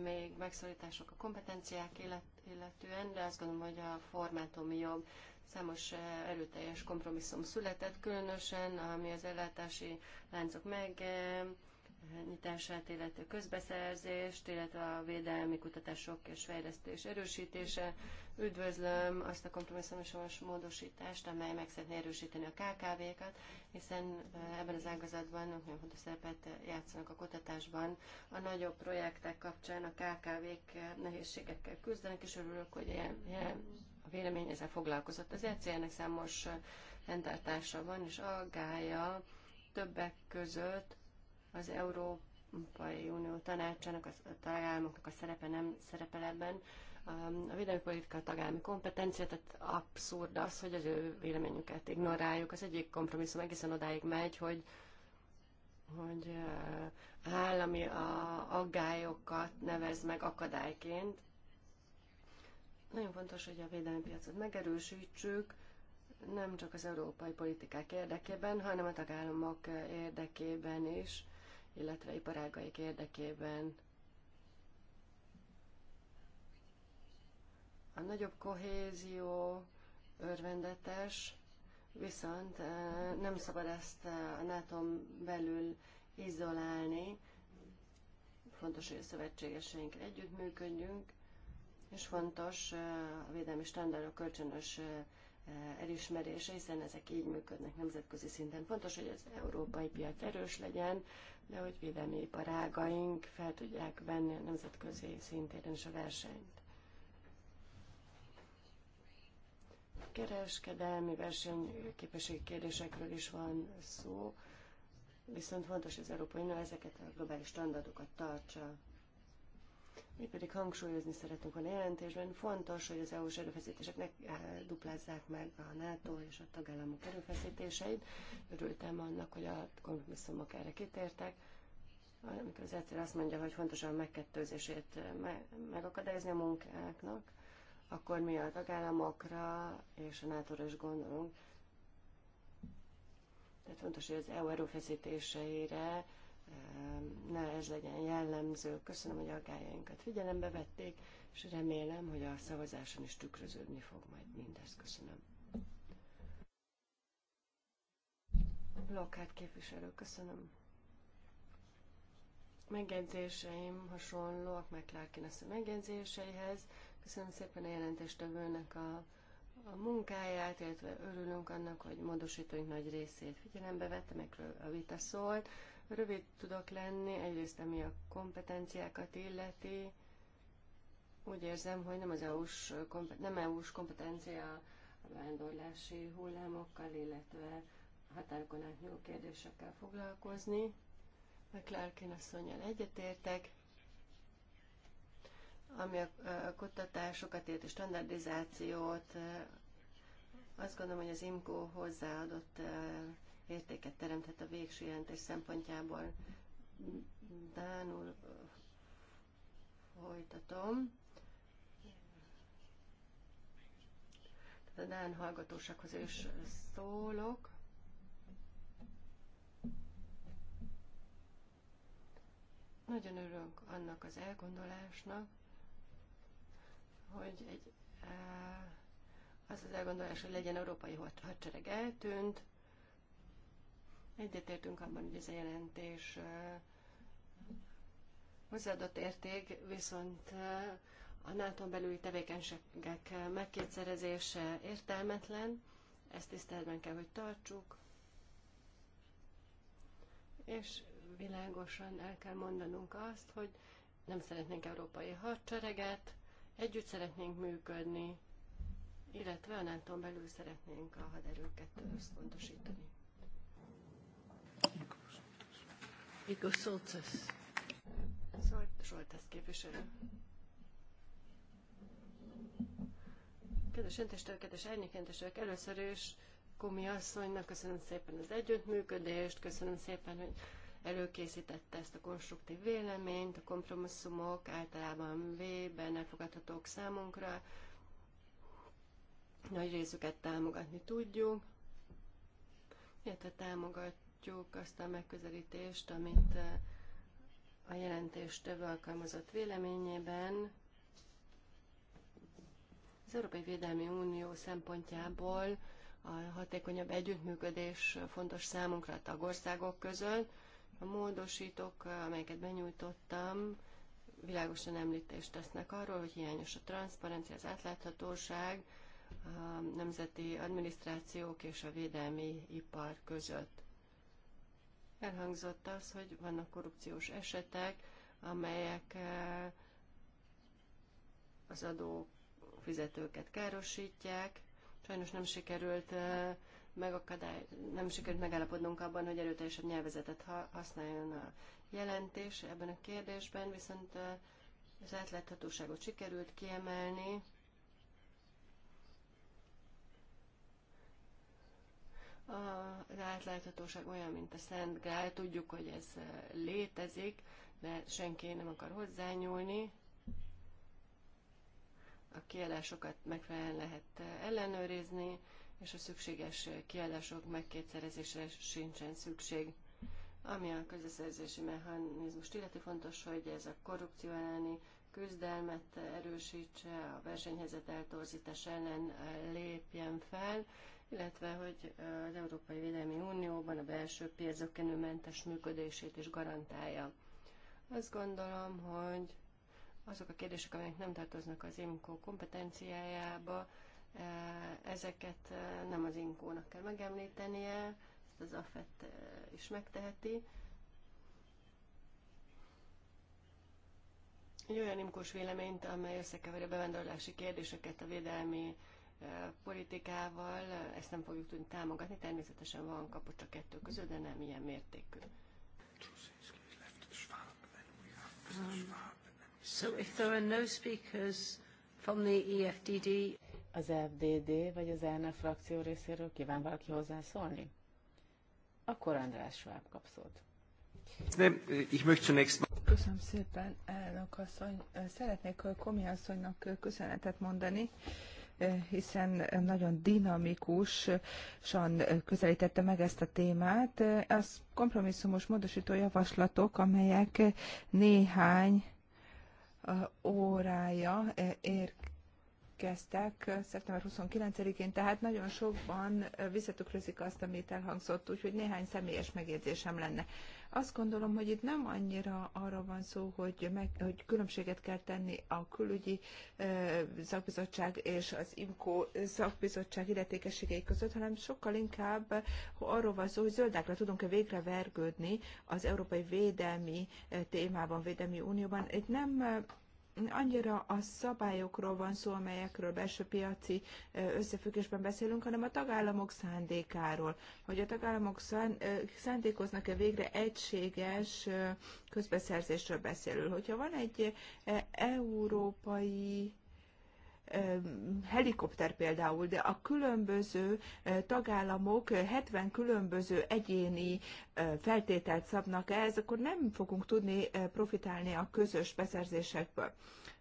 Speaker 4: még megszorítások a kompetenciák illetően, de azt gondolom, hogy a formátum jobb. Számos erőteljes kompromisszum született, különösen ami az ellátási láncok meg nyitását, illetve közbeszerzést, illetve a védelmi kutatások és fejlesztés erősítése. Üdvözlöm azt a kompromisszumos módosítást, amely meg szeretné erősíteni a KKV-kat, hiszen ebben az ágazatban nagyon fontos szerepet játszanak a kutatásban. A nagyobb projektek kapcsán a KKV-k nehézségekkel küzdenek, és örülök, hogy a vélemény ezzel foglalkozott. Az ecl nek számos fenntartása van, és aggája többek között az Európai Unió tanácsának, a tagállamoknak a szerepe nem szerepel ebben. Um, a védelmi politika tagállami kompetenciát tehát abszurd az, hogy az ő véleményüket ignoráljuk. Az egyik kompromisszum egészen odáig megy, hogy hogy uh, állami a aggályokat nevez meg akadályként. Nagyon fontos, hogy a védelmi piacot megerősítsük, nem csak az európai politikák érdekében, hanem a tagállamok érdekében is illetve iparágaik érdekében. A nagyobb kohézió örvendetes, viszont eh, nem szabad ezt eh, a nato belül izolálni. Fontos, hogy a szövetségeseink együttműködjünk, és fontos eh, a védelmi standardok kölcsönös elismerése, hiszen ezek így működnek nemzetközi szinten. Fontos, hogy az európai piac erős legyen, de hogy védelmi iparágaink fel tudják venni a nemzetközi szintéren is a versenyt. kereskedelmi versenyképesség kérdésekről is van szó, viszont fontos az Európai Unió ezeket a globális standardokat tartsa mi pedig hangsúlyozni szeretünk a jelentésben, fontos, hogy az EU-s erőfeszítéseknek eh, duplázzák meg a NATO és a tagállamok erőfeszítéseit. Örültem annak, hogy a kompromisszumok erre kitértek. Amikor az egyszer azt mondja, hogy fontos a megkettőzését eh, megakadályozni a munkáknak, akkor mi a tagállamokra és a nato is gondolunk. Tehát fontos, hogy az EU erőfeszítéseire ne ez legyen jellemző. Köszönöm, hogy aggájainkat figyelembe vették, és remélem, hogy a szavazáson is tükröződni fog majd mindez. Köszönöm. Lokát képviselő, köszönöm. Megjegyzéseim hasonlóak McClarkin a megjegyzéseihez. Köszönöm szépen a jelentéstevőnek a, a munkáját, illetve örülünk annak, hogy módosítóink nagy részét figyelembe vette, amikről a vita szólt. Rövid tudok lenni, egyrészt ami a kompetenciákat illeti. Úgy érzem, hogy nem az EU-s, nem EU-s kompetencia a vándorlási hullámokkal, illetve határokon átnyúló kérdésekkel foglalkozni. McClarkin asszonyjal egyetértek, ami a kutatásokat ért és standardizációt, azt gondolom, hogy az IMCO hozzáadott értéket teremthet a végső jelentés szempontjából. Dánul folytatom. Tehát a Dán hallgatósághoz is szólok. Nagyon örülök annak az elgondolásnak, hogy egy, az az elgondolás, hogy legyen európai hadsereg eltűnt, Egyetértünk abban, hogy ez a jelentés hozzáadott érték, viszont a NATO belüli tevékenységek megkétszerezése értelmetlen, ezt tiszteletben kell, hogy tartsuk, és világosan el kell mondanunk azt, hogy nem szeretnénk európai hadsereget, együtt szeretnénk működni, illetve a NATO belül szeretnénk a haderőket összpontosítani. Igor Soltes. Soltes képviselő. Kedves öntestől, kedves árnyékentestők, először is Komi asszonynak köszönöm szépen az együttműködést, köszönöm szépen, hogy előkészítette ezt a konstruktív véleményt, a kompromisszumok általában V-ben elfogadhatók számunkra, nagy részüket támogatni tudjuk, illetve támogat támogatjuk azt a megközelítést, amit eh, a jelentés több alkalmazott véleményében az Európai Védelmi Unió szempontjából a hatékonyabb együttműködés fontos számunkra a tagországok között. A módosítók, eh, amelyeket benyújtottam, világosan említést tesznek arról, hogy hiányos a transzparencia, az átláthatóság a nemzeti adminisztrációk és a védelmi ipar között. Elhangzott az, hogy vannak korrupciós esetek, amelyek eh, az adó fizetőket károsítják. Sajnos nem sikerült eh, megakadály, nem sikerült megállapodnunk abban, hogy erőteljesebb nyelvezetet használjon a jelentés ebben a kérdésben, viszont eh, az átláthatóságot sikerült kiemelni, Az átláthatóság olyan, mint a Szent Grál, tudjuk, hogy ez létezik, de senki nem akar hozzányúlni. A kiállásokat megfelelően lehet ellenőrizni, és a szükséges kiállások megkétszerezésre sincsen szükség. Ami a közbeszerzési mechanizmust illeti fontos, hogy ez a korrupció elleni küzdelmet erősítse, a versenyhelyzet eltorzítás ellen lépjen fel, illetve hogy az Európai Védelmi Unióban a belső pénzökenőmentes működését is garantálja. Azt gondolom, hogy azok a kérdések, amelyek nem tartoznak az IMCO kompetenciájába, e, ezeket e, nem az inko nak kell megemlítenie, ezt az AFET e, is megteheti. Egy olyan imkós véleményt, amely összekeveri a bevándorlási kérdéseket a védelmi politikával ezt nem fogjuk tudni támogatni. Természetesen van kapocs a kettő között, de nem ilyen mértékű.
Speaker 2: Um, so if there are no speakers from the EFDD... Az FDD vagy az ELNE frakció részéről kíván valaki hozzászólni? Akkor András Schwab kap szót.
Speaker 4: Nem, eh, ich möchte zunächst
Speaker 3: Köszönöm szépen, elnök asszony. Szeretnék Komi asszonynak köszönetet mondani hiszen nagyon dinamikusan közelítette meg ezt a témát. Az kompromisszumos módosító javaslatok, amelyek néhány órája érkeztek szeptember 29-én, tehát nagyon sokban visszatükrözik azt, amit elhangzott, úgyhogy néhány személyes megjegyzésem lenne. Azt gondolom, hogy itt nem annyira arra van szó, hogy, meg, hogy különbséget kell tenni a külügyi szakbizottság és az IMCO szakbizottság illetékességei között, hanem sokkal inkább arról van szó, hogy zöldákra tudunk-e végre vergődni az európai védelmi témában, védelmi unióban. Itt nem annyira a szabályokról van szó, amelyekről belső piaci összefüggésben beszélünk, hanem a tagállamok szándékáról, hogy a tagállamok szándékoznak-e végre egységes közbeszerzésről beszélünk. Hogyha van egy európai helikopter például, de a különböző tagállamok 70 különböző egyéni feltételt szabnak ehhez, akkor nem fogunk tudni profitálni a közös beszerzésekből.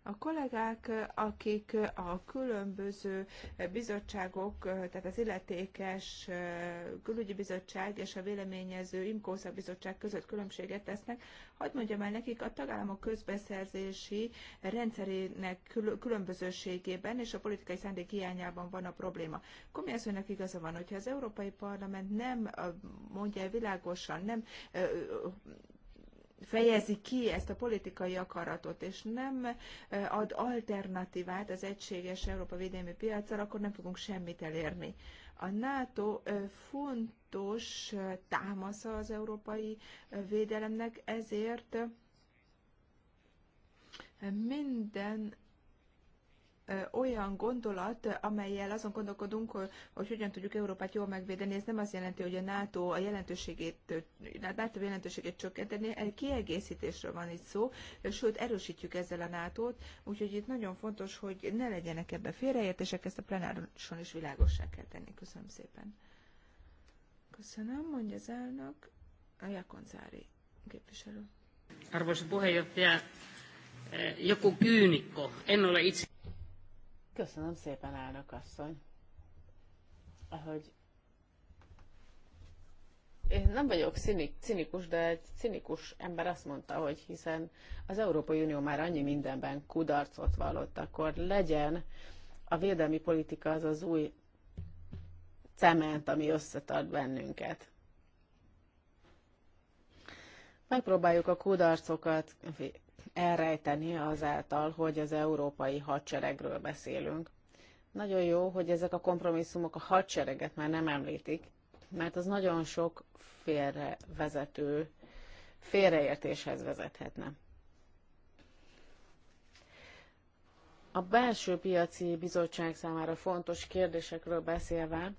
Speaker 3: A kollégák, akik a különböző bizottságok, tehát az illetékes eh, külügyi bizottság és a véleményező IMKOSZA bizottság között különbséget tesznek, hadd mondjam el nekik a tagállamok közbeszerzési rendszerének különbözőségében és a politikai szándék hiányában van a probléma. Komiászőnek igaza van, hogyha az Európai Parlament nem eh, mondja világosan, nem eh, fejezi ki ezt a politikai akaratot, és nem ad alternatívát az egységes Európa védelmi piacra, akkor nem fogunk semmit elérni. A NATO fontos támasza az európai védelemnek, ezért minden olyan gondolat, amelyel azon gondolkodunk, hogy hogyan tudjuk Európát jól megvédeni, ez nem azt jelenti, hogy a NATO a jelentőségét, NATO jelentőségét csökkenteni, kiegészítésről van itt szó, sőt erősítjük ezzel a NATO-t, úgyhogy itt nagyon fontos, hogy ne legyenek ebben félreértések, ezt a plenáron, is világossá kell tenni. Köszönöm szépen. Köszönöm, mondja az elnök. A Jakoncári képviselő.
Speaker 2: Arvoisa puheenjohtaja, eh, joku kyynikko. En ole itse Köszönöm szépen, elnök asszony. Ahogy én nem vagyok cinik, cinikus, de egy cinikus ember azt mondta, hogy hiszen az Európai Unió már annyi mindenben kudarcot vallott, akkor legyen a védelmi politika az az új cement, ami összetart bennünket. Megpróbáljuk a kudarcokat elrejteni azáltal, hogy az európai hadseregről beszélünk. Nagyon jó, hogy ezek a kompromisszumok a hadsereget már nem említik, mert az nagyon sok félrevezető félreértéshez vezethetne. A belső piaci bizottság számára fontos kérdésekről beszélve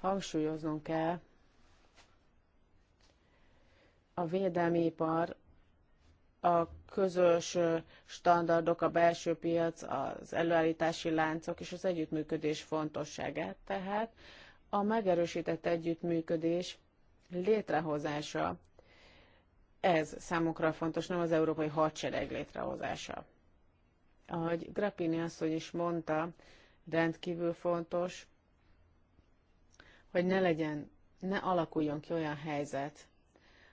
Speaker 2: hangsúlyoznunk kell a védelmi ipar a közös standardok, a belső piac, az előállítási láncok és az együttműködés fontosságát. Tehát a megerősített együttműködés létrehozása, ez számukra fontos, nem az európai hadsereg létrehozása. Ahogy Grappini asszony is mondta, rendkívül fontos, hogy ne legyen, ne alakuljon ki olyan helyzet,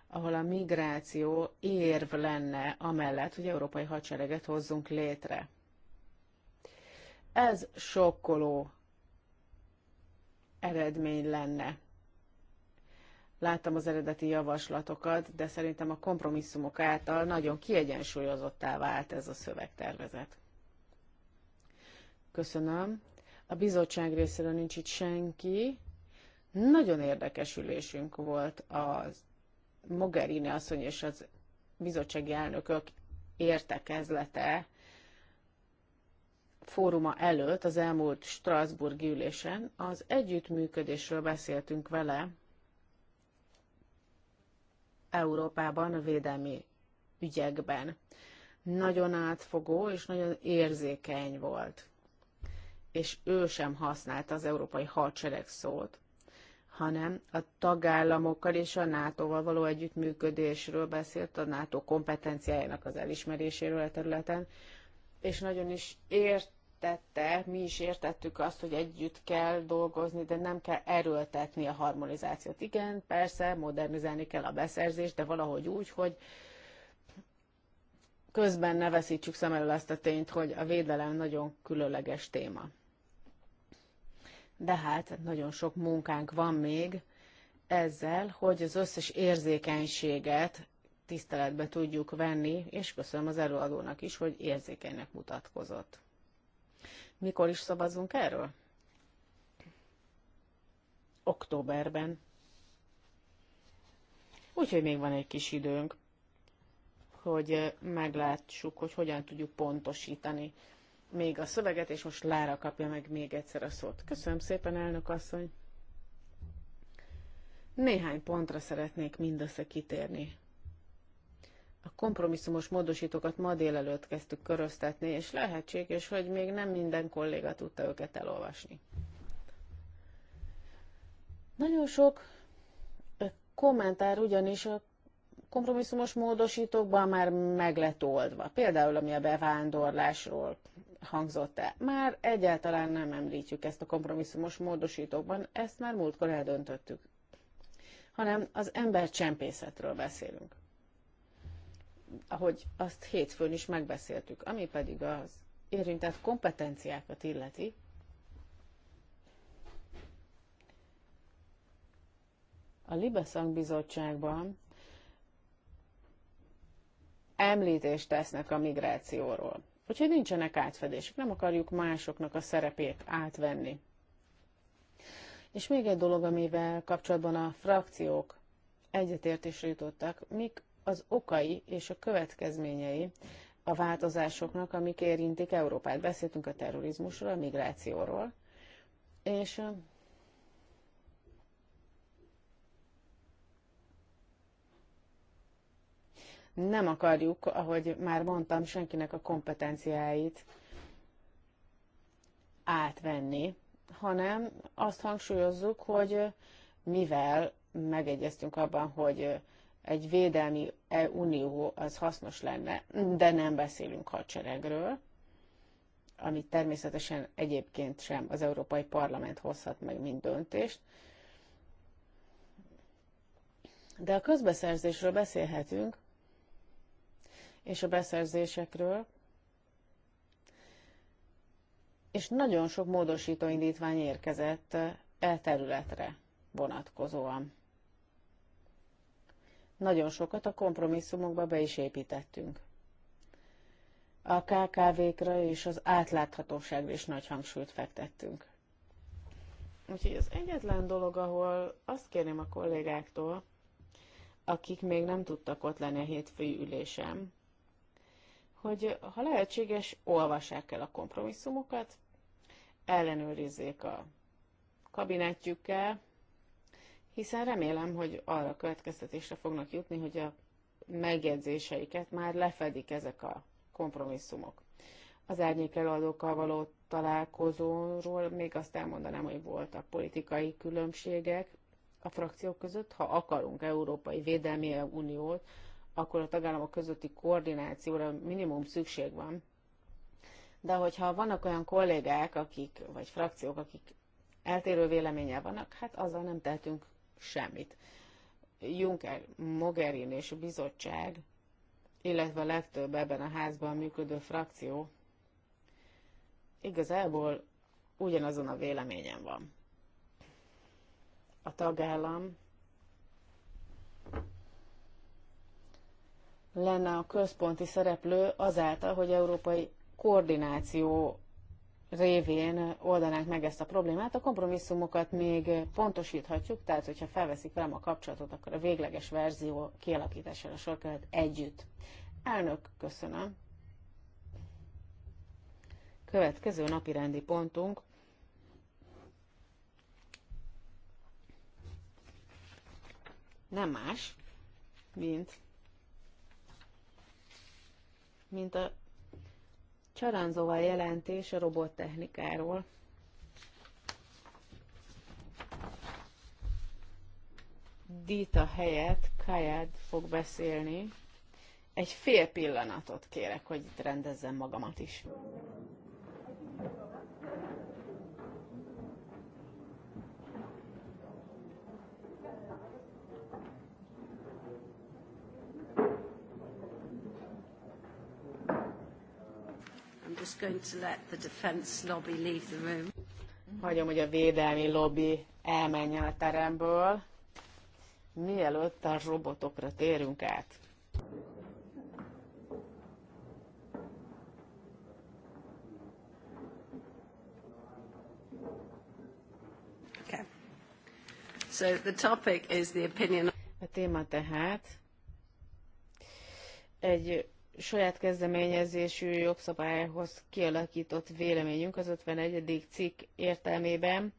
Speaker 2: ahol a migráció érv lenne amellett, hogy európai hadsereget hozzunk létre. Ez sokkoló eredmény lenne. Láttam az eredeti javaslatokat, de szerintem a kompromisszumok által nagyon kiegyensúlyozottá vált ez a szövegtervezet. Köszönöm. A bizottság részéről nincs itt senki. Nagyon érdekes ülésünk volt az Mogherini asszony és az bizottsági elnökök értekezlete fóruma előtt az elmúlt Strasburgi ülésen az együttműködésről beszéltünk vele Európában a védelmi ügyekben. Nagyon átfogó és nagyon érzékeny volt. És ő sem használta az európai hadsereg szót, hanem a tagállamokkal és a NATO-val való együttműködésről beszélt, a NATO kompetenciájának az elismeréséről a területen, és nagyon is értette, mi is értettük azt, hogy együtt kell dolgozni, de nem kell erőltetni a harmonizációt. Igen, persze, modernizálni kell a beszerzést, de valahogy úgy, hogy közben ne veszítsük szem elől azt a tényt, hogy a védelem nagyon különleges téma de hát nagyon sok munkánk van még ezzel, hogy az összes érzékenységet tiszteletbe tudjuk venni, és köszönöm az előadónak is, hogy érzékenynek mutatkozott. Mikor is szavazunk erről? Októberben. Úgyhogy még van egy kis időnk, hogy meglátsuk, hogy hogyan tudjuk pontosítani még a szöveget, és most Lára kapja meg még egyszer a szót. Köszönöm szépen, elnök asszony! Néhány pontra szeretnék mindössze kitérni. A kompromisszumos módosítókat ma délelőtt kezdtük köröztetni, és lehetséges, hogy még nem minden kolléga tudta őket elolvasni. Nagyon sok kommentár ugyanis a kompromisszumos módosítókban már meg lett oldva. Például, ami a bevándorlásról hangzott el. Már egyáltalán nem említjük ezt a kompromisszumos módosítókban, ezt már múltkor eldöntöttük. Hanem az embercsempészetről beszélünk. Ahogy azt hétfőn is megbeszéltük, ami pedig az érintett kompetenciákat illeti, a Libeszang bizottságban említést tesznek a migrációról. Úgyhogy nincsenek átfedések, nem akarjuk másoknak a szerepét átvenni. És még egy dolog, amivel kapcsolatban a frakciók egyetértésre jutottak, mik az okai és a következményei a változásoknak, amik érintik Európát. Beszéltünk a terrorizmusról, a migrációról, és nem akarjuk, ahogy már mondtam, senkinek a kompetenciáit átvenni, hanem azt hangsúlyozzuk, hogy mivel megegyeztünk abban, hogy egy védelmi e unió az hasznos lenne, de nem beszélünk hadseregről, amit természetesen egyébként sem az Európai Parlament hozhat meg, mint döntést. De a közbeszerzésről beszélhetünk, és a beszerzésekről, és nagyon sok módosító indítvány érkezett e területre vonatkozóan. Nagyon sokat a kompromisszumokba be is építettünk. A KKV-kra és az átláthatóságra is nagy hangsúlyt fektettünk. Úgyhogy az egyetlen dolog, ahol azt kérném a kollégáktól, akik még nem tudtak ott lenni a hétfői ülésem, hogy ha lehetséges, olvassák el a kompromisszumokat, ellenőrizzék a kabinetjükkel, hiszen remélem, hogy arra következtetésre fognak jutni, hogy a megjegyzéseiket már lefedik ezek a kompromisszumok. Az árnyék előadókkal való találkozóról még azt elmondanám, hogy voltak politikai különbségek a frakciók között. Ha akarunk Európai Védelmi Uniót, akkor a tagállamok közötti koordinációra minimum szükség van. De hogyha vannak olyan kollégák, akik, vagy frakciók, akik eltérő véleménye vannak, hát azzal nem tehetünk semmit. Juncker, Mogherin és a bizottság, illetve a legtöbb ebben a házban működő frakció igazából ugyanazon a véleményen van. A tagállam lenne a központi szereplő azáltal, hogy európai koordináció révén oldanánk meg ezt a problémát. A kompromisszumokat még pontosíthatjuk, tehát hogyha felveszik velem a kapcsolatot, akkor a végleges verzió kialakítására sor kellett együtt. Elnök, köszönöm. Következő napi rendi pontunk nem más, mint mint a Csaranzová jelentés a robottechnikáról. Dita helyett Kajad fog beszélni. Egy fél pillanatot kérek, hogy itt rendezzem magamat is. just going to let the defense lobby leave the room. Hagyom, hogy a védelmi lobby elmenjen a teremből, mielőtt a robotokra térünk át. Okay. So the topic is the opinion. A téma tehát egy saját kezdeményezésű jogszabályhoz kialakított véleményünk az 51. cikk értelmében.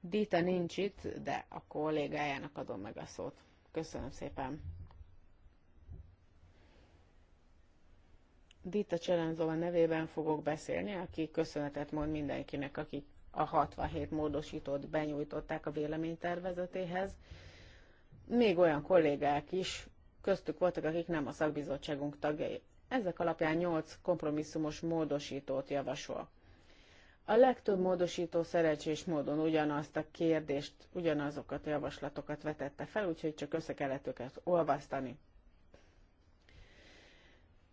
Speaker 2: Dita nincs itt, de a kollégájának adom meg a szót. Köszönöm szépen. Dita Cselenzova nevében fogok beszélni, aki köszönetet mond mindenkinek, akik a 67 módosítót benyújtották a véleménytervezetéhez. Még olyan kollégák is, köztük voltak, akik nem a szakbizottságunk tagjai. Ezek alapján 8 kompromisszumos módosítót javasol. A legtöbb módosító szerencsés módon ugyanazt a kérdést, ugyanazokat a javaslatokat vetette fel, úgyhogy csak össze kellett őket olvasztani.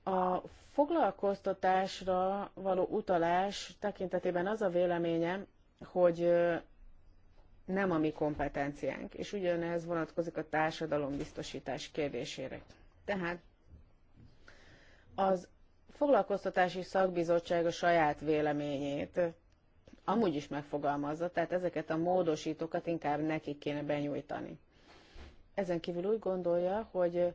Speaker 2: A foglalkoztatásra való utalás tekintetében az a véleményem, hogy nem a mi kompetenciánk, és ugyanez vonatkozik a társadalombiztosítás kérdésére. Tehát az foglalkoztatási szakbizottság a saját véleményét amúgy is megfogalmazza, tehát ezeket a módosítókat inkább nekik kéne benyújtani. Ezen kívül úgy gondolja, hogy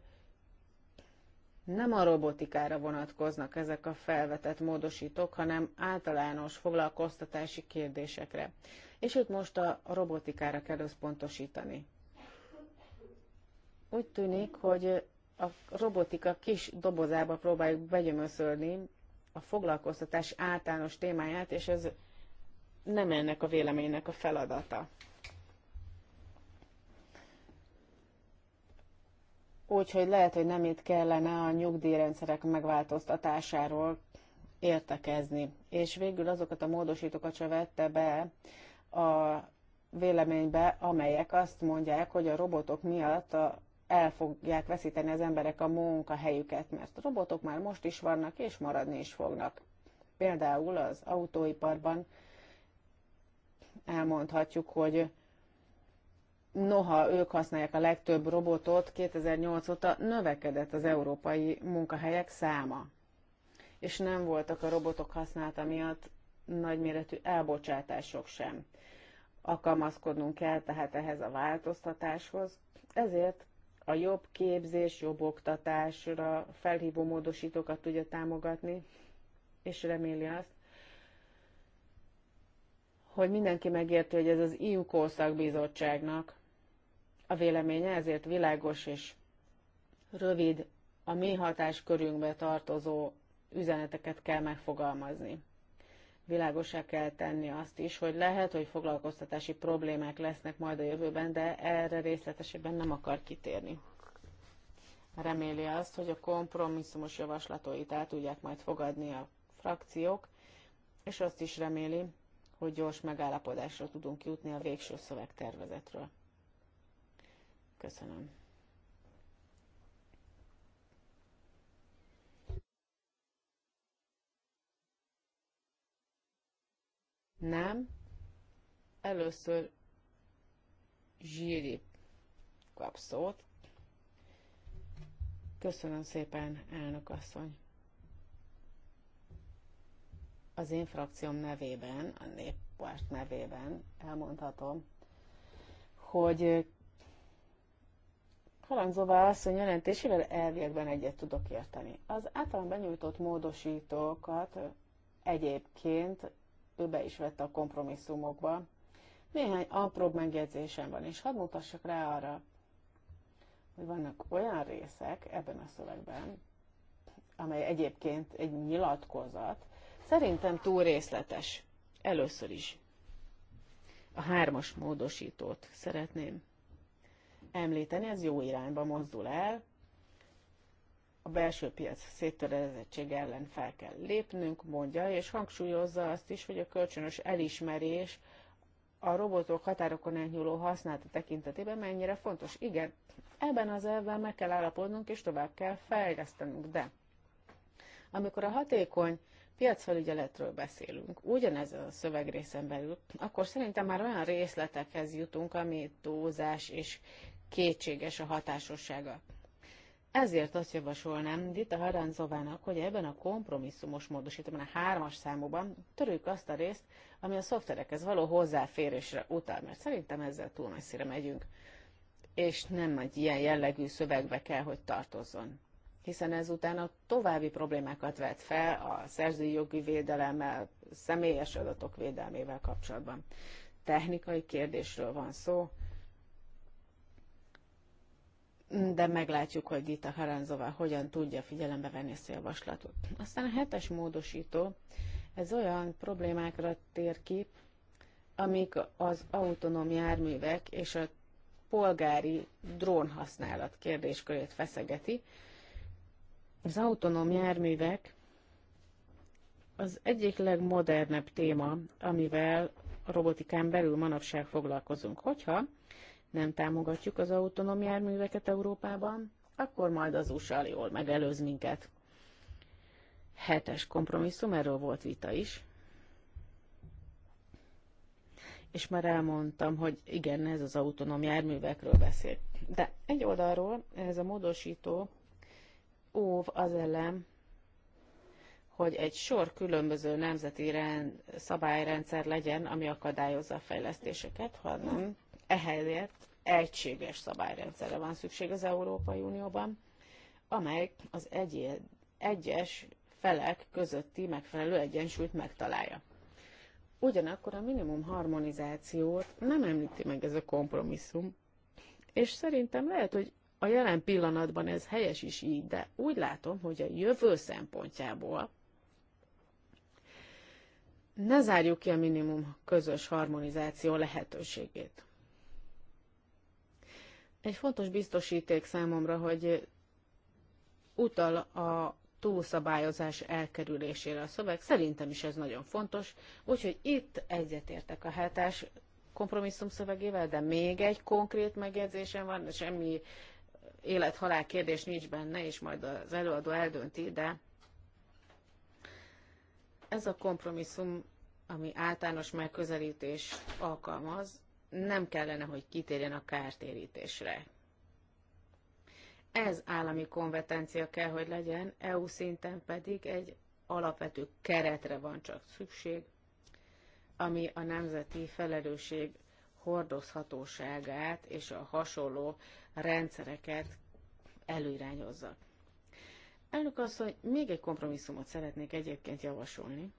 Speaker 2: nem a robotikára vonatkoznak ezek a felvetett módosítók, hanem általános foglalkoztatási kérdésekre és itt most a robotikára kell összpontosítani. Úgy tűnik, hogy a robotika kis dobozába próbáljuk begyömöszölni a foglalkoztatás általános témáját, és ez nem ennek a véleménynek a feladata. Úgyhogy lehet, hogy nem itt kellene a nyugdíjrendszerek megváltoztatásáról értekezni. És végül azokat a módosítókat se vette be, a véleménybe, amelyek azt mondják, hogy a robotok miatt a, el fogják veszíteni az emberek a munkahelyüket, mert a robotok már most is vannak, és maradni is fognak. Például az autóiparban elmondhatjuk, hogy noha ők használják a legtöbb robotot, 2008 óta növekedett az európai munkahelyek száma. És nem voltak a robotok használata miatt nagyméretű elbocsátások sem alkalmazkodnunk kell tehát ehhez a változtatáshoz. Ezért a jobb képzés, jobb oktatásra felhívó módosítókat tudja támogatni, és reméli azt, hogy mindenki megérti, hogy ez az IUKO bizottságnak a véleménye, ezért világos és rövid, a mi hatáskörünkbe tartozó üzeneteket kell megfogalmazni világosá kell tenni azt is, hogy lehet, hogy foglalkoztatási problémák lesznek majd a jövőben, de erre részletesebben nem akar kitérni. Reméli azt, hogy a kompromisszumos javaslatait el tudják majd fogadni a frakciók, és azt is reméli, hogy gyors megállapodásra tudunk jutni a végső szövegtervezetről. Köszönöm. Nem. Először Zsíri kap szót. Köszönöm szépen, elnök asszony. Az én frakcióm nevében, a néppárt nevében elmondhatom, hogy Halanzová asszony jelentésével elvégben egyet tudok érteni. Az általán benyújtott módosítókat egyébként ő be is vette a kompromisszumokba. Néhány apróbb megjegyzésem van, és hadd mutassak rá arra, hogy vannak olyan részek ebben a szövegben, amely egyébként egy nyilatkozat, szerintem túl részletes. Először is a hármas módosítót szeretném említeni, ez jó irányba mozdul el, a belső piac széttöredezettség ellen fel kell lépnünk, mondja, és hangsúlyozza azt is, hogy a kölcsönös elismerés a robotok határokon elnyúló használata tekintetében mennyire fontos. Igen, ebben az elvben meg kell állapodnunk, és tovább kell fejlesztenünk, de amikor a hatékony piacfelügyeletről beszélünk, ugyanez a szövegrészen belül, akkor szerintem már olyan részletekhez jutunk, ami túlzás és kétséges a hatásossága. Ezért azt javasolnám Dita Haranzovának, hogy ebben a kompromisszumos módosítóban, a hármas számúban törjük azt a részt, ami a szoftverekhez való hozzáférésre utal, mert szerintem ezzel túl messzire megyünk, és nem egy ilyen jellegű szövegbe kell, hogy tartozzon. Hiszen ezután a további problémákat vet fel a szerzői jogi védelemmel, személyes adatok védelmével kapcsolatban. Technikai kérdésről van szó, de meglátjuk, hogy Dita Haranzová hogyan tudja figyelembe venni ezt a javaslatot. Aztán a hetes módosító, ez olyan problémákra tér ki, amik az autonóm járművek és a polgári drónhasználat kérdéskörét feszegeti. Az autonóm járművek az egyik legmodernebb téma, amivel a robotikán belül manapság foglalkozunk. Hogyha nem támogatjuk az autonóm járműveket Európában, akkor majd az USA jól megelőz minket. Hetes kompromisszum, erről volt vita is. És már elmondtam, hogy igen, ez az autonóm járművekről beszél. De egy oldalról ez a módosító óv az ellen, hogy egy sor különböző nemzeti rend, szabályrendszer legyen, ami akadályozza a fejlesztéseket, hanem ehelyett egységes szabályrendszerre van szükség az Európai Unióban, amely az egyes felek közötti megfelelő egyensúlyt megtalálja. Ugyanakkor a minimum harmonizációt nem említi meg ez a kompromisszum, és szerintem lehet, hogy a jelen pillanatban ez helyes is így, de úgy látom, hogy a jövő szempontjából ne zárjuk ki a minimum közös harmonizáció lehetőségét. Egy fontos biztosíték számomra, hogy utal a túlszabályozás elkerülésére a szöveg. Szerintem is ez nagyon fontos. Úgyhogy itt egyetértek a hátás kompromisszum szövegével, de még egy konkrét megjegyzésem van, semmi élet-halál kérdés nincs benne, és majd az előadó eldönti, de ez a kompromisszum, ami általános megközelítés alkalmaz, nem kellene, hogy kitérjen a kártérítésre. Ez állami konvetencia kell, hogy legyen, EU szinten pedig egy alapvető keretre van csak szükség, ami a nemzeti felelősség hordozhatóságát és a hasonló rendszereket előirányozza. Elnök asszony, még egy kompromisszumot szeretnék egyébként javasolni.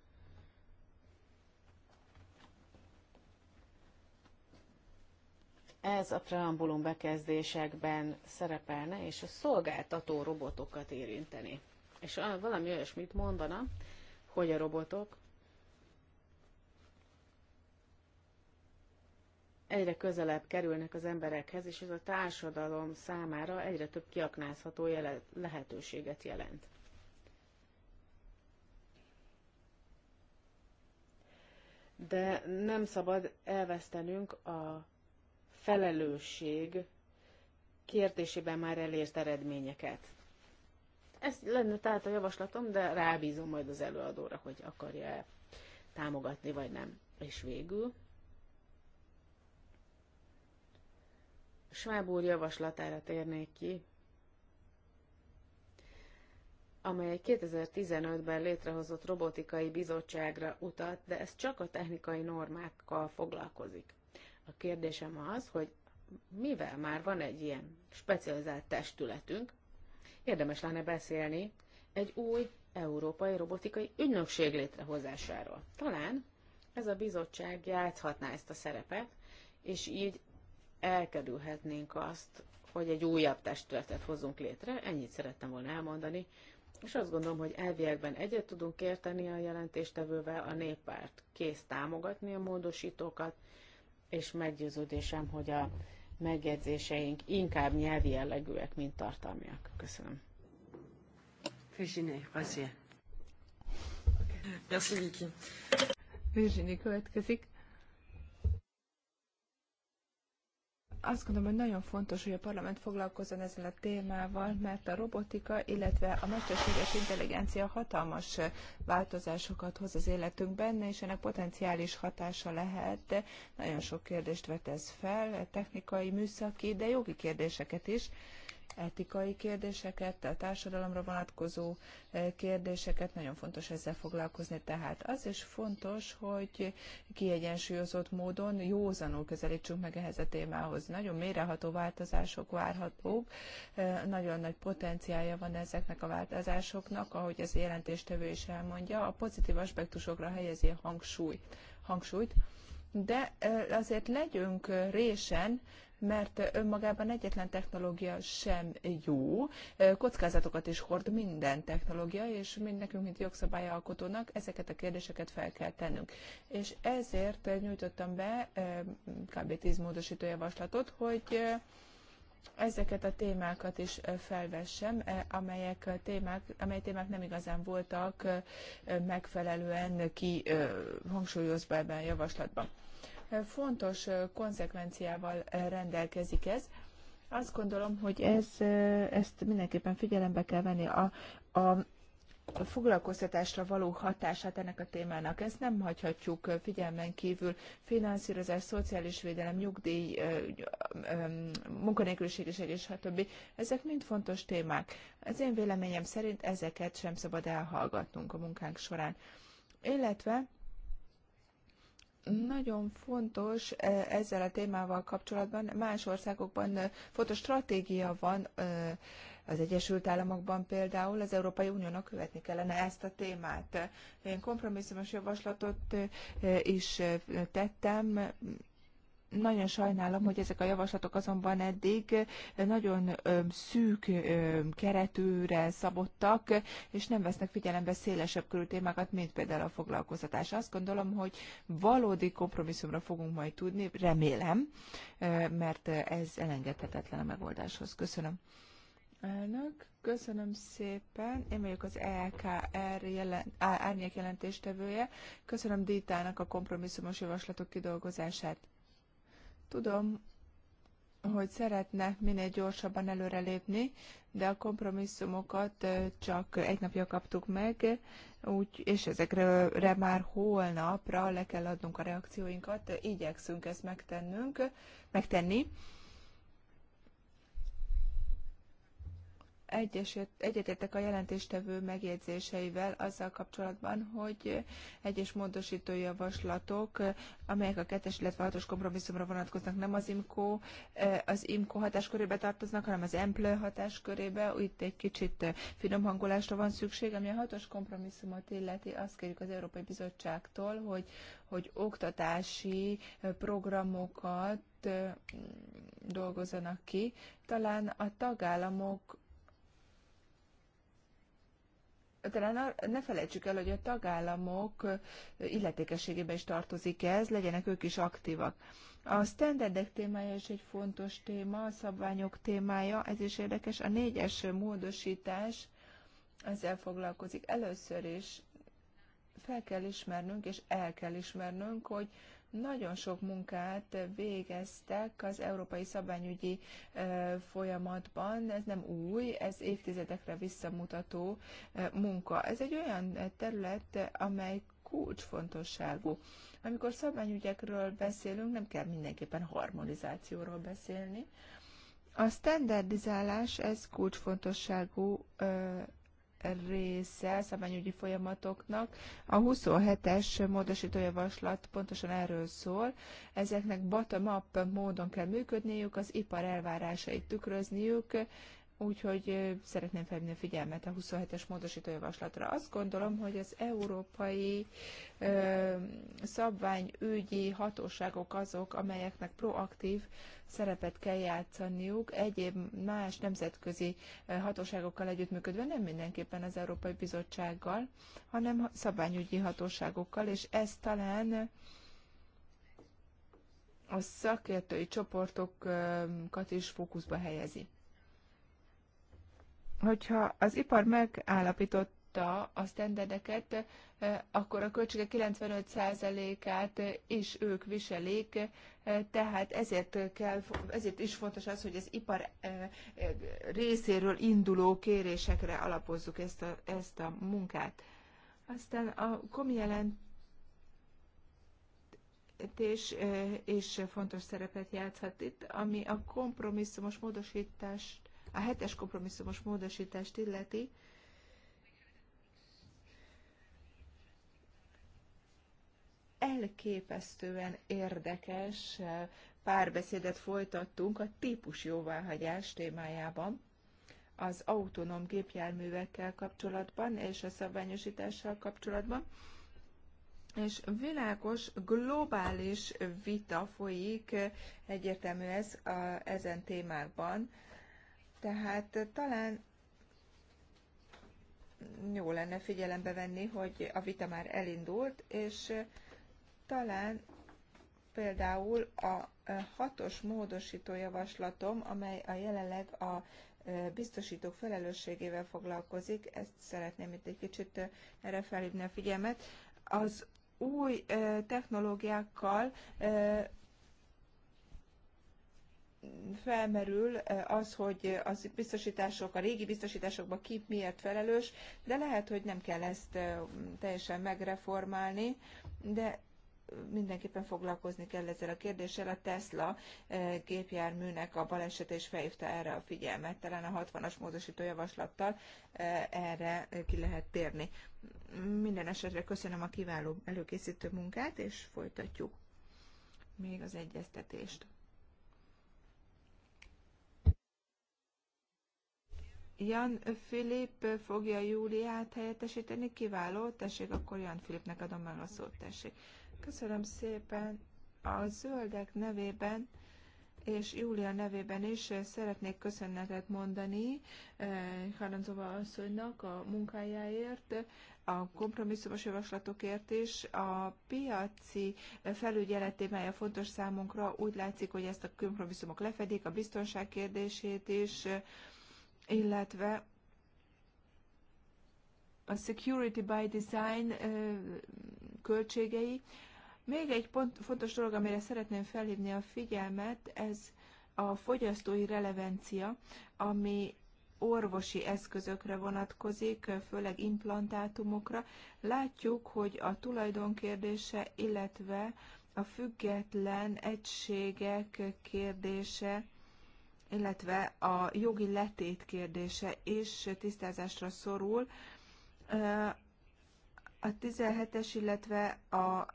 Speaker 2: Ez a preambulum bekezdésekben szerepelne, és a szolgáltató robotokat érinteni. És valami olyasmit mondana, hogy a robotok egyre közelebb kerülnek az emberekhez, és ez a társadalom számára egyre több kiaknázható lehetőséget jelent. De nem szabad elvesztenünk a felelősség kérdésében már elért eredményeket. Ez lenne tehát a javaslatom, de rábízom majd az előadóra, hogy akarja-e támogatni, vagy nem. És végül Schwab úr javaslatára térnék ki, amely 2015-ben létrehozott robotikai bizottságra utat, de ez csak a technikai normákkal foglalkozik. A kérdésem az, hogy mivel már van egy ilyen specializált testületünk, érdemes lenne beszélni egy új európai robotikai ügynökség létrehozásáról. Talán ez a bizottság játszhatná ezt a szerepet, és így elkerülhetnénk azt, hogy egy újabb testületet hozzunk létre. Ennyit szerettem volna elmondani, és azt gondolom, hogy elviekben egyet tudunk érteni a jelentéstevővel, a néppárt kész támogatni a módosítókat, és meggyőződésem, hogy a megjegyzéseink inkább nyelvi jellegűek, mint tartalmiak. Köszönöm. Virginie, Merci,
Speaker 1: Viki.
Speaker 3: Virginie következik. azt gondolom, hogy nagyon fontos, hogy a parlament foglalkozzon ezzel a témával, mert a robotika, illetve a mesterséges intelligencia hatalmas eh, változásokat hoz az életünkben, és ennek potenciális hatása lehet. Nagyon sok kérdést vet ez fel, technikai, műszaki, de jogi kérdéseket is etikai kérdéseket, a társadalomra vonatkozó eh, kérdéseket, nagyon fontos ezzel foglalkozni. Tehát az is fontos, hogy kiegyensúlyozott módon józanul közelítsünk meg ehhez a témához. Nagyon méreható változások várhatók, eh, nagyon nagy potenciálja van ezeknek a változásoknak, ahogy ez jelentéstevő is elmondja, a pozitív aspektusokra helyezi a hangsúlyt. hangsúlyt de eh, azért legyünk résen, mert önmagában egyetlen technológia sem jó, kockázatokat is hord minden technológia, és mind nekünk, mint jogszabályalkotónak ezeket a kérdéseket fel kell tennünk. És ezért nyújtottam be eh, kb. 10 módosító javaslatot, hogy eh, ezeket a témákat is eh, felvessem, amelyek témák, amely témák nem igazán voltak megfelelően ki hangsúlyozva ebben a javaslatban fontos konzekvenciával rendelkezik ez. Azt gondolom, hogy ez, ezt mindenképpen figyelembe kell venni a, a foglalkoztatásra való hatását ennek a témának. Ezt nem hagyhatjuk figyelmen kívül. Finanszírozás, szociális védelem, nyugdíj, munkanélküliség és egyes, stb. Ezek mind fontos témák. Az én véleményem szerint ezeket sem szabad elhallgatnunk a munkánk során. Illetve nagyon fontos e, ezzel a témával kapcsolatban, más országokban e, fontos stratégia van, e, az Egyesült Államokban például az Európai Uniónak követni kellene ezt a témát. Én kompromisszumos javaslatot is tettem, nagyon sajnálom, hogy ezek a javaslatok azonban eddig nagyon szűk keretűre szabottak, és nem vesznek figyelembe szélesebb körű témákat, mint például a foglalkoztatás. Azt gondolom, hogy valódi kompromisszumra fogunk majd tudni, remélem, mert ez elengedhetetlen a megoldáshoz. Köszönöm. Elnök, köszönöm szépen. Én vagyok az EKR jelen, árnyék jelentéstevője. Köszönöm Dítának a kompromisszumos javaslatok kidolgozását. Tudom, hogy szeretne minél gyorsabban előrelépni, de a kompromisszumokat csak egy napja kaptuk meg, úgy, és ezekre már holnapra le kell adnunk a reakcióinkat. Igyekszünk ezt megtennünk, megtenni, egyetértek a jelentéstevő megjegyzéseivel azzal kapcsolatban, hogy egyes módosító javaslatok, amelyek a kettes, illetve hatos kompromisszumra vonatkoznak, nem az IMCO, eh, az IMCO hatáskörébe tartoznak, hanem az EMPLE hatáskörébe. Itt egy kicsit finom hangolásra van szükség, ami a hatos kompromisszumot illeti. Azt kérjük az Európai Bizottságtól, hogy, hogy oktatási programokat eh, dolgozzanak ki. Talán a tagállamok talán ne felejtsük el, hogy a tagállamok illetékességében is tartozik ez, legyenek ők is aktívak. A standardek témája is egy fontos téma, a szabványok témája, ez is érdekes. A négyes módosítás ezzel foglalkozik. Először is fel kell ismernünk, és el kell ismernünk, hogy nagyon sok munkát végeztek az európai szabványügyi folyamatban, ez nem új, ez évtizedekre visszamutató munka. Ez egy olyan terület, amely kulcsfontosságú. Amikor szabványügyekről beszélünk, nem kell mindenképpen harmonizációról beszélni. A standardizálás, ez kulcsfontosságú része szabványügyi folyamatoknak. A 27-es módosítójavaslat pontosan erről szól. Ezeknek bottom-up módon kell működniük, az ipar elvárásait tükrözniük, úgyhogy szeretném felhívni a figyelmet a 27-es módosító javaslatra. Azt gondolom, hogy az európai ö, szabványügyi hatóságok azok, amelyeknek proaktív szerepet kell játszaniuk, egyéb más nemzetközi hatóságokkal együttműködve, nem mindenképpen az Európai Bizottsággal, hanem szabványügyi hatóságokkal, és ez talán a szakértői csoportokat is fókuszba helyezi hogyha az ipar megállapította a standardeket, akkor a költsége 95%-át is ők viselik, tehát ezért, kell, ezért is fontos az, hogy az ipar eh, részéről induló kérésekre alapozzuk ezt a, ezt a munkát. Aztán a komi jelentés és eh, fontos szerepet játszhat itt, ami a kompromisszumos módosítást a hetes kompromisszumos módosítást illeti, elképesztően érdekes párbeszédet folytattunk a típus jóváhagyás témájában az autonóm gépjárművekkel kapcsolatban és a szabványosítással kapcsolatban, és világos, globális vita folyik, egyértelmű ez a, ezen témákban tehát eh, talán jó lenne figyelembe venni, hogy a vita már elindult, és eh, talán például a eh, hatos módosító javaslatom, amely a jelenleg a biztosítók felelősségével foglalkozik, ezt szeretném itt egy kicsit erre felhívni a figyelmet, az új technológiákkal felmerül eh, az, hogy az biztosítások, a régi biztosításokban ki miért felelős, de lehet, hogy nem kell ezt eh, teljesen megreformálni, de mindenképpen foglalkozni kell ezzel a kérdéssel. A Tesla eh, gépjárműnek a baleset is felhívta erre a figyelmet, talán a 60-as módosító javaslattal erre ki lehet térni. Minden esetre köszönöm a kiváló előkészítő munkát, és folytatjuk még az egyeztetést. Jan Filip fogja Júliát helyettesíteni, kiváló, tessék, akkor Jan Filipnek adom meg a szót, tessék. Köszönöm szépen a zöldek nevében, és Júlia nevében is szeretnék köszönetet mondani Haranzova eh, asszonynak a munkájáért, a kompromisszumos javaslatokért is. A piaci felügyelet a fontos számunkra, úgy látszik, hogy ezt a kompromisszumok lefedik, a biztonság kérdését is, illetve a Security by Design költségei. Még egy pont, fontos dolog, amire szeretném felhívni a figyelmet, ez a fogyasztói relevancia, ami orvosi eszközökre vonatkozik, főleg implantátumokra. Látjuk, hogy a tulajdonkérdése, illetve a független egységek kérdése illetve a jogi letét kérdése is tisztázásra szorul. A 17-es, illetve a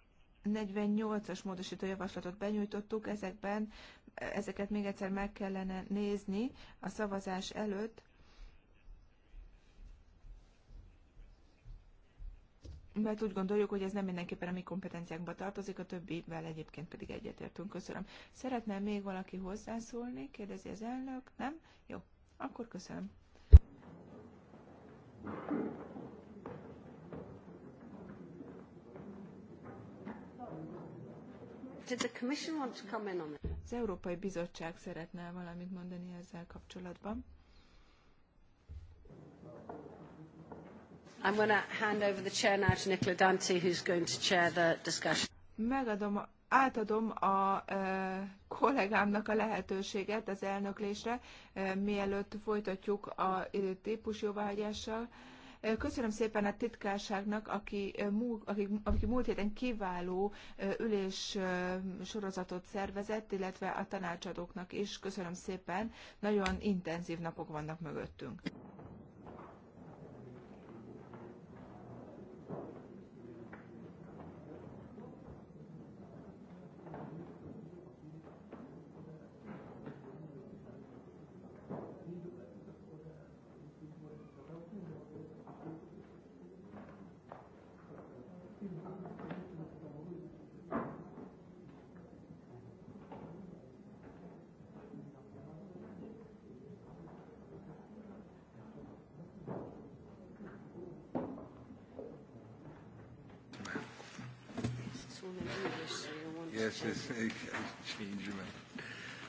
Speaker 3: 48-as módosító javaslatot benyújtottuk, ezekben ezeket még egyszer meg kellene nézni a szavazás előtt, mert úgy gondoljuk, hogy ez nem mindenképpen a mi kompetenciákba tartozik, a többivel egyébként pedig egyetértünk. Köszönöm. Szeretne még valaki hozzászólni? Kérdezi az elnök. Nem? Jó. Akkor köszönöm. Did the commission want to come in on it? Az Európai Bizottság szeretne valamit mondani ezzel kapcsolatban.
Speaker 1: I'm going to hand over the chair now to Nicola Dante, who's going to chair the discussion.
Speaker 3: Megadom, átadom a e, kollégámnak a lehetőséget az elnöklésre, e, mielőtt folytatjuk a e, típusjóváhagyással. E, köszönöm szépen a titkárságnak, aki, aki, aki múlt héten kiváló ülés sorozatot szervezett, illetve a tanácsadóknak is. Köszönöm szépen, nagyon intenzív napok vannak mögöttünk.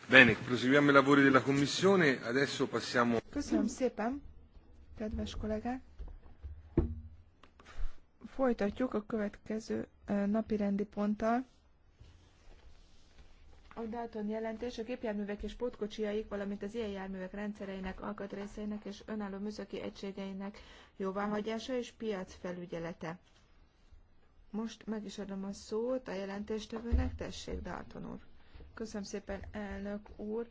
Speaker 1: Bene, proseguiamo i lavori della Commissione, adesso passiamo... Köszönöm
Speaker 3: szépen, kedves kollégák! Folytatjuk a következő eh, napi rendi ponttal. A Dalton jelentés a gépjárművek és pótkocsiaik, valamint az ilyen járművek rendszereinek, alkatrészeinek és önálló műszaki egységeinek jóváhagyása és piacfelügyelete. Most meg is adom a szót a jelentéstevőnek, tessék, Dalton úr. Köszönöm szépen, elnök úr.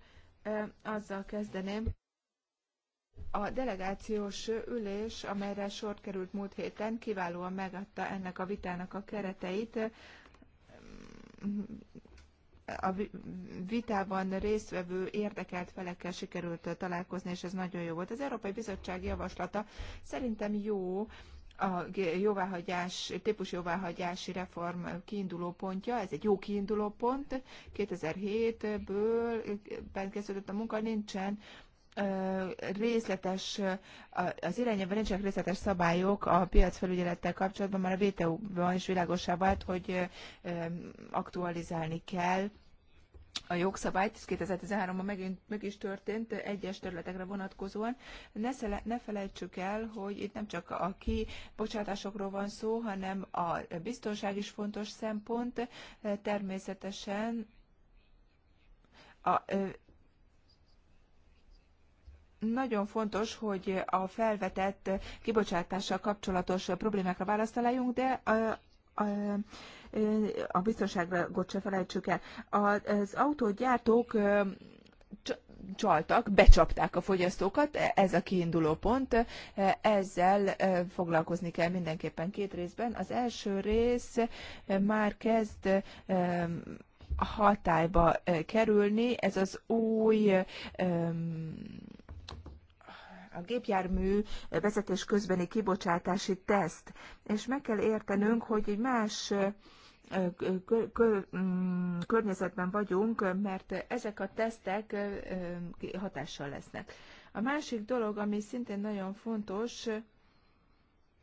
Speaker 3: Azzal kezdeném. A delegációs ülés, amelyre sor került múlt héten, kiválóan megadta ennek a vitának a kereteit. A vitában résztvevő érdekelt felekkel sikerült találkozni, és ez nagyon jó volt. Az Európai Bizottság javaslata szerintem jó, a jóváhagyás, típus jóváhagyási reform kiinduló pontja, ez egy jó kiinduló pont, 2007-ből kezdődött a munka, nincsen részletes, az irányában nincsenek részletes szabályok a piacfelügyelettel kapcsolatban, már a vtu ban is világosá vált, hogy aktualizálni kell a jogszabályt, ez 2013-ban megint meg is történt egyes területekre vonatkozóan. Ne, szele, ne felejtsük el, hogy itt nem csak a kibocsátásokról van szó, hanem a biztonság is fontos szempont. Természetesen a, nagyon fontos, hogy a felvetett kibocsátással kapcsolatos problémákra választ találjunk, de a, a, a biztonságot se felejtsük el. Az autógyártók csaltak, becsapták a fogyasztókat, ez a kiinduló pont, ezzel foglalkozni kell mindenképpen két részben. Az első rész már kezd hatályba kerülni, ez az új a gépjármű vezetés közbeni kibocsátási teszt. És meg kell értenünk, hogy egy más Mm, környezetben vagyunk, mert ezek a tesztek hatással lesznek. A másik dolog, ami szintén nagyon fontos,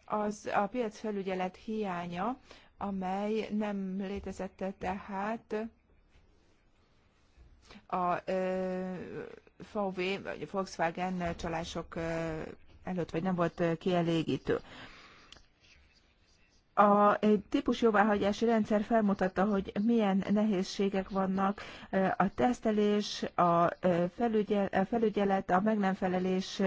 Speaker 3: az a piacfelügyelet hiánya, amely nem létezett tehát a VW vagy Volkswagen csalások előtt, vagy nem volt kielégítő a típus jóváhagyási rendszer felmutatta, hogy milyen nehézségek vannak a tesztelés, a, felügyel, a felügyelet, a meg nem felelés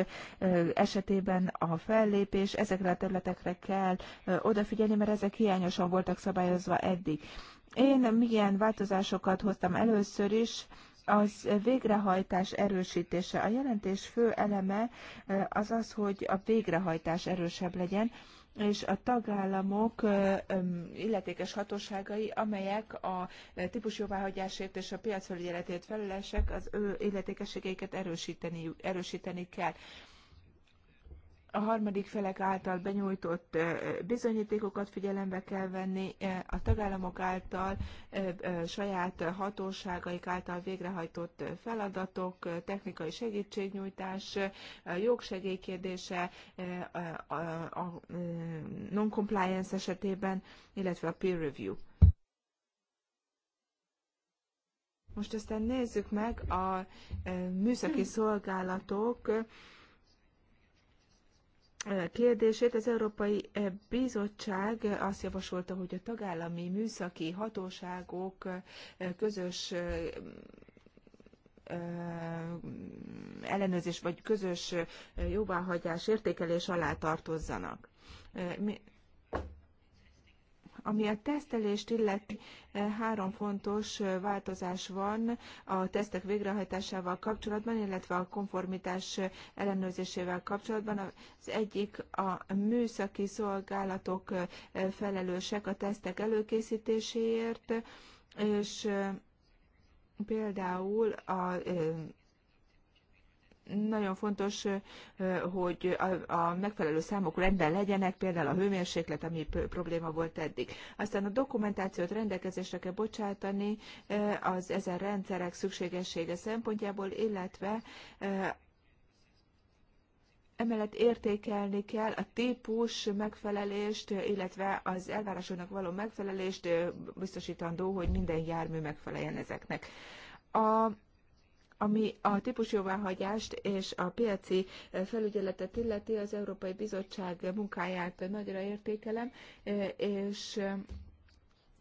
Speaker 3: esetében a fellépés, ezekre a területekre kell odafigyelni, mert ezek hiányosan voltak szabályozva eddig. Én milyen változásokat hoztam először is, az végrehajtás erősítése. A jelentés fő eleme az az, hogy a végrehajtás erősebb legyen és a tagállamok illetékes hatóságai, amelyek a típusjóváhagyásért és a piacfelügyeletért felelősek, az ő illetékességeiket erősíteni, erősíteni kell a harmadik felek által benyújtott bizonyítékokat figyelembe kell venni, a tagállamok által, saját hatóságaik által végrehajtott feladatok, technikai segítségnyújtás, jogsegélykérdése, a non-compliance esetében, illetve a peer review. Most aztán nézzük meg a műszaki szolgálatok kérdését. Az Európai Bizottság azt javasolta, hogy a tagállami műszaki hatóságok közös ellenőrzés vagy közös jóváhagyás értékelés alá tartozzanak. Ami a tesztelést illeti, eh, három fontos eh, változás van a tesztek végrehajtásával kapcsolatban, illetve a konformitás eh, ellenőrzésével kapcsolatban. Az egyik a műszaki szolgálatok felelősek a tesztek előkészítéséért, és például a nagyon fontos, hogy a, megfelelő számok rendben legyenek, például a hőmérséklet, ami probléma volt eddig. Aztán a dokumentációt rendelkezésre kell bocsátani az ezen rendszerek szükségessége szempontjából, illetve Emellett értékelni kell a típus megfelelést, illetve az elvárásoknak való megfelelést biztosítandó, hogy minden jármű megfeleljen ezeknek. A ami a típusjóváhagyást és a piaci felügyeletet illeti, az Európai Bizottság munkáját nagyra értékelem, és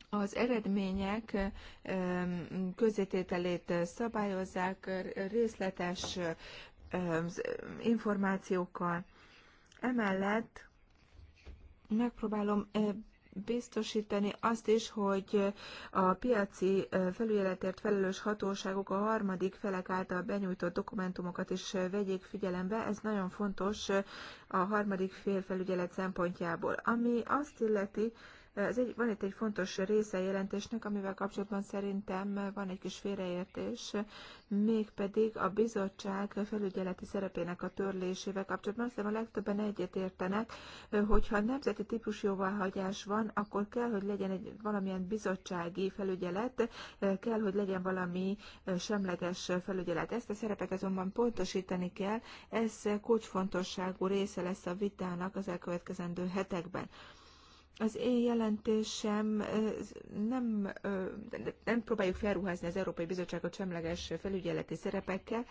Speaker 3: az eredmények közétételét szabályozzák részletes információkkal. Emellett megpróbálom biztosítani azt is, hogy a piaci felügyeletért felelős hatóságok a harmadik felek által benyújtott dokumentumokat is vegyék figyelembe. Ez nagyon fontos a harmadik félfelügyelet szempontjából. Ami azt illeti, ez egy, van itt egy fontos része a jelentésnek, amivel kapcsolatban szerintem van egy kis félreértés, mégpedig a bizottság felügyeleti szerepének a törlésével kapcsolatban. Azt hiszem a legtöbben egyet értenek, hogyha nemzeti típus jóváhagyás van, akkor kell, hogy legyen egy valamilyen bizottsági felügyelet, kell, hogy legyen valami semleges felügyelet. Ezt a szerepet azonban pontosítani kell, ez kulcsfontosságú része része lesz a vitának az elkövetkezendő hetekben az én jelentésem nem, nem próbáljuk felruházni az Európai Bizottságot semleges felügyeleti szerepekkel.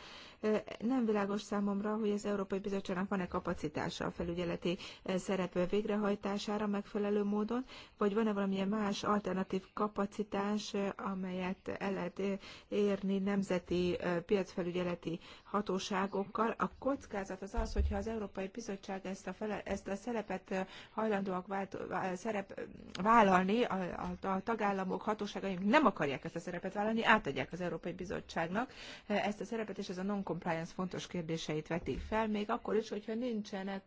Speaker 3: Nem világos számomra, hogy az Európai Bizottságnak van-e kapacitása a felügyeleti szerep végrehajtására megfelelő módon, vagy van-e valamilyen más alternatív kapacitás, amelyet el lehet érni nemzeti piacfelügyeleti hatóságokkal. A kockázat az az, hogyha az Európai Bizottság ezt a, fele, ezt a szerepet hajlandóak vált, vált szerep vállalni, a, a, a tagállamok hatóságaink nem akarják ezt a szerepet vállalni, átadják az Európai Bizottságnak e, ezt a szerepet, és ez a non-compliance fontos kérdéseit veti fel, még akkor is, hogyha nincsenek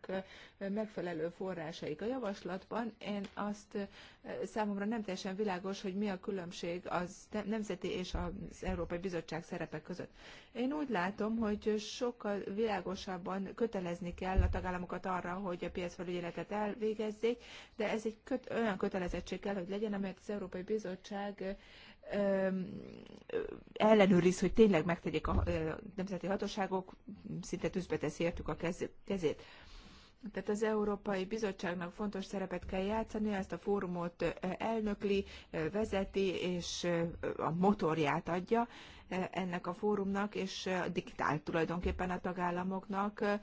Speaker 3: e, megfelelő forrásaik. A javaslatban én azt e, számomra nem teljesen világos, hogy mi a különbség az nemzeti és az Európai Bizottság szerepek között. Én úgy látom, hogy sokkal világosabban kötelezni kell a tagállamokat arra, hogy a piacfelügyeletet elvégezzék, de ez egy egy köt, olyan kötelezettség kell, hogy legyen, amelyet az Európai Bizottság ellenőriz, hogy tényleg megtegyék a nemzeti hatóságok, szinte tűzbe teszi értük a kezét. Tehát az Európai Bizottságnak fontos szerepet kell játszani, ezt a fórumot elnökli, vezeti és a motorját adja ennek a fórumnak, és diktált tulajdonképpen a tagállamoknak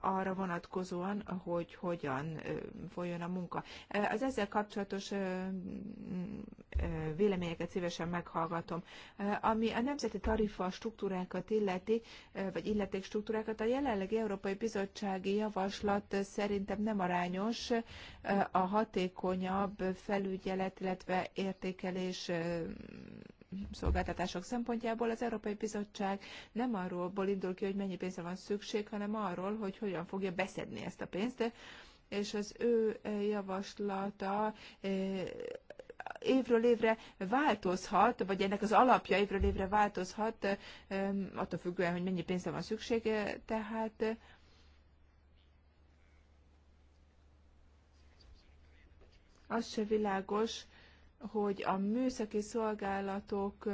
Speaker 3: arra vonatkozóan, hogy hogyan folyjon a munka. Az ezzel kapcsolatos véleményeket szívesen meghallgatom. Ami a nemzeti tarifa struktúrákat illeti, vagy illeték struktúrákat, a jelenlegi Európai Bizottsági Javaslat szerintem nem arányos a hatékonyabb felügyelet, illetve értékelés szolgáltatások szempontjából az Európai Bizottság nem arról indul ki, hogy mennyi pénzre van szükség, hanem arról, hogy hogyan fogja beszedni ezt a pénzt, és az ő e, javaslata e, évről évre változhat, vagy ennek az alapja évről évre változhat, e, attól függően, hogy mennyi pénzre van szüksége, tehát az se világos, hogy a műszaki szolgálatok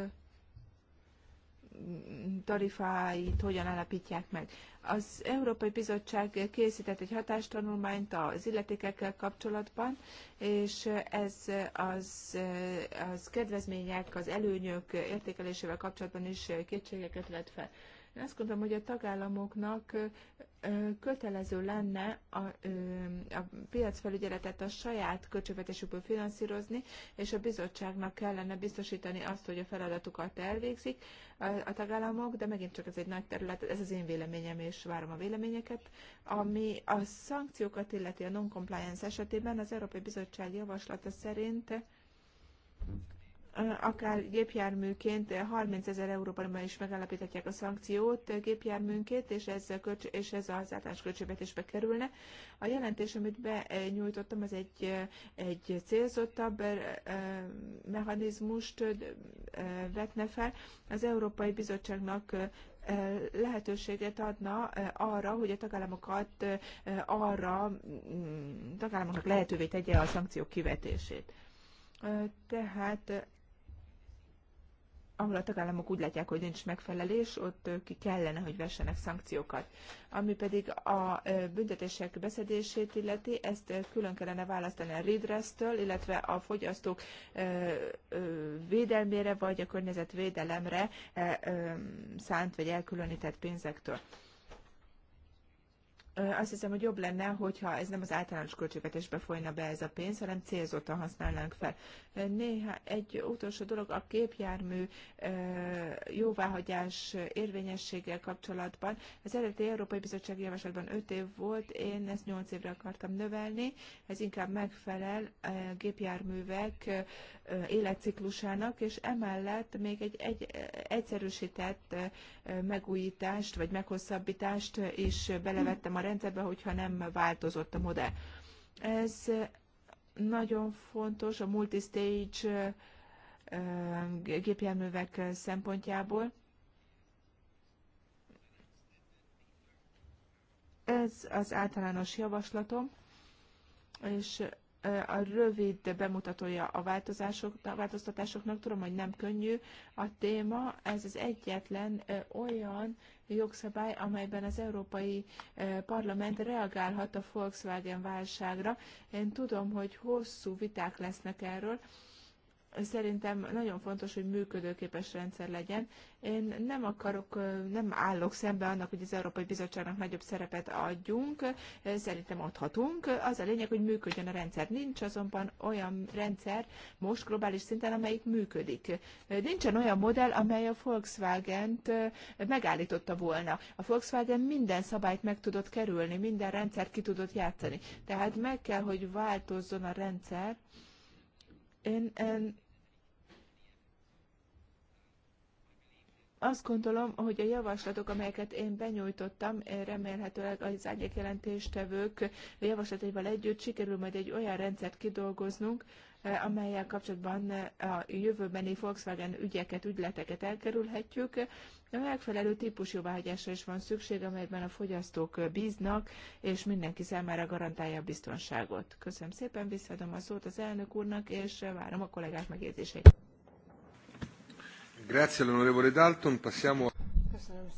Speaker 3: tarifáit hogyan alapítják meg. Az Európai Bizottság készített egy hatástanulmányt az illetékekkel kapcsolatban, és ez az, az kedvezmények, az előnyök értékelésével kapcsolatban is kétségeket vet fel. Én azt gondolom, hogy a tagállamoknak kötelező lenne a, a piacfelügyeletet a saját költségvetésükből finanszírozni, és a bizottságnak kellene biztosítani azt, hogy a feladatukat elvégzik a, a tagállamok, de megint csak ez egy nagy terület, ez az én véleményem, és várom a véleményeket. Ami a szankciókat illeti a non-compliance esetében, az Európai Bizottság javaslata szerint akár gépjárműként 30 ezer euróban is megállapíthatják a szankciót gépjárműnként, és ez, és ez az általános költségvetésbe kerülne. A jelentés, amit benyújtottam, az egy, egy célzottabb mechanizmust vetne fel. Az Európai Bizottságnak lehetőséget adna arra, hogy a tagállamokat arra, mm, tagállamoknak lehetővé tegye a szankciók kivetését. Tehát ahol a tagállamok úgy látják, hogy nincs megfelelés, ott ki kellene, hogy vessenek szankciókat. Ami pedig a büntetések beszedését illeti, ezt külön kellene választani a redress-től, illetve a fogyasztók védelmére vagy a környezetvédelemre szánt vagy elkülönített pénzektől azt hiszem, hogy jobb lenne, hogyha ez nem az általános költségvetésbe folyna be ez a pénz, hanem célzottan használnánk fel. Néha egy utolsó dolog a képjármű jóváhagyás érvényességgel kapcsolatban. Az eredeti Európai bizottság Javaslatban 5 év volt, én ezt 8 évre akartam növelni, ez inkább megfelel gépjárművek életciklusának, és emellett még egy, egy egyszerűsített megújítást vagy meghosszabbítást is belevettem a rendszerben, hogyha nem változott a modell. Ez nagyon fontos a multistage gépjárművek szempontjából. Ez az általános javaslatom, és a rövid bemutatója a, változások, a változtatásoknak. Tudom, hogy nem könnyű a téma. Ez az egyetlen olyan jogszabály, amelyben az Európai Parlament reagálhat a Volkswagen válságra. Én tudom, hogy hosszú viták lesznek erről, szerintem nagyon fontos, hogy működőképes rendszer legyen. Én nem akarok, nem állok szembe annak, hogy az Európai Bizottságnak nagyobb szerepet adjunk, szerintem adhatunk. Az a lényeg, hogy működjön a rendszer. Nincs azonban olyan rendszer most globális szinten, amelyik működik. Nincsen olyan modell, amely a Volkswagen-t megállította volna. A Volkswagen minden szabályt meg tudott kerülni, minden rendszer ki tudott játszani. Tehát meg kell, hogy változzon a rendszer, én, én Azt gondolom, hogy a javaslatok, amelyeket én benyújtottam, eh, remélhetőleg az árnyékjelentéstevők javaslataival együtt sikerül majd egy olyan rendszert kidolgoznunk, eh, amelyel kapcsolatban eh, a jövőbeni Volkswagen ügyeket, ügyleteket elkerülhetjük. A megfelelő típus jóváhagyásra is van szükség, amelyben a fogyasztók bíznak, és mindenki számára garantálja a biztonságot. Köszönöm szépen, visszaadom a szót az elnök úrnak, és várom a kollégák megjegyzéseit.
Speaker 1: Köszönöm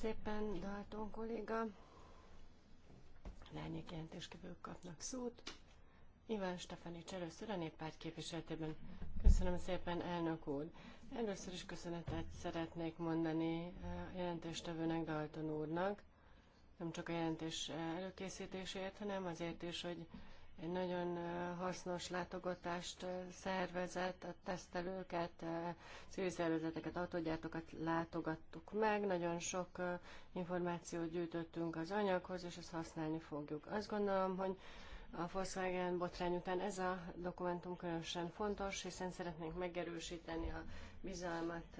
Speaker 4: szépen, Dalton kolléga. Lányok jelentéskevők kapnak szót. Iván Stefani először a néppárt képviseletében. Köszönöm szépen, elnök úr. Először is köszönetet szeretnék mondani a eh, jelentéstevőnek, Dalton úrnak. Nem csak a jelentés eh, előkészítéséért, hanem azért is, hogy egy nagyon hasznos látogatást szervezett, a tesztelőket, civil szervezeteket, autógyártókat látogattuk meg, nagyon sok információt gyűjtöttünk az anyaghoz, és ezt használni fogjuk. Azt gondolom, hogy a Volkswagen botrány után ez a dokumentum különösen fontos, hiszen szeretnénk megerősíteni a bizalmat,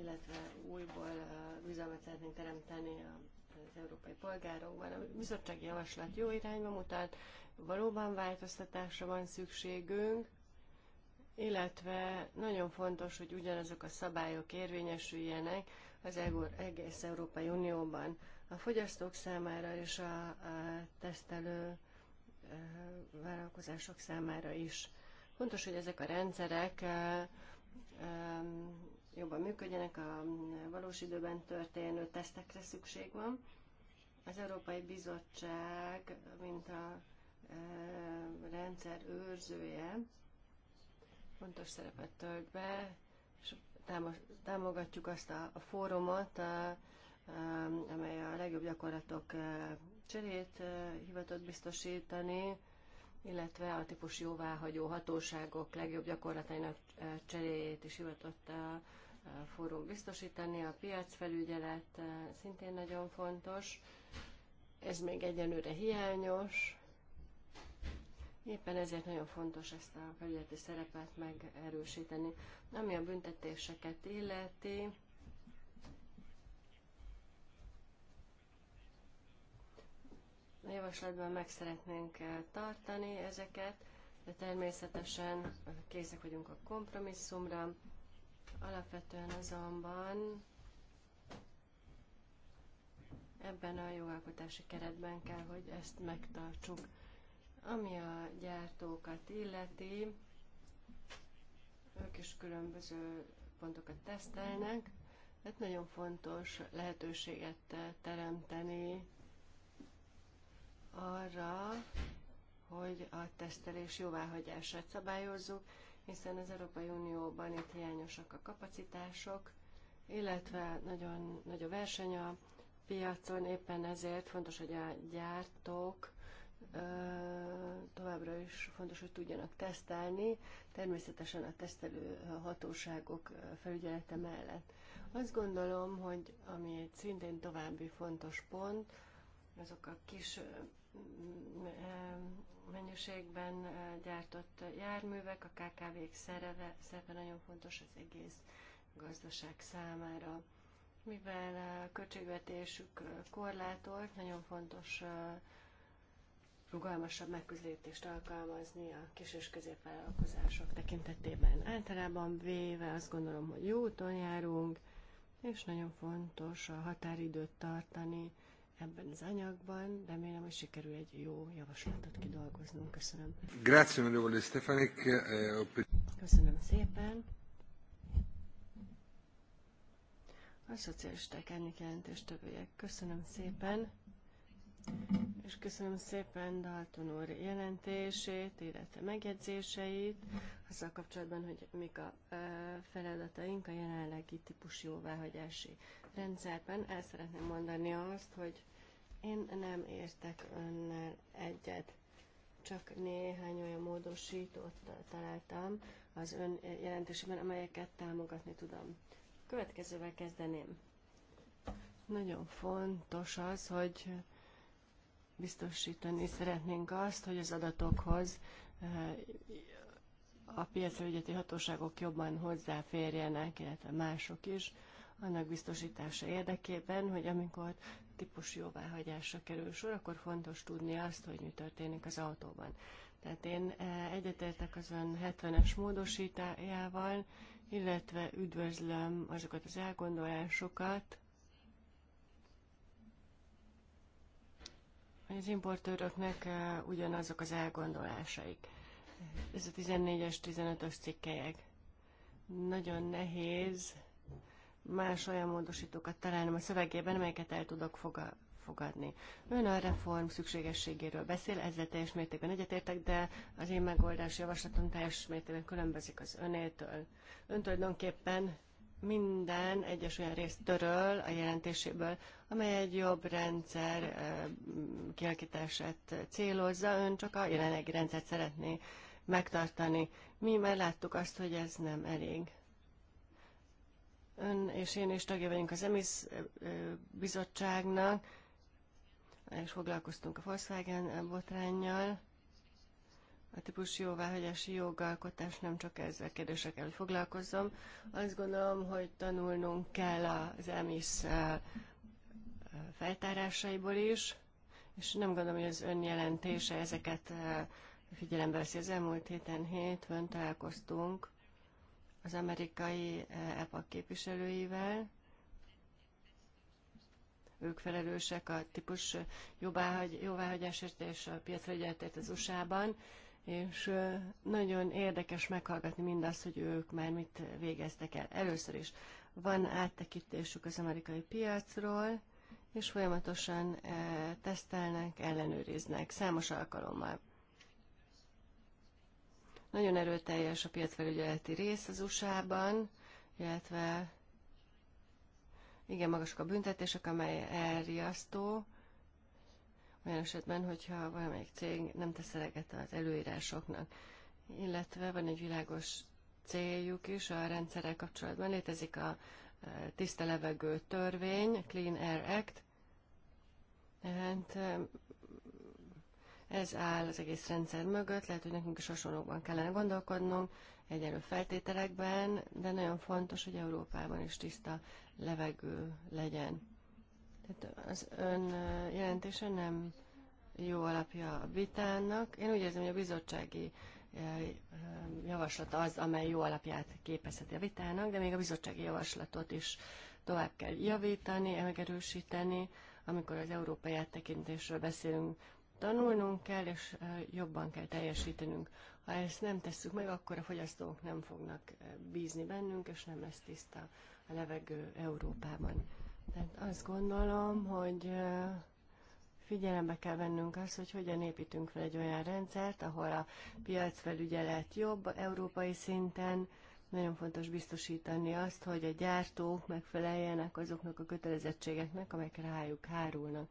Speaker 4: illetve újból bizalmat szeretnénk teremteni a az európai polgárokban. A bizottsági javaslat jó irányba mutat, valóban változtatásra van szükségünk, illetve nagyon fontos, hogy ugyanazok a szabályok érvényesüljenek az e egész Európai Unióban. A fogyasztók számára és a, a tesztelő vállalkozások számára is. Fontos, hogy ezek a rendszerek jobban működjenek, a valós időben történő tesztekre szükség van. Az Európai Bizottság, mint a e, rendszer őrzője, fontos szerepet tölt be, és támogatjuk azt a, a fórumot, a, amely a legjobb gyakorlatok e, cserét e, hivatott biztosítani, illetve a típus jóváhagyó hatóságok legjobb gyakorlatainak cseréjét is hivatott a fórum biztosítani. A piacfelügyelet szintén nagyon fontos, ez még egyenlőre hiányos. Éppen ezért nagyon fontos ezt a felületi szerepet megerősíteni. Ami a büntetéseket illeti, a javaslatban meg szeretnénk eh, tartani ezeket, de természetesen készek vagyunk a kompromisszumra. Alapvetően azonban ebben a jogalkotási keretben kell, hogy ezt megtartsuk. Ami a gyártókat illeti, ők is különböző pontokat tesztelnek, tehát nagyon fontos lehetőséget teremteni arra, hogy a tesztelés jóváhagyását szabályozzuk, hiszen az Európai Unióban itt hiányosak a kapacitások, illetve nagyon nagy a verseny a piacon, éppen ezért fontos, hogy a gyártók továbbra is fontos, hogy tudjanak tesztelni, természetesen a tesztelő hatóságok felügyelete mellett. Azt gondolom, hogy ami egy szintén további fontos pont, azok a kis mennyiségben gyártott járművek, a KKV-k szerepe nagyon fontos az egész gazdaság számára mivel a költségvetésük korlátolt, nagyon fontos rugalmasabb megközelítést alkalmazni a kis és középvállalkozások tekintetében. Általában véve azt gondolom, hogy jó úton járunk, és nagyon fontos a határidőt tartani ebben az anyagban. Remélem, hogy sikerül egy jó javaslatot kidolgoznunk. Köszönöm.
Speaker 1: Grazie, Stefanic. Eh,
Speaker 4: Köszönöm szépen. a szocialisták jelentést többiek Köszönöm szépen, és köszönöm szépen Dalton úr jelentését, illetve megjegyzéseit, azzal kapcsolatban, hogy mik a feladataink a jelenlegi típus jóváhagyási rendszerben. El szeretném mondani azt, hogy én nem értek önnel egyet csak néhány olyan módosítót találtam az ön jelentésében, amelyeket támogatni tudom. Következővel kezdeném. Nagyon fontos az, hogy biztosítani szeretnénk azt, hogy az adatokhoz eh, a piacfelügyeti hatóságok jobban hozzáférjenek, illetve mások is, annak biztosítása érdekében, hogy amikor típus jóváhagyásra kerül sor, akkor fontos tudni azt, hogy mi történik az autóban. Tehát én eh, egyetértek az ön 70-es módosításával, illetve üdvözlöm azokat az elgondolásokat, hogy az importőröknek eh, ugyanazok az elgondolásaik. Ez a 14-es, 15-ös cikkelyek. Nagyon nehéz más olyan módosítókat találnom a szövegében, amelyeket el tudok fogadni elfogadni. Ön a reform szükségességéről beszél, ezzel teljes mértékben egyetértek, de az én megoldás javaslatom teljes mértékben különbözik az önétől. Ön tulajdonképpen minden egyes olyan részt töröl a jelentéséből, amely egy jobb rendszer kialakítását célozza, ön csak a jelenlegi rendszert szeretné megtartani. Mi már láttuk azt, hogy ez nem elég. Ön és én is tagja vagyunk az EMISZ bizottságnak, és foglalkoztunk a Volkswagen botránnyal. A típus jóváhagyási jogalkotás nem csak ezzel kérdésre kell, hogy foglalkozzon. Azt gondolom, hogy tanulnunk kell az EMIS feltárásaiból is, és nem gondolom, hogy az önjelentése ezeket figyelembe veszi. Az elmúlt héten hétfőn találkoztunk az amerikai EPA képviselőivel, ők felelősek a típus jóváhagyásért és a piacfelügyeletért az USA-ban, és nagyon érdekes meghallgatni mindazt, hogy ők már mit végeztek el. Először is van áttekintésük az amerikai piacról, és folyamatosan e, tesztelnek, ellenőriznek számos alkalommal. Nagyon erőteljes a piacfelügyeleti rész az USA-ban, illetve igen magasak a büntetések, amely elriasztó, olyan esetben, hogyha valamelyik cég nem tesz eleget az előírásoknak. Illetve van egy világos céljuk is a rendszerrel kapcsolatban. Létezik a e, tiszta levegő törvény, Clean Air Act, tehát e, ez áll az egész rendszer mögött, lehet, hogy nekünk is hasonlókban kellene gondolkodnunk, egyenlő feltételekben, de nagyon fontos, hogy Európában is tiszta levegő legyen. Tehát az ön jelentése nem jó alapja a vitának. Én úgy érzem, hogy a bizottsági javaslat az, amely jó alapját képezheti a vitának, de még a bizottsági javaslatot is tovább kell javítani, megerősíteni, amikor az európai áttekintésről beszélünk, tanulnunk kell, és jobban kell teljesítenünk ha ezt nem tesszük meg, akkor a fogyasztók nem fognak eh, bízni bennünk, és nem lesz tiszta a levegő Európában. Tehát azt gondolom, hogy eh, figyelembe kell vennünk azt, hogy hogyan építünk fel egy olyan rendszert, ahol a piacfelügyelet jobb európai szinten, nagyon fontos biztosítani azt, hogy a gyártók megfeleljenek azoknak a kötelezettségeknek, amelyek rájuk hárulnak.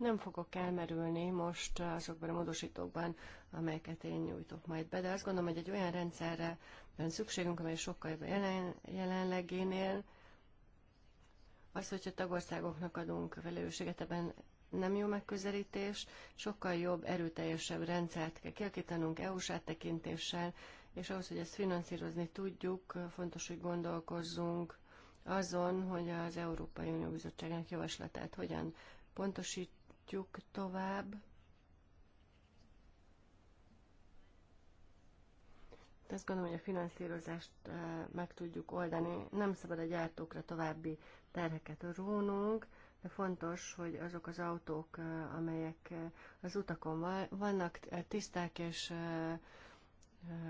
Speaker 4: Nem fogok elmerülni most azokban a módosítókban, amelyeket én nyújtok majd be, de azt gondolom, hogy egy olyan rendszerre van szükségünk, amely sokkal jobb jelen, jelenlegénél. Az, hogyha tagországoknak adunk felelősséget, ebben nem jó megközelítés, sokkal jobb, erőteljesebb rendszert kell kialakítanunk EU-s áttekintéssel, és ahhoz, hogy ezt finanszírozni tudjuk, fontos, hogy gondolkozzunk azon, hogy az Európai Unió Bizottságának javaslatát hogyan pontosít, folytatjuk tovább. Azt gondolom, hogy a finanszírozást meg tudjuk oldani. Nem szabad a gyártókra további terheket rónunk, de fontos, hogy azok az autók, amelyek az utakon vannak, tiszták és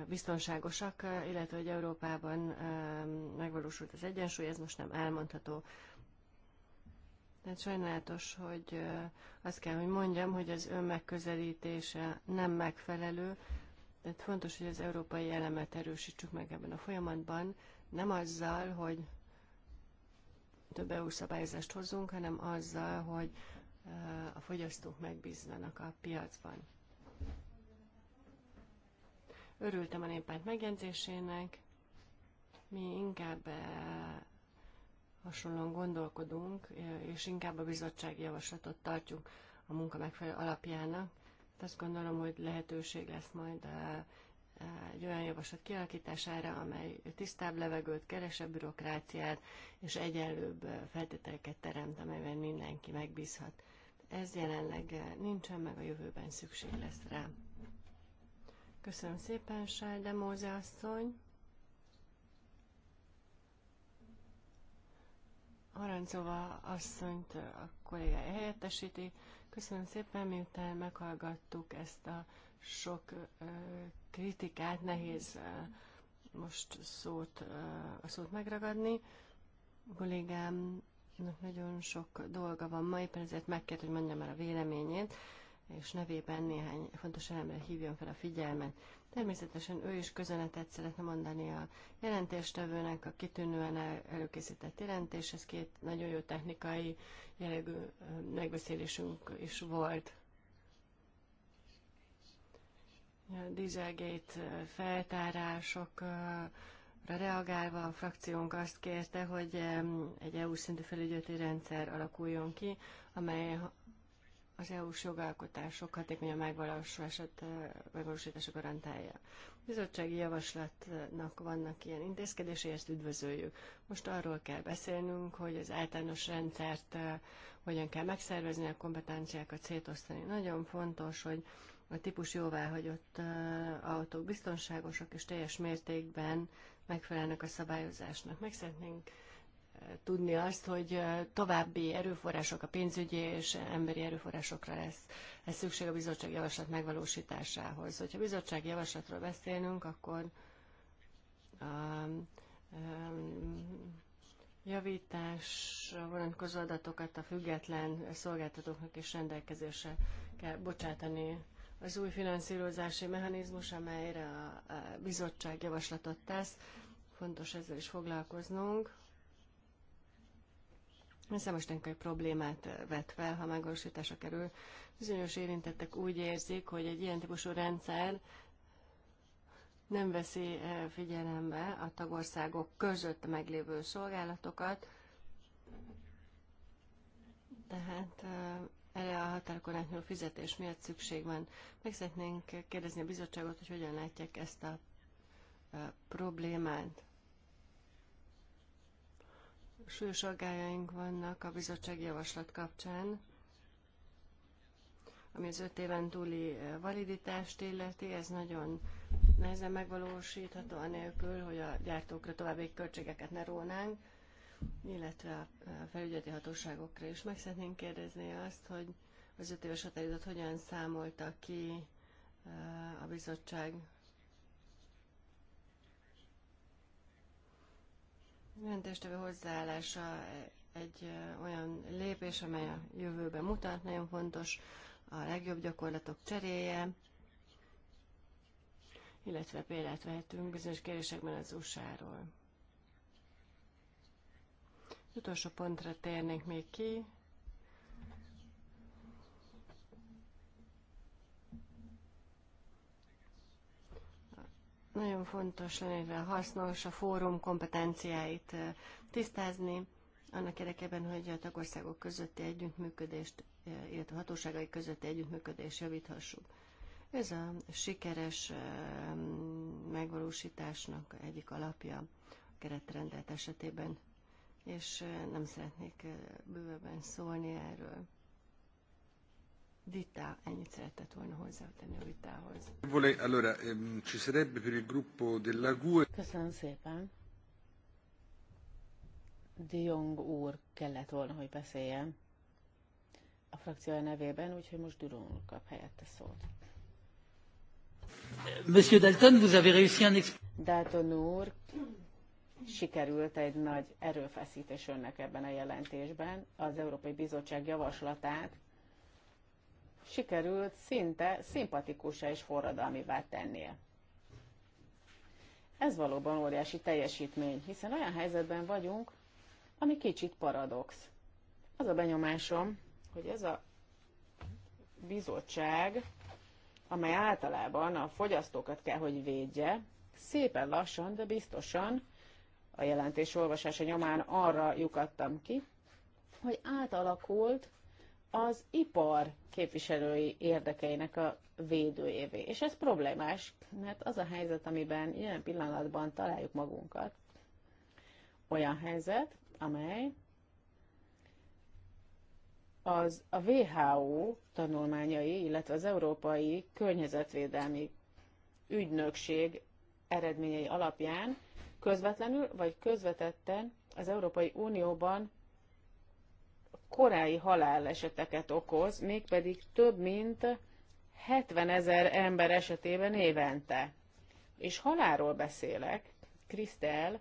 Speaker 4: biztonságosak, illetve hogy Európában megvalósult az egyensúly, ez most nem elmondható. Tehát sajnálatos, hogy azt kell, hogy mondjam, hogy az ön megközelítése nem megfelelő. Tehát fontos, hogy az európai elemet erősítsük meg ebben a folyamatban, nem azzal, hogy több EU szabályozást hozzunk, hanem azzal, hogy a fogyasztók megbízzanak a piacban. Örültem a néppárt megjegyzésének. Mi inkább hasonlóan gondolkodunk, és inkább a bizottsági javaslatot tartjuk a munka megfelelő alapjának. Tehát azt gondolom, hogy lehetőség lesz majd a, egy olyan javaslat kialakítására, amely tisztább levegőt, kevesebb bürokráciát és egyenlőbb feltételeket teremt, amelyben mindenki megbízhat. Ez jelenleg nincsen meg, a jövőben szükség lesz rá. Köszönöm szépen, Sárde Móze asszony! Karancova asszonyt a kollégája helyettesíti. Köszönöm szépen, miután meghallgattuk ezt a sok kritikát, nehéz most szót, a szót megragadni. A kollégámnak nagyon sok dolga van ma, éppen ezért meg kell, hogy mondjam el a véleményét, és nevében néhány fontos elemre hívjon fel a figyelmet. Természetesen ő is köszönetet szeretne mondani a jelentéstevőnek, a kitűnően előkészített Ez két nagyon jó technikai jellegű megbeszélésünk is volt. A Dieselgate feltárásokra reagálva a frakciónk azt kérte, hogy egy EU szintű felügyeleti rendszer alakuljon ki, amely az EU-s jogalkotások hatékonyan megvalósulását, eh, megvalósítása garantálja. A bizottsági javaslatnak vannak ilyen intézkedései, ezt üdvözöljük. Most arról kell beszélnünk, hogy az általános rendszert eh, hogyan kell megszervezni, a kompetenciákat szétosztani. Nagyon fontos, hogy a típus jóváhagyott eh, autók biztonságosak és teljes mértékben megfelelnek a szabályozásnak. Meg szeretnénk tudni azt, hogy további erőforrások, a pénzügyi és emberi erőforrásokra lesz, lesz szükség a bizottság javaslat megvalósításához. Hogyha bizottság javaslatról beszélünk, akkor um, um, javításra vonatkozó adatokat a független szolgáltatóknak is rendelkezésre kell bocsátani. Az új finanszírozási mechanizmus, amelyre a bizottság javaslatot tesz, fontos ezzel is foglalkoznunk. Számos egy problémát vet fel, ha megvalósításra kerül. Bizonyos érintettek úgy érzik, hogy egy ilyen típusú rendszer nem veszi figyelembe a tagországok között meglévő szolgálatokat, tehát erre a határokon átnyúló fizetés miatt szükség van. Meg szeretnénk kérdezni a bizottságot, hogy hogyan látják ezt a problémát. Súlyos aggájaink vannak a bizottsági javaslat kapcsán, ami az öt éven túli eh, validitást illeti, ez nagyon nehezen megvalósítható, anélkül, hogy a gyártókra további költségeket ne rónánk, illetve a eh, felügyeleti hatóságokra is. Meg szeretnénk kérdezni azt, hogy az öt éves határidőt hogyan számolta ki eh, a bizottság Jelentéstevő hozzáállása egy olyan lépés, amely a jövőben mutat, nagyon fontos a legjobb gyakorlatok cseréje, illetve példát vehetünk bizonyos kérdésekben az USA-ról. Utolsó pontra térnék még ki, Nagyon fontos lenne, mivel hasznos a fórum kompetenciáit eh, tisztázni, annak érdekében, hogy a tagországok közötti együttműködést, eh, illetve hatóságai közötti együttműködést javíthassuk. Ez a sikeres eh, megvalósításnak egyik alapja a keretrendelet esetében, és nem szeretnék bővebben szólni erről vita, ennyit szeretett volna hozzátenni a vitához.
Speaker 1: Allora, ehm, ci sarebbe per il gruppo della GUE...
Speaker 2: Köszönöm szépen. De Jong úr kellett volna, hogy beszéljen a frakció nevében, úgyhogy most Duron úr kap helyette szót. Monsieur Dalton, vous avez réussi un exp... Dalton úr, sikerült egy nagy erőfeszítés önnek ebben a jelentésben. Az Európai Bizottság javaslatát sikerült szinte szimpatikusá és forradalmivá tennie. Ez valóban óriási teljesítmény, hiszen olyan helyzetben vagyunk, ami kicsit paradox. Az a benyomásom, hogy ez a bizottság, amely általában a fogyasztókat kell, hogy védje, szépen lassan, de biztosan a jelentés olvasása nyomán arra lyukadtam ki, hogy átalakult az ipar képviselői érdekeinek a védőjévé. És ez problémás, mert az a helyzet, amiben ilyen pillanatban találjuk magunkat, olyan helyzet, amely az a WHO tanulmányai, illetve az Európai Környezetvédelmi Ügynökség eredményei alapján közvetlenül vagy közvetetten az Európai Unióban korai haláleseteket okoz, mégpedig több mint 70 ezer ember esetében évente. És halálról beszélek, Krisztel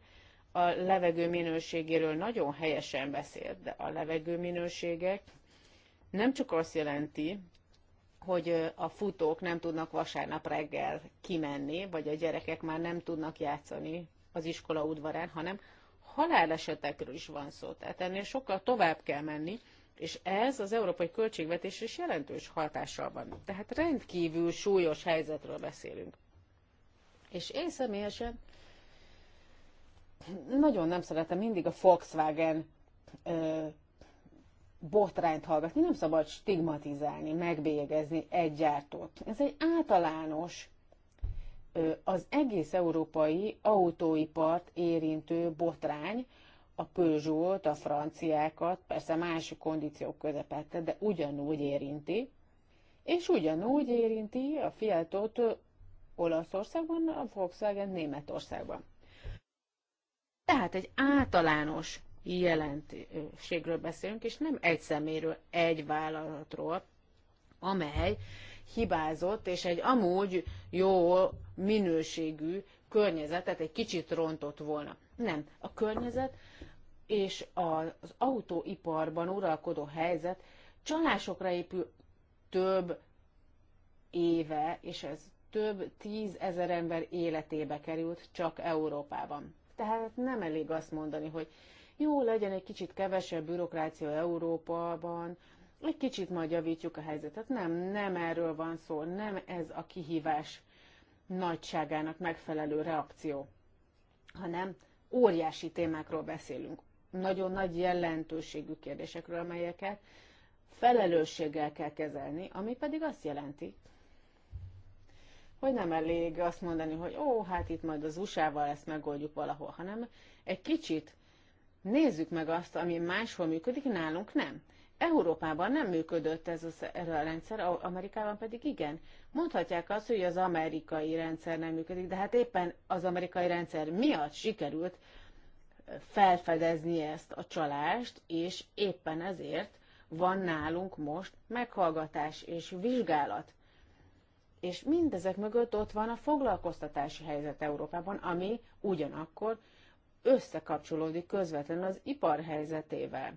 Speaker 2: a levegő minőségéről nagyon helyesen beszélt, de a levegő minőségek nem csak azt jelenti, hogy a futók nem tudnak vasárnap reggel kimenni, vagy a gyerekek már nem tudnak játszani az iskola udvarán, hanem halálesetekről is van szó, tehát ennél sokkal tovább kell menni, és ez az európai költségvetésre is jelentős hatással van. Tehát rendkívül súlyos helyzetről beszélünk. És én személyesen nagyon nem szeretem mindig a Volkswagen ö, botrányt hallgatni, nem szabad stigmatizálni, megbélyegezni egy gyártót. Ez egy általános az egész európai autóipart érintő botrány, a Peugeot, a franciákat, persze más kondíciók közepette, de ugyanúgy érinti, és ugyanúgy érinti a Fiatot Olaszországban, a Volkswagen Németországban. Tehát egy általános jelentőségről beszélünk, és nem egy szeméről, egy vállalatról, amely hibázott, és egy amúgy jó minőségű környezetet egy kicsit rontott volna. Nem, a környezet és az autóiparban uralkodó helyzet csalásokra épül több éve, és ez több tízezer ember életébe került csak Európában. Tehát nem elég azt mondani, hogy jó, legyen egy kicsit kevesebb bürokrácia Európában, egy kicsit majd javítjuk a helyzetet. Nem, nem erről van szó, nem ez a kihívás nagyságának megfelelő reakció, hanem óriási témákról beszélünk, nagyon nagy jelentőségű kérdésekről, amelyeket felelősséggel kell kezelni, ami pedig azt jelenti, hogy nem elég azt mondani, hogy ó, hát itt majd az USA-val ezt megoldjuk valahol, hanem egy kicsit nézzük meg azt, ami máshol működik, nálunk nem. Európában nem működött ez az, erre a rendszer, Amerikában pedig igen. Mondhatják azt, hogy az amerikai rendszer nem működik, de hát éppen az amerikai rendszer miatt sikerült felfedezni ezt a csalást, és éppen ezért van nálunk most meghallgatás és vizsgálat. És mindezek mögött ott van a foglalkoztatási helyzet Európában, ami ugyanakkor összekapcsolódik közvetlenül az ipar helyzetével.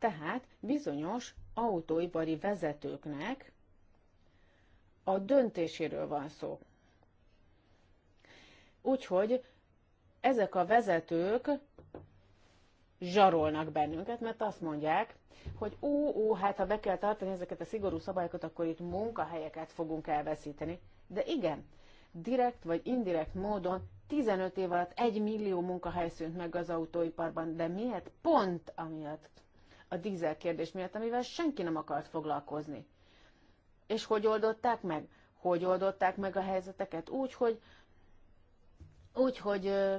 Speaker 2: Tehát bizonyos autóipari vezetőknek a döntéséről van szó. Úgyhogy ezek a vezetők zsarolnak bennünket, mert azt mondják, hogy ú, ú, hát ha be kell tartani ezeket a szigorú szabályokat, akkor itt munkahelyeket fogunk elveszíteni. De igen, direkt vagy indirekt módon 15 év alatt 1 millió munkahely szűnt meg az autóiparban, de miért? Pont amiatt a dízel kérdés miatt, amivel senki nem akart foglalkozni. És hogy oldották meg? Hogy oldották meg a helyzeteket? Úgy, hogy, úgy, hogy ö,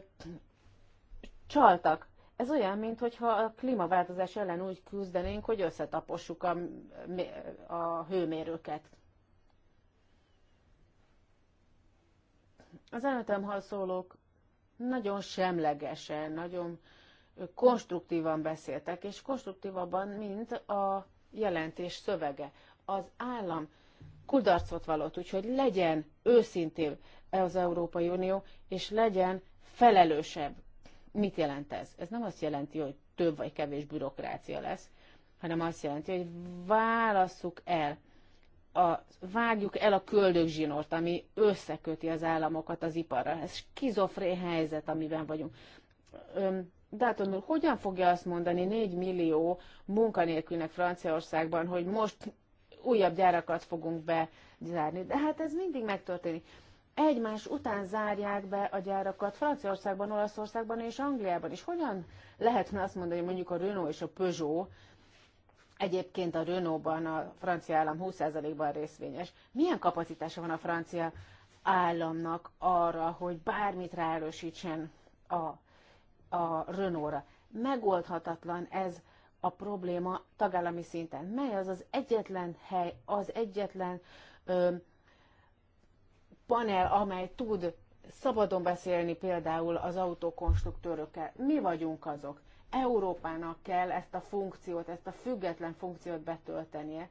Speaker 2: csaltak. Ez olyan, mintha a klímaváltozás ellen úgy küzdenénk, hogy összetapossuk a, a hőmérőket. Az előttem szólók nagyon semlegesen, nagyon konstruktívan beszéltek, és konstruktívabban, mint a jelentés szövege. Az állam kudarcot vallott, úgyhogy legyen őszintén az Európai Unió, és legyen felelősebb. Mit jelent ez? Ez nem azt jelenti, hogy több vagy kevés bürokrácia lesz, hanem azt jelenti, hogy válasszuk el, a, vágjuk el a köldögzsinort, ami összeköti az államokat az iparral. Ez skizofrén helyzet, amiben vagyunk dátonul, hogyan fogja azt mondani 4 millió munkanélkülnek Franciaországban, hogy most újabb gyárakat fogunk bezárni. De hát ez mindig megtörténik. Egymás után zárják be a gyárakat Franciaországban, Olaszországban és Angliában. is. hogyan lehetne azt mondani, hogy mondjuk a Renault és a Peugeot, egyébként a Renault-ban a francia állam 20%-ban részvényes. Milyen kapacitása van a francia államnak arra, hogy bármit ráerősítsen a a Renault-ra. Megoldhatatlan ez a probléma tagállami szinten. Mely az az egyetlen hely, az egyetlen ö, panel, amely tud szabadon beszélni például az autókonstruktőrökkel. Mi vagyunk azok. Európának kell ezt a funkciót, ezt a független funkciót betöltenie.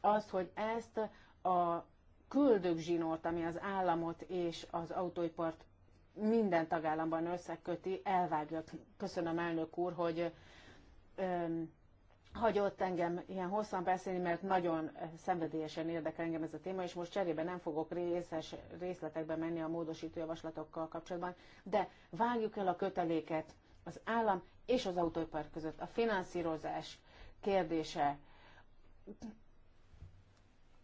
Speaker 2: Az, hogy ezt a küldök zsinót, ami az államot és az autóipart minden tagállamban összeköti, elvágja. Köszönöm, elnök úr, hogy öm, hagyott engem ilyen hosszan beszélni, mert nagyon szenvedélyesen érdekel engem ez a téma, és most cserébe nem fogok részes részletekbe menni a módosító javaslatokkal kapcsolatban, de vágjuk el a köteléket az állam és az autóipar között. A finanszírozás kérdése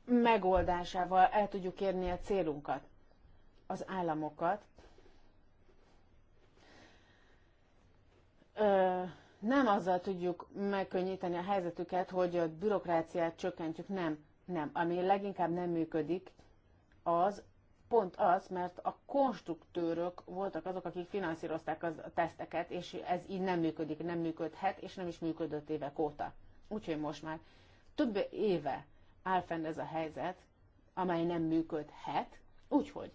Speaker 2: megoldásával el tudjuk érni a célunkat. Az államokat nem azzal tudjuk megkönnyíteni a helyzetüket, hogy a bürokráciát csökkentjük, nem, nem. Ami leginkább nem működik, az pont az, mert a konstruktőrök voltak azok, akik finanszírozták az, a teszteket, és ez így nem működik, nem működhet, és nem is működött évek óta. Úgyhogy most már több éve áll fenn ez a helyzet, amely nem működhet, úgyhogy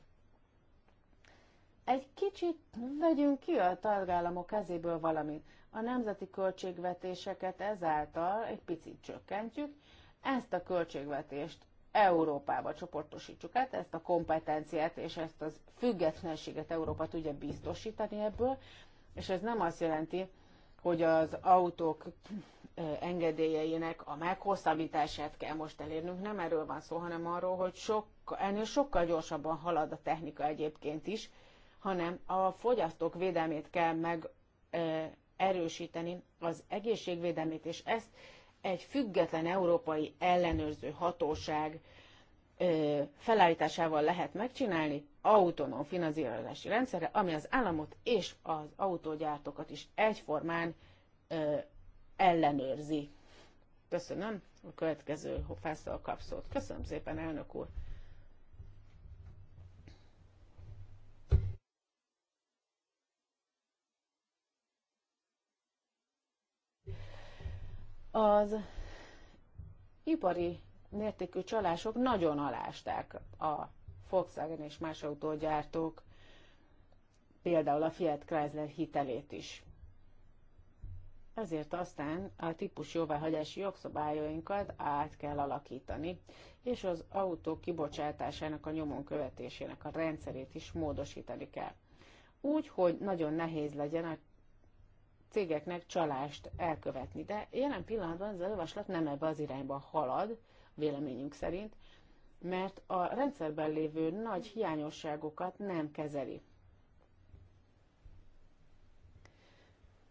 Speaker 2: egy kicsit vegyünk ki a tagállamok kezéből valamit. A nemzeti költségvetéseket ezáltal egy picit csökkentjük, ezt a költségvetést Európába csoportosítsuk át, ezt a kompetenciát és ezt az függetlenséget Európa tudja biztosítani ebből, és ez nem azt jelenti, hogy az autók engedélyeinek a meghosszabbítását kell most elérnünk. Nem erről van szó, hanem arról, hogy sok, ennél sokkal gyorsabban halad a technika egyébként is, hanem a fogyasztók védelmét kell meg erősíteni, az egészségvédelmét, és ezt egy független európai ellenőrző hatóság felállításával lehet megcsinálni, autonóm finanszírozási rendszerre, ami az államot és az autógyártókat is egyformán ö, ellenőrzi. Köszönöm. A következő felszól kapszót. Köszönöm szépen, elnök úr. az ipari mértékű csalások nagyon alásták a Volkswagen és más autógyártók, például a Fiat Chrysler hitelét is. Ezért aztán a típus jóváhagyási jogszabályainkat át kell alakítani, és az autó kibocsátásának a nyomon követésének a rendszerét is módosítani kell. Úgy, hogy nagyon nehéz legyen a cégeknek csalást elkövetni. De jelen pillanatban ez a javaslat nem ebbe az irányba halad, véleményünk szerint, mert a rendszerben lévő nagy hiányosságokat nem kezeli.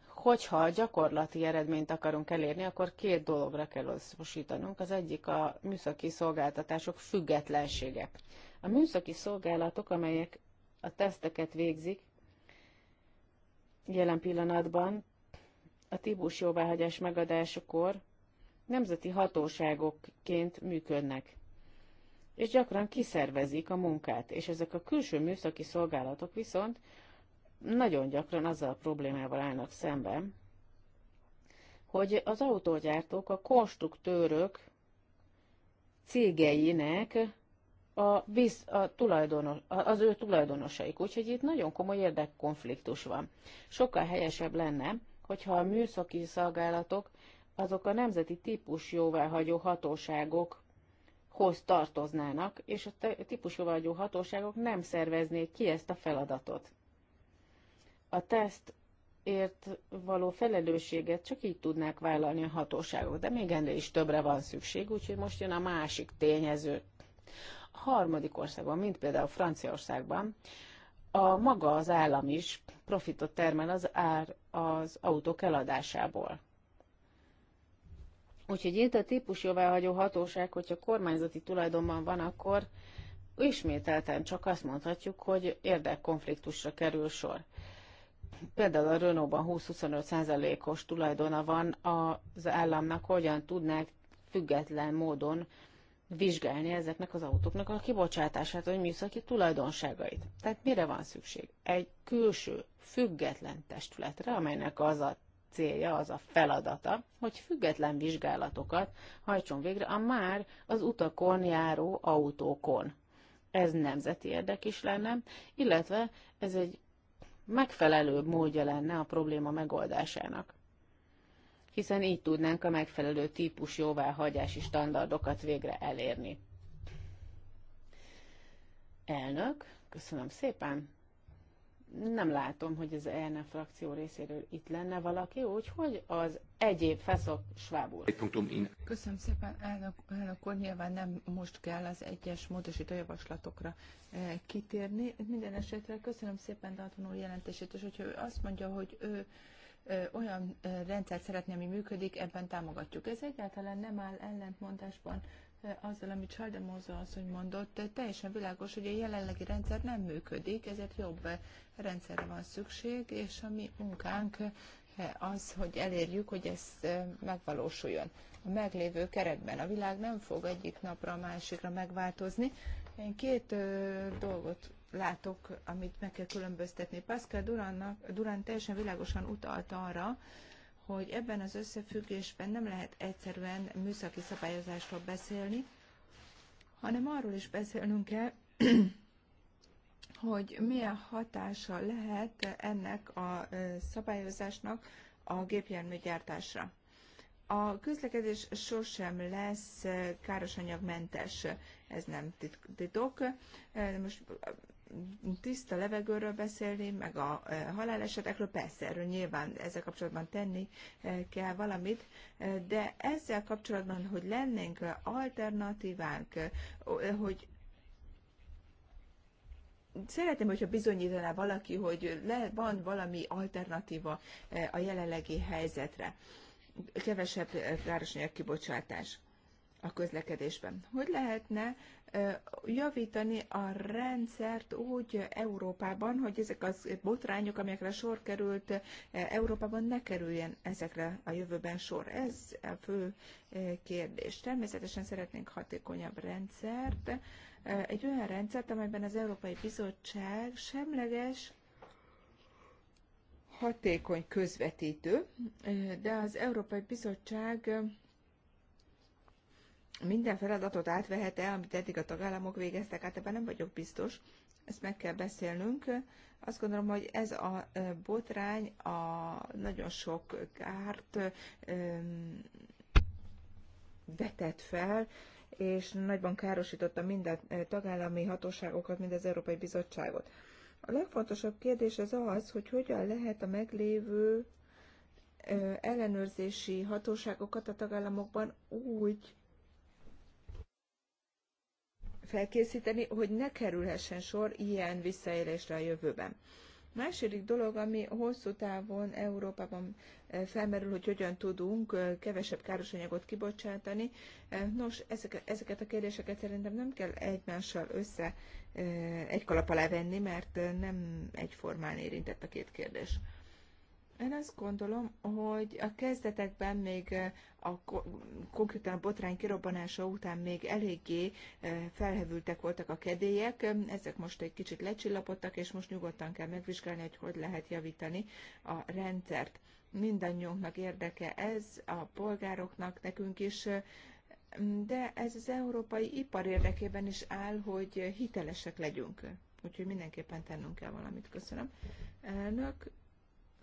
Speaker 2: Hogyha gyakorlati eredményt akarunk elérni, akkor két dologra kell összosítanunk. Az egyik a műszaki szolgáltatások függetlensége. A műszaki szolgálatok, amelyek a teszteket végzik, jelen pillanatban a típus jóváhagyás megadásakor nemzeti hatóságokként működnek, és gyakran kiszervezik a munkát, és ezek a külső műszaki szolgálatok viszont nagyon gyakran azzal a problémával állnak szemben, hogy az autógyártók a konstruktőrök cégeinek a, biz, a tulajdonos, az ő tulajdonosaik. Úgyhogy itt nagyon komoly érdekkonfliktus van. Sokkal helyesebb lenne, hogyha a műszaki szolgálatok azok a nemzeti típus jóváhagyó hatóságokhoz tartoznának, és a típus jóváhagyó hatóságok nem szerveznék ki ezt a feladatot. A tesztért való felelősséget csak így tudnák vállalni a hatóságok, de még ennél is többre van szükség, úgyhogy most jön a másik tényező. A harmadik országban, mint például Franciaországban, a maga az állam is profitot termel az ár az autók eladásából. Úgyhogy itt a jóváhagyó hatóság, hogyha kormányzati tulajdonban van, akkor ismételten csak azt mondhatjuk, hogy érdekkonfliktusra kerül sor. Például a Renault-ban 20-25%-os tulajdona van az államnak, hogyan tudnák független módon vizsgálni ezeknek az autóknak a kibocsátását, vagy műszaki tulajdonságait. Tehát mire van szükség? Egy külső, független testületre, amelynek az a célja, az a feladata, hogy független vizsgálatokat hajtson végre a már az utakon járó autókon. Ez nemzeti érdek is lenne, illetve ez egy megfelelőbb módja lenne a probléma megoldásának hiszen így tudnánk a megfelelő típus jóváhagyási standardokat végre elérni. Elnök, köszönöm szépen. Nem látom, hogy az ELNE frakció részéről itt lenne valaki, úgyhogy az egyéb feszok svábul.
Speaker 3: Köszönöm szépen, elnök, elnök úr, nyilván nem most kell az egyes módosító javaslatokra eh, kitérni. Minden esetre köszönöm szépen Dalton úr jelentését, és hogyha ő azt mondja, hogy ő olyan rendszert szeretni, ami működik, ebben támogatjuk. Ez egyáltalán nem áll ellentmondásban azzal, amit az asszony mondott, teljesen világos, hogy a jelenlegi rendszer nem működik, ezért jobb rendszerre van szükség, és a mi munkánk az, hogy elérjük, hogy ez megvalósuljon. A meglévő keretben a világ nem fog egyik napra a másikra megváltozni. Én két dolgot látok, amit meg kell különböztetni. Pascal Durannak, Durán teljesen világosan utalt arra, hogy ebben az összefüggésben nem lehet egyszerűen műszaki szabályozásról beszélni, hanem arról is beszélnünk kell, hogy milyen hatása lehet ennek a szabályozásnak a gépjárműgyártásra. A közlekedés sosem lesz károsanyagmentes, ez nem titok. Most tiszta levegőről beszélni, meg a e, halálesetekről, persze erről nyilván ezzel kapcsolatban tenni e, kell valamit, e, de ezzel kapcsolatban, hogy lennénk alternatívánk, hogy szeretném, hogyha bizonyítaná valaki, hogy le, van valami alternatíva a jelenlegi helyzetre. Kevesebb károsanyag kibocsátás a közlekedésben. Hogy lehetne javítani a rendszert úgy Európában, hogy ezek az botrányok, amelyekre sor került Európában, ne kerüljen ezekre a jövőben sor. Ez a fő kérdés. Természetesen szeretnénk hatékonyabb rendszert, egy olyan rendszert, amelyben az Európai Bizottság semleges, hatékony közvetítő, de az Európai Bizottság minden feladatot átvehet-e, amit eddig a tagállamok végeztek, hát ebben nem vagyok biztos, ezt meg kell beszélnünk. Azt gondolom, hogy ez a botrány a nagyon sok kárt vetett fel, és nagyban károsította minden tagállami hatóságokat, mind az Európai Bizottságot. A legfontosabb kérdés az az, hogy hogyan lehet a meglévő ellenőrzési hatóságokat a tagállamokban úgy felkészíteni, hogy ne kerülhessen sor ilyen visszaélésre a jövőben. Második dolog, ami hosszú távon Európában eh, felmerül, hogy hogyan tudunk eh, kevesebb károsanyagot kibocsátani. Eh, nos, ezeket a kérdéseket szerintem nem kell egymással össze egy kalap alá venni, mert nem egyformán érintett a két kérdés. Én azt gondolom, hogy a kezdetekben még eh, a konkrétan a botrány kirobbanása után még eléggé eh, felhevültek voltak a kedélyek, ezek most egy kicsit lecsillapodtak, és most nyugodtan kell megvizsgálni, hogy hogy lehet javítani a rendszert. Mindannyiunknak érdeke ez, a polgároknak, nekünk is, de ez az európai ipar érdekében is áll, hogy hitelesek legyünk. Úgyhogy mindenképpen tennünk kell valamit. Köszönöm. Elnök,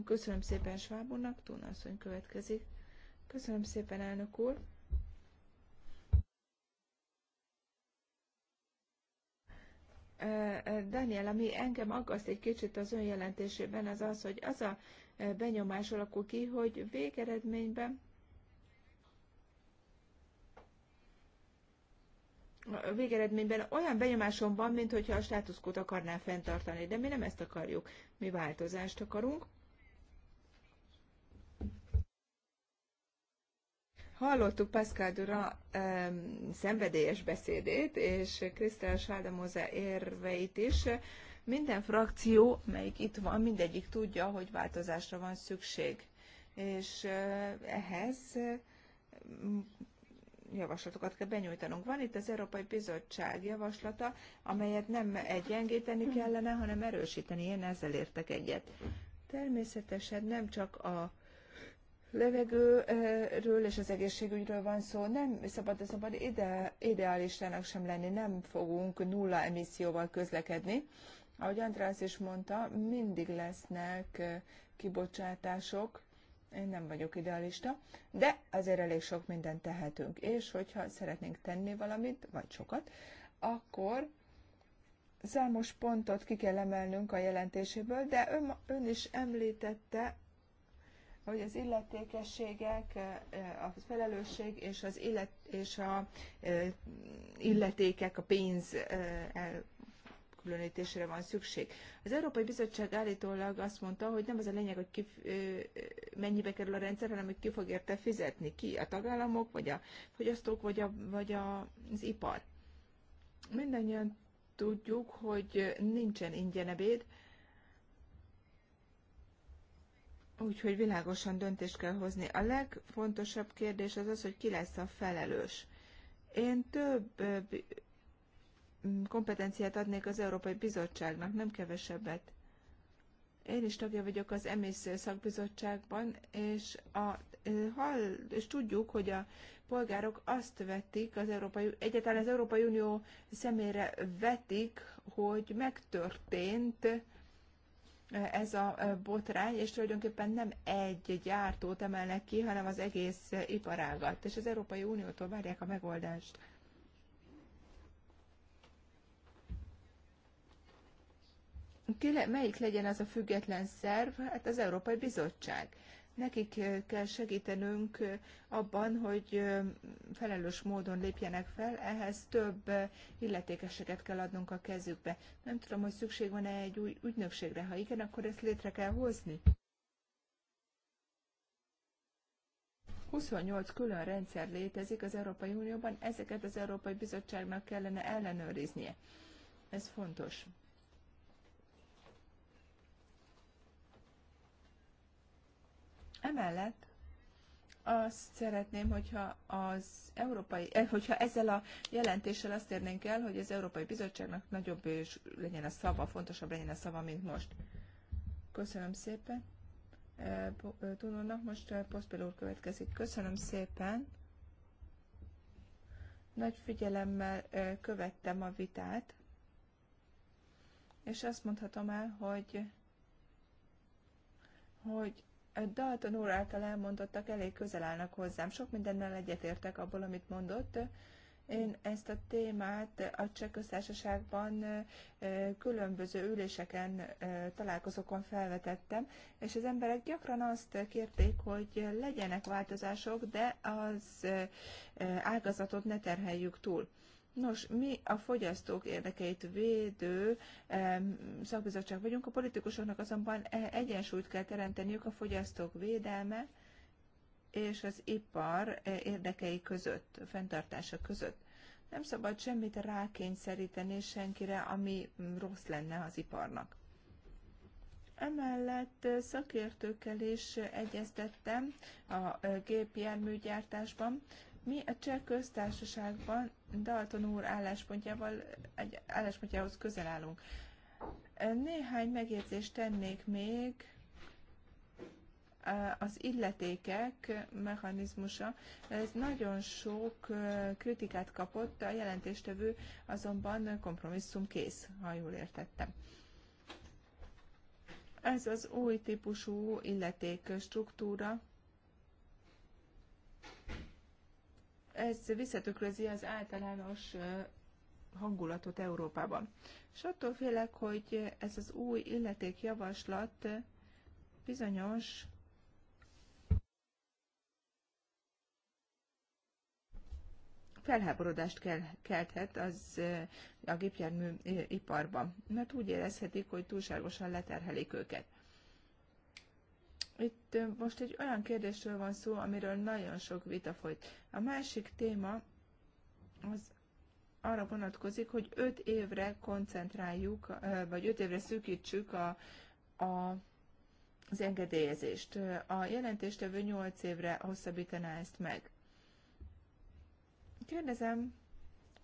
Speaker 3: Köszönöm szépen úrnak, Tónasszony következik. Köszönöm szépen, elnök úr. Daniel, ami engem aggaszt egy kicsit az ön jelentésében, az az, hogy az a benyomás alakul ki, hogy végeredményben végeredményben olyan benyomásom van, mintha a státuszkót akarná fenntartani, de mi nem ezt akarjuk, mi változást akarunk. Hallottuk Pascal Dura um, szenvedélyes beszédét, és Krisztel Sáldamóza érveit is. Minden frakció, melyik itt van, mindegyik tudja, hogy változásra van szükség. És uh, ehhez uh, javaslatokat kell benyújtanunk. Van itt az Európai Bizottság javaslata, amelyet nem gyengíteni kellene, hanem erősíteni. Én ezzel értek egyet. Természetesen nem csak a levegőről és az egészségügyről van szó, nem szabad, szabad ide, ideálisának sem lenni, nem fogunk nulla emisszióval közlekedni. Ahogy András is mondta, mindig lesznek kibocsátások, én nem vagyok idealista, de azért elég sok mindent tehetünk, és hogyha szeretnénk tenni valamit, vagy sokat, akkor számos pontot ki kell emelnünk a jelentéséből, de ön, ön is említette hogy az illetékességek, a felelősség és az illet, és a illetékek, a pénz különítésére van szükség. Az Európai Bizottság állítólag azt mondta, hogy nem az a lényeg, hogy ki, mennyibe kerül a rendszer, hanem hogy ki fog érte fizetni, ki a tagállamok, vagy a fogyasztók, vagy, a, vagy a, az ipar. Mindannyian tudjuk, hogy nincsen ingyen ebéd, Úgyhogy világosan döntést kell hozni. A legfontosabb kérdés az az, hogy ki lesz a felelős. Én több kompetenciát adnék az Európai Bizottságnak, nem kevesebbet. Én is tagja vagyok az EMISZ szakbizottságban, és, a, hall, és tudjuk, hogy a polgárok azt vetik, az Európai, egyáltalán az Európai Unió szemére vetik, hogy megtörtént ez a botrány, és tulajdonképpen nem egy gyártót emelnek ki, hanem az egész iparágat, és az Európai Uniótól várják a megoldást. Ki le, melyik legyen az a független szerv? Hát az Európai Bizottság. Nekik kell segítenünk abban, hogy felelős módon lépjenek fel, ehhez több illetékeseket kell adnunk a kezükbe. Nem tudom, hogy szükség van-e egy új ügynökségre, ha igen, akkor ezt létre kell hozni. 28 külön rendszer létezik az Európai Unióban, ezeket az Európai Bizottságnak kellene ellenőriznie. Ez fontos. Emellett azt szeretném, hogyha az európai, eh, hogyha ezzel a jelentéssel azt érnénk el, hogy az Európai Bizottságnak nagyobb és legyen a szava, fontosabb legyen a szava, mint most. Köszönöm szépen. Eh, eh, Tunónak most Poszpil úr következik. Köszönöm szépen. Nagy figyelemmel követtem a vitát, és azt mondhatom el, hogy hogy Dalton úr által elmondottak elég közel állnak hozzám. Sok mindennel egyetértek abból, amit mondott. Én ezt a témát a Cseh Köztársaságban különböző üléseken, találkozókon felvetettem, és az emberek gyakran azt kérték, hogy legyenek változások, de az ágazatot ne terheljük túl. Nos, mi a fogyasztók érdekeit védő szakbizottság vagyunk, a politikusoknak azonban e, egyensúlyt kell teremteniük a fogyasztók védelme és az ipar e, érdekei között, fenntartása között. Nem szabad semmit rákényszeríteni senkire, ami rossz lenne az iparnak. Emellett e, szakértőkkel is egyeztettem a gépjárműgyártásban, mi a cseh köztársaságban Dalton úr álláspontjával, egy álláspontjához közel állunk. Néhány megjegyzést tennék még az illetékek mechanizmusa, ez nagyon sok kritikát kapott, a jelentéstevő azonban kompromisszum kész, ha jól értettem. Ez az új típusú illeték struktúra, Ez visszatükrözi az általános hangulatot Európában. És attól félek, hogy ez az új illetékjavaslat bizonyos felháborodást kell, kelthet az a gépjármű iparban, mert úgy érezhetik, hogy túlságosan leterhelik őket. Itt most egy olyan kérdésről van szó, amiről nagyon sok vita folyt. A másik téma az arra vonatkozik, hogy öt évre koncentráljuk, vagy öt évre szűkítsük a, a, az engedélyezést. A jelentéstevő 8 évre hosszabbítaná ezt meg. Kérdezem,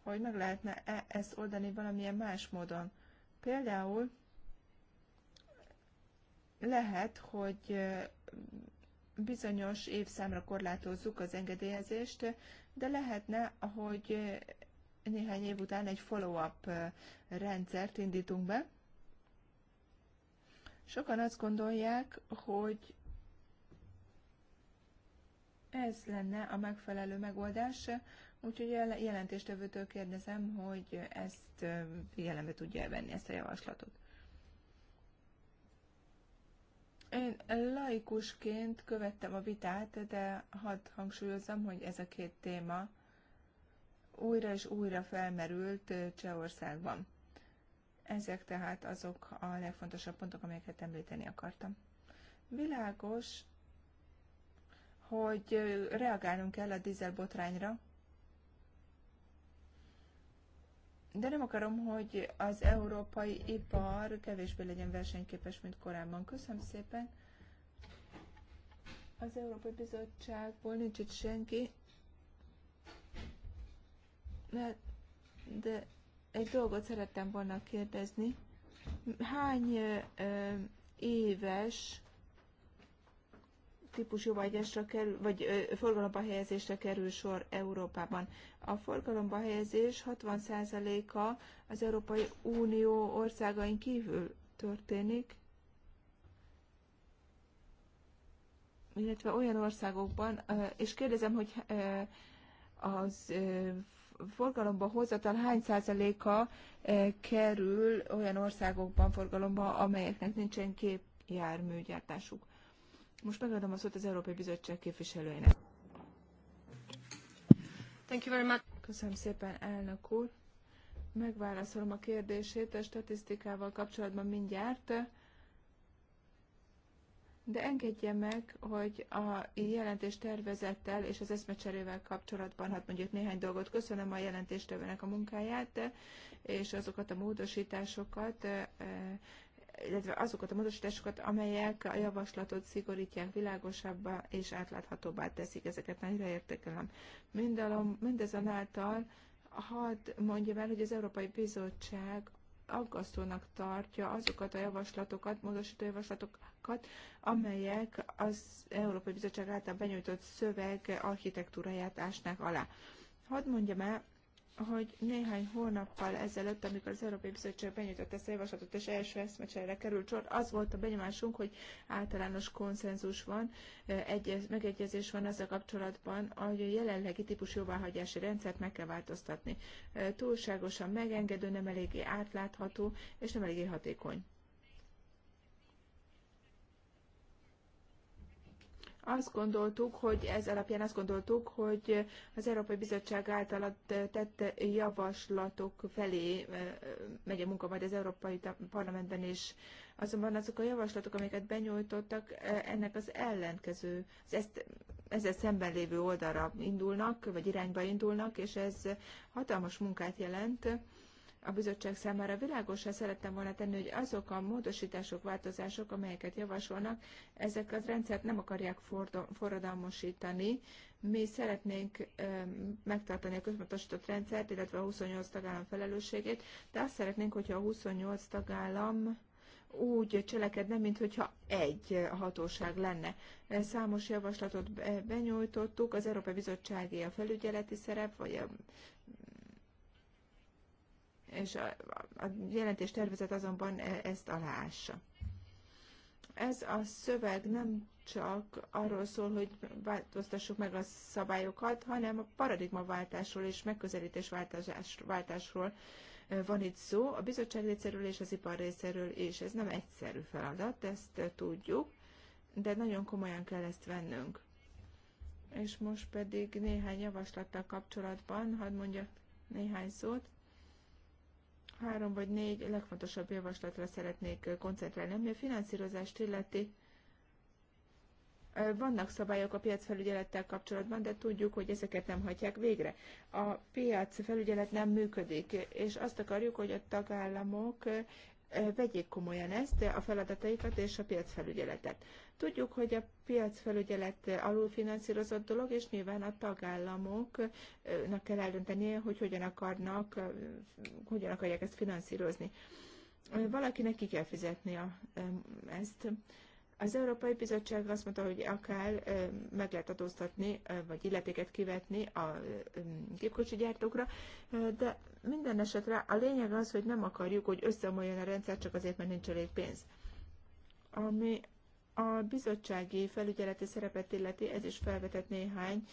Speaker 3: hogy meg lehetne -e ezt oldani valamilyen más módon. Például lehet, hogy bizonyos évszámra korlátozzuk az engedélyezést, de lehetne, hogy néhány év után egy follow-up rendszert indítunk be. Sokan azt gondolják, hogy ez lenne a megfelelő megoldás, úgyhogy a jelentéstevőtől kérdezem, hogy ezt figyelembe tudja venni ezt a javaslatot. Én laikusként követtem a vitát, de hadd hangsúlyozom, hogy ez a két téma újra és újra felmerült Csehországban. Ezek tehát azok a legfontosabb pontok, amelyeket említeni akartam. Világos, hogy reagálnunk kell a dízelbotrányra, De nem akarom, hogy az európai ipar kevésbé legyen versenyképes, mint korábban. Köszönöm szépen. Az Európai Bizottságból nincs itt senki. De, de egy dolgot szerettem volna kérdezni. Hány ö, éves típusú vágyásra kerül, vagy forgalomba helyezésre kerül sor Európában. A forgalomba helyezés 60%-a az Európai Unió országain kívül történik, illetve olyan országokban, és kérdezem, hogy az forgalomba hozatal hány százaléka kerül olyan országokban forgalomba, amelyeknek nincsen járműgyártásuk. Most megadom a szót az Európai Bizottság képviselőjének. Thank you very much. Köszönöm szépen, elnök úr. Megválaszolom a kérdését a statisztikával kapcsolatban mindjárt, de engedje meg, hogy a jelentés tervezettel és az eszmecserével kapcsolatban hát mondjuk néhány dolgot. Köszönöm a jelentéstevőnek a munkáját, és azokat a módosításokat, illetve azokat a módosításokat, amelyek a javaslatot szigorítják, világosabbá és átláthatóbbá teszik. Ezeket nagyra értékelem. Mindezonáltal hadd mondjam el, hogy az Európai Bizottság aggasztónak tartja azokat a javaslatokat, módosító javaslatokat, amelyek az Európai Bizottság által benyújtott szöveg architektúráját ásnák alá. Hadd mondjam el, hogy néhány hónappal ezelőtt, amikor az Európai Bizottság benyújtott ezt a javaslatot, és első eszmecserre került sor, az volt a benyomásunk, hogy általános konszenzus van, egyez, megegyezés van ezzel a kapcsolatban, hogy a jelenlegi típus jóváhagyási rendszert meg kell változtatni. Túlságosan megengedő, nem eléggé átlátható, és nem eléggé hatékony. Azt gondoltuk, hogy ez alapján azt gondoltuk, hogy az Európai Bizottság által tett javaslatok felé megy a munka majd az Európai Parlamentben is. Azonban azok a javaslatok, amiket benyújtottak, ennek az ellenkező, az ezt, ezzel szemben lévő oldalra indulnak, vagy irányba indulnak, és ez hatalmas munkát jelent a bizottság számára világosra szerettem volna tenni, hogy azok a módosítások, változások, amelyeket javasolnak, ezek az rendszert nem akarják forradalmosítani. Mi szeretnénk megtartani a közmatosított rendszert, illetve a 28 tagállam felelősségét, de azt szeretnénk, hogyha a 28 tagállam úgy cselekedne, mintha egy hatóság lenne. Számos javaslatot benyújtottuk, az Európai Bizottságé a felügyeleti szerep, vagy a és a, a jelentés tervezet azonban e, ezt aláássa. Ez a szöveg nem csak arról szól, hogy változtassuk meg a szabályokat, hanem a paradigmaváltásról és megközelítésváltásról e, van itt szó, a bizottság részéről és az ipar részéről és Ez nem egyszerű feladat, ezt e, tudjuk, de nagyon komolyan kell ezt vennünk. És most pedig néhány javaslattal kapcsolatban, hadd mondjak néhány szót három vagy négy legfontosabb javaslatra szeretnék koncentrálni, ami a finanszírozást illeti. Vannak szabályok a piacfelügyelettel kapcsolatban, de tudjuk, hogy ezeket nem hagyják végre. A piacfelügyelet nem működik, és azt akarjuk, hogy a tagállamok vegyék komolyan ezt, a feladataikat és a piacfelügyeletet. Tudjuk, hogy a piacfelügyelet alulfinanszírozott dolog, és nyilván a tagállamoknak kell eldöntenie, hogy hogyan akarnak, hogyan akarják ezt finanszírozni. Valakinek ki kell fizetni ezt. Az Európai Bizottság azt mondta, hogy akár meg lehet adóztatni, vagy illetéket kivetni a gépkocsi gyártókra, de minden esetre a lényeg az, hogy nem akarjuk, hogy összeomoljon a rendszer csak azért, mert nincs elég pénz. Ami a bizottsági felügyeleti szerepet illeti, ez is felvetett néhány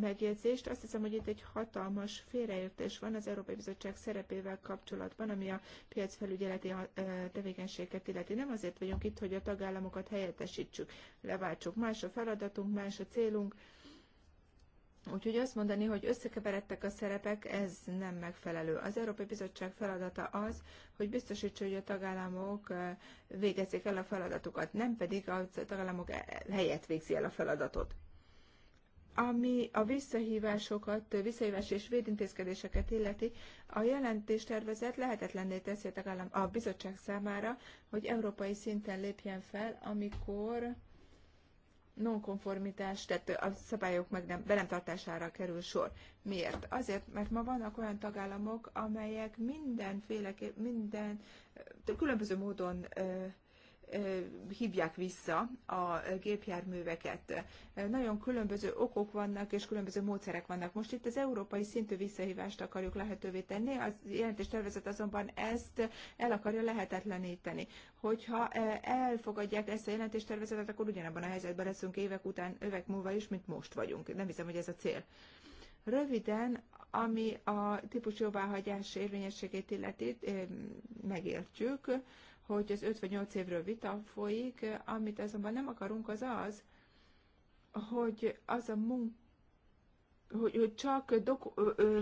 Speaker 3: megjegyzést. Azt hiszem, hogy itt egy hatalmas félreértés van az Európai Bizottság szerepével kapcsolatban, ami a piacfelügyeleti tevékenységet illeti. Nem azért vagyunk itt, hogy a tagállamokat helyettesítsük, leváltsuk. Más a feladatunk, más a célunk, Úgyhogy azt mondani, hogy összekeveredtek a szerepek, ez nem megfelelő. Az Európai Bizottság feladata az, hogy biztosítsa, hogy a tagállamok végezzék el a feladatukat, nem pedig a tagállamok e- helyett végzi el a feladatot. Ami a visszahívásokat, visszahívás és védintézkedéseket illeti, a jelentéstervezet lehetetlenné teszi a, tagállam, a bizottság számára, hogy európai szinten lépjen fel, amikor nonkonformitás, tehát a szabályok meg nem, be nem tartására kerül sor. Miért? Azért, mert ma vannak olyan tagállamok, amelyek mindenféle, minden különböző módon hívják vissza a gépjárműveket. Nagyon különböző okok vannak, és különböző módszerek vannak. Most itt az európai szintű visszahívást akarjuk lehetővé tenni, az jelentés tervezet azonban ezt el akarja lehetetleníteni. Hogyha elfogadják ezt a jelentéstervezetet, akkor ugyanabban a helyzetben leszünk évek után, évek múlva is, mint most vagyunk. Nem hiszem, hogy ez a cél. Röviden, ami a típus jóváhagyás érvényességét illeti, megértjük, hogy az 5 vagy 8 évről vita folyik, amit azonban nem akarunk, az az, hogy az a munka, hogy, hogy csak dok, ö, ö,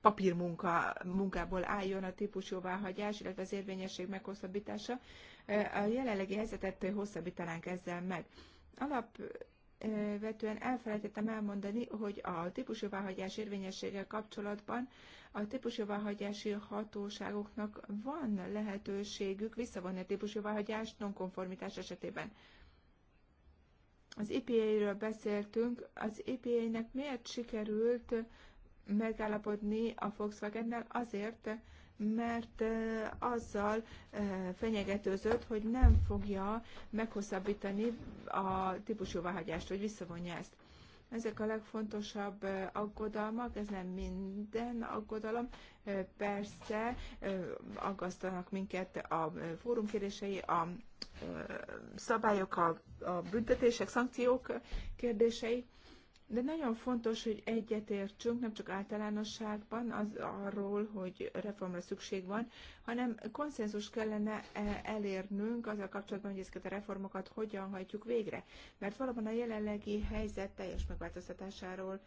Speaker 3: papírmunka munkából álljon a típus jóváhagyás, illetve az érvényesség meghosszabbítása. A jelenlegi helyzetet hosszabbítanánk ezzel meg. Alap vetően elfelejtettem elmondani, hogy a típusjóváhagyás érvényességgel kapcsolatban a típusjóváhagyási hatóságoknak van lehetőségük visszavonni a típusjóváhagyást nonkonformitás esetében. Az EPA-ről beszéltünk, az EPA-nek miért sikerült megállapodni a Volkswagen-nel? Azért, mert azzal fenyegetőzött, hogy nem fogja meghosszabbítani a típusú típusjóváhagyást, hogy visszavonja ezt. Ezek a legfontosabb aggodalmak, ez nem minden aggodalom, persze aggasztanak minket a fórum kérdései, a szabályok, a, a büntetések, szankciók kérdései, de nagyon fontos, hogy egyetértsünk, nem csak általánosságban az arról, hogy reformra szükség van, hanem konszenzus kellene eh, elérnünk azzal kapcsolatban, hogy ezeket a reformokat hogyan hajtjuk végre. Mert valóban a jelenlegi helyzet teljes megváltoztatásáról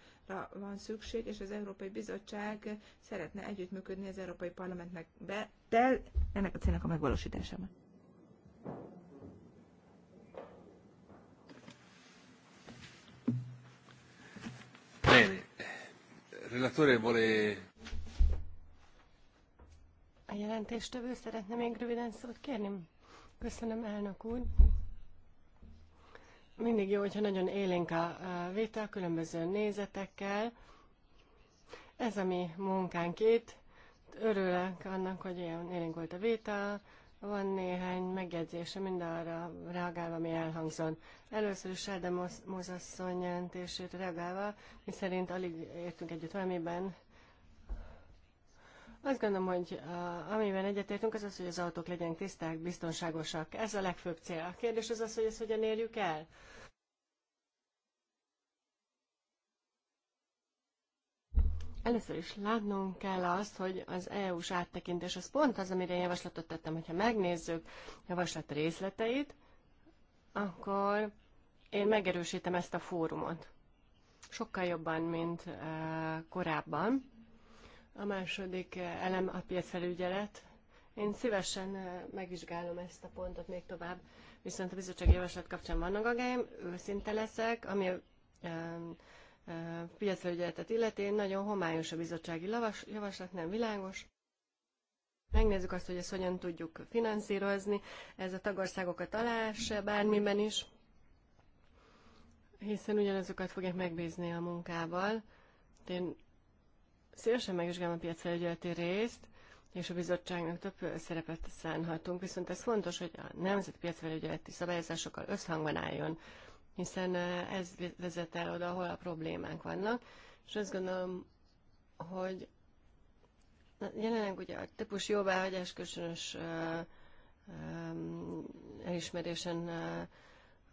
Speaker 3: van szükség, és az Európai Bizottság szeretne együttműködni az Európai Parlamentnek be, tel ennek a célnak a megvalósításában.
Speaker 4: A jelentéstevő szeretne még röviden szót kérni? Köszönöm, elnök úr. Mindig jó, hogyha nagyon élénk a vita, különböző nézetekkel. Ez a mi munkánk itt. Örülök annak, hogy ilyen élénk volt a vita, van néhány megjegyzése mindarra reagálva, ami elhangzon. Először is Sáda Mozasszony jelentését reagálva, mi szerint alig értünk együtt valamiben. Azt gondolom, hogy uh, amiben egyetértünk, az az, hogy az autók legyenek tiszták, biztonságosak. Ez a legfőbb cél. A kérdés az az, hogy ezt hogyan érjük el. Először is látnunk kell azt, hogy az EU-s áttekintés az pont az, amire én javaslatot tettem, hogyha megnézzük javaslat részleteit, akkor én megerősítem ezt a fórumot. Sokkal jobban, mint eh, korábban. A második eh, elem a piacfelügyelet. Én szívesen eh, megvizsgálom ezt a pontot még tovább, viszont a bizottsági javaslat kapcsán vannak agályom, őszinte leszek, ami piacfelügyeletet illetén nagyon homályos a bizottsági javaslat, nem világos. Megnézzük azt, hogy ezt hogyan tudjuk finanszírozni. Ez a tagországokat alás bármiben is, hiszen ugyanazokat fogják megbízni a munkával. Én szívesen megvizsgálom a piacfelügyeleti részt, és a bizottságnak több szerepet szánhatunk, viszont ez fontos, hogy a nemzeti piacfelügyeleti szabályozásokkal összhangban álljon hiszen ez vezet el oda, ahol a problémánk vannak. És azt gondolom, hogy jelenleg ugye a típus jóváhagyás kölcsönös elismerésen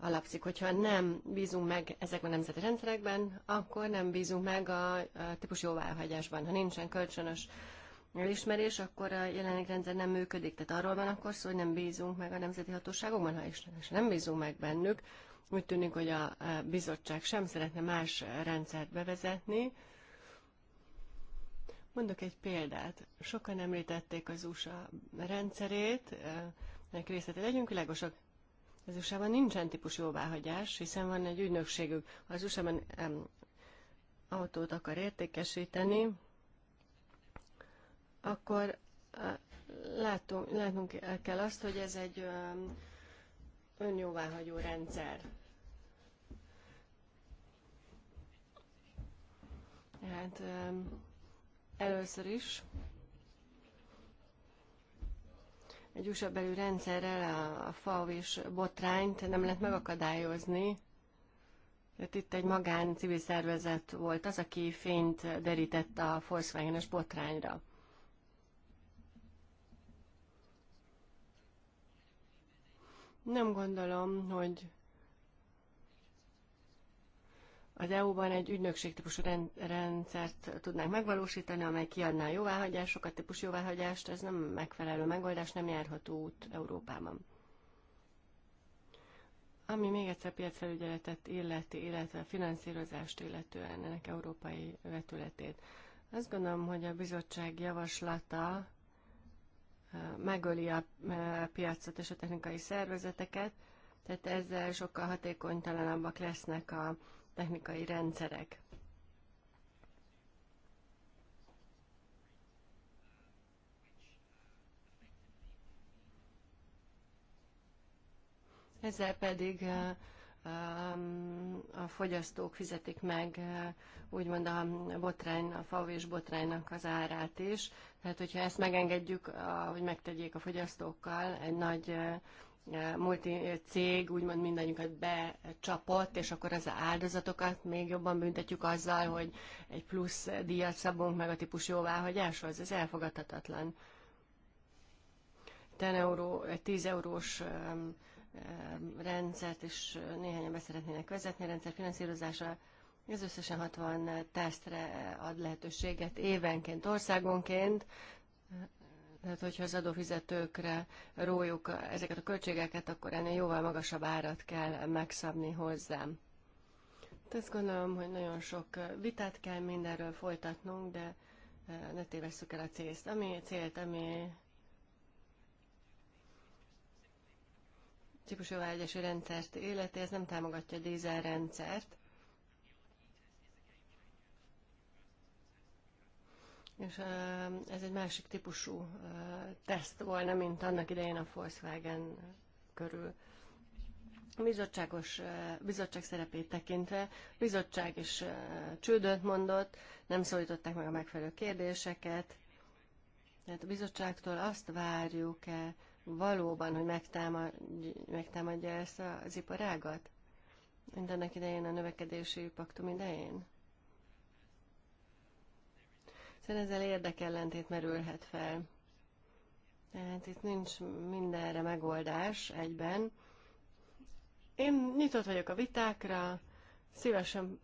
Speaker 4: alapszik. Hogyha nem bízunk meg ezekben a nemzeti rendszerekben, akkor nem bízunk meg a, a típus jóváhagyásban. Ha nincsen kölcsönös elismerés, akkor a jelenleg rendszer nem működik. Tehát arról van akkor szó, hogy nem bízunk meg a nemzeti hatóságokban, ha is nem bízunk meg bennük, úgy tűnik, hogy a bizottság sem szeretne más rendszert bevezetni. Mondok egy példát. Sokan említették az USA rendszerét, nek részlete legyünk világosak. Az USA-ban nincsen típus jóváhagyás, hiszen van egy ügynökségük. Ha az USA-ban autót akar értékesíteni, akkor látunk, látunk kell azt, hogy ez egy önjóváhagyó rendszer. um, először is egy USA belül rendszerrel a FAO és botrányt nem lehet megakadályozni. Tehát itt egy magán civil szervezet volt az, aki fényt derített a Volkswagen-es botrányra. Nem gondolom, hogy az EU-ban egy ügynökség típusú rendszert tudnánk megvalósítani, amely kiadná jóváhagyásokat, típus jóváhagyást, ez nem megfelelő megoldás, nem járható út Európában. Ami még egyszer piacfelügyeletet illeti, illetve finanszírozást illetően ennek európai vetületét. Azt gondolom, hogy a bizottság javaslata megöli a piacot és a technikai szervezeteket, tehát ezzel sokkal hatékonytalanabbak lesznek a technikai rendszerek. Ezzel pedig a fogyasztók fizetik meg úgymond a botrány, a fav és botránynak az árát is. Tehát, hogyha ezt megengedjük, hogy megtegyék a fogyasztókkal, egy nagy multi cég úgymond mindannyiukat becsapott, és akkor az áldozatokat még jobban büntetjük azzal, hogy egy plusz díjat szabunk meg a típus jóváhagyáshoz. Ez elfogadhatatlan. 10, euró, 10 eurós rendszert is néhányan beszeretnének vezetni, a rendszer finanszírozása ez összesen 60 tesztre ad lehetőséget évenként, országonként, tehát, hogyha az adófizetőkre rójuk ezeket a költségeket, akkor ennél jóval magasabb árat kell megszabni hozzám. Tehát azt gondolom, hogy nagyon sok vitát kell mindenről folytatnunk, de eh, ne tévesszük el a célt, ami célt, ami típusú vágyási rendszert életi, ez nem támogatja a dízelrendszert, És ez egy másik típusú teszt volna, mint annak idején a Volkswagen körül. A bizottságos, bizottság szerepét tekintve, a bizottság is csődöt mondott, nem szólították meg a megfelelő kérdéseket. Tehát a bizottságtól azt várjuk-e valóban, hogy megtámadja, megtámadja ezt az iparágat? Mint annak idején a növekedési paktum idején? hiszen ezzel érdekellentét merülhet fel. Tehát itt nincs mindenre megoldás egyben. Én nyitott vagyok a vitákra, szívesen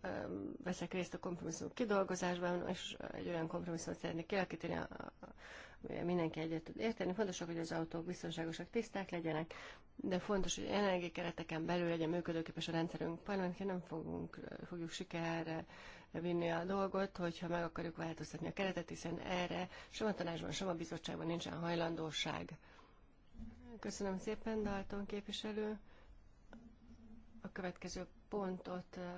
Speaker 4: veszek részt a kompromisszum kidolgozásban, és egy olyan kompromisszumot szeretnék kialakítani, amivel mindenki egyet tud érteni. Fontosak, hogy az autók biztonságosak, tiszták legyenek, de fontos, hogy energiakereteken belül legyen működőképes a rendszerünk. Parlamentként nem fogunk, fogjuk sikerre vinni a dolgot, hogyha meg akarjuk változtatni a keretet, hiszen erre sem a tanácsban, sem a bizottságban nincsen hajlandóság. Köszönöm szépen, Dalton képviselő. A következő pontot eh,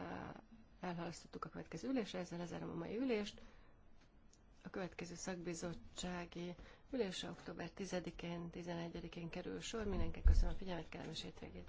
Speaker 4: elhalasztottuk a következő ülésre, ezzel lezárom a mai ülést. A következő szakbizottsági ülése október 10-én, 11-én kerül sor. Mindenki köszönöm a figyelmet, kellemes hétvégét!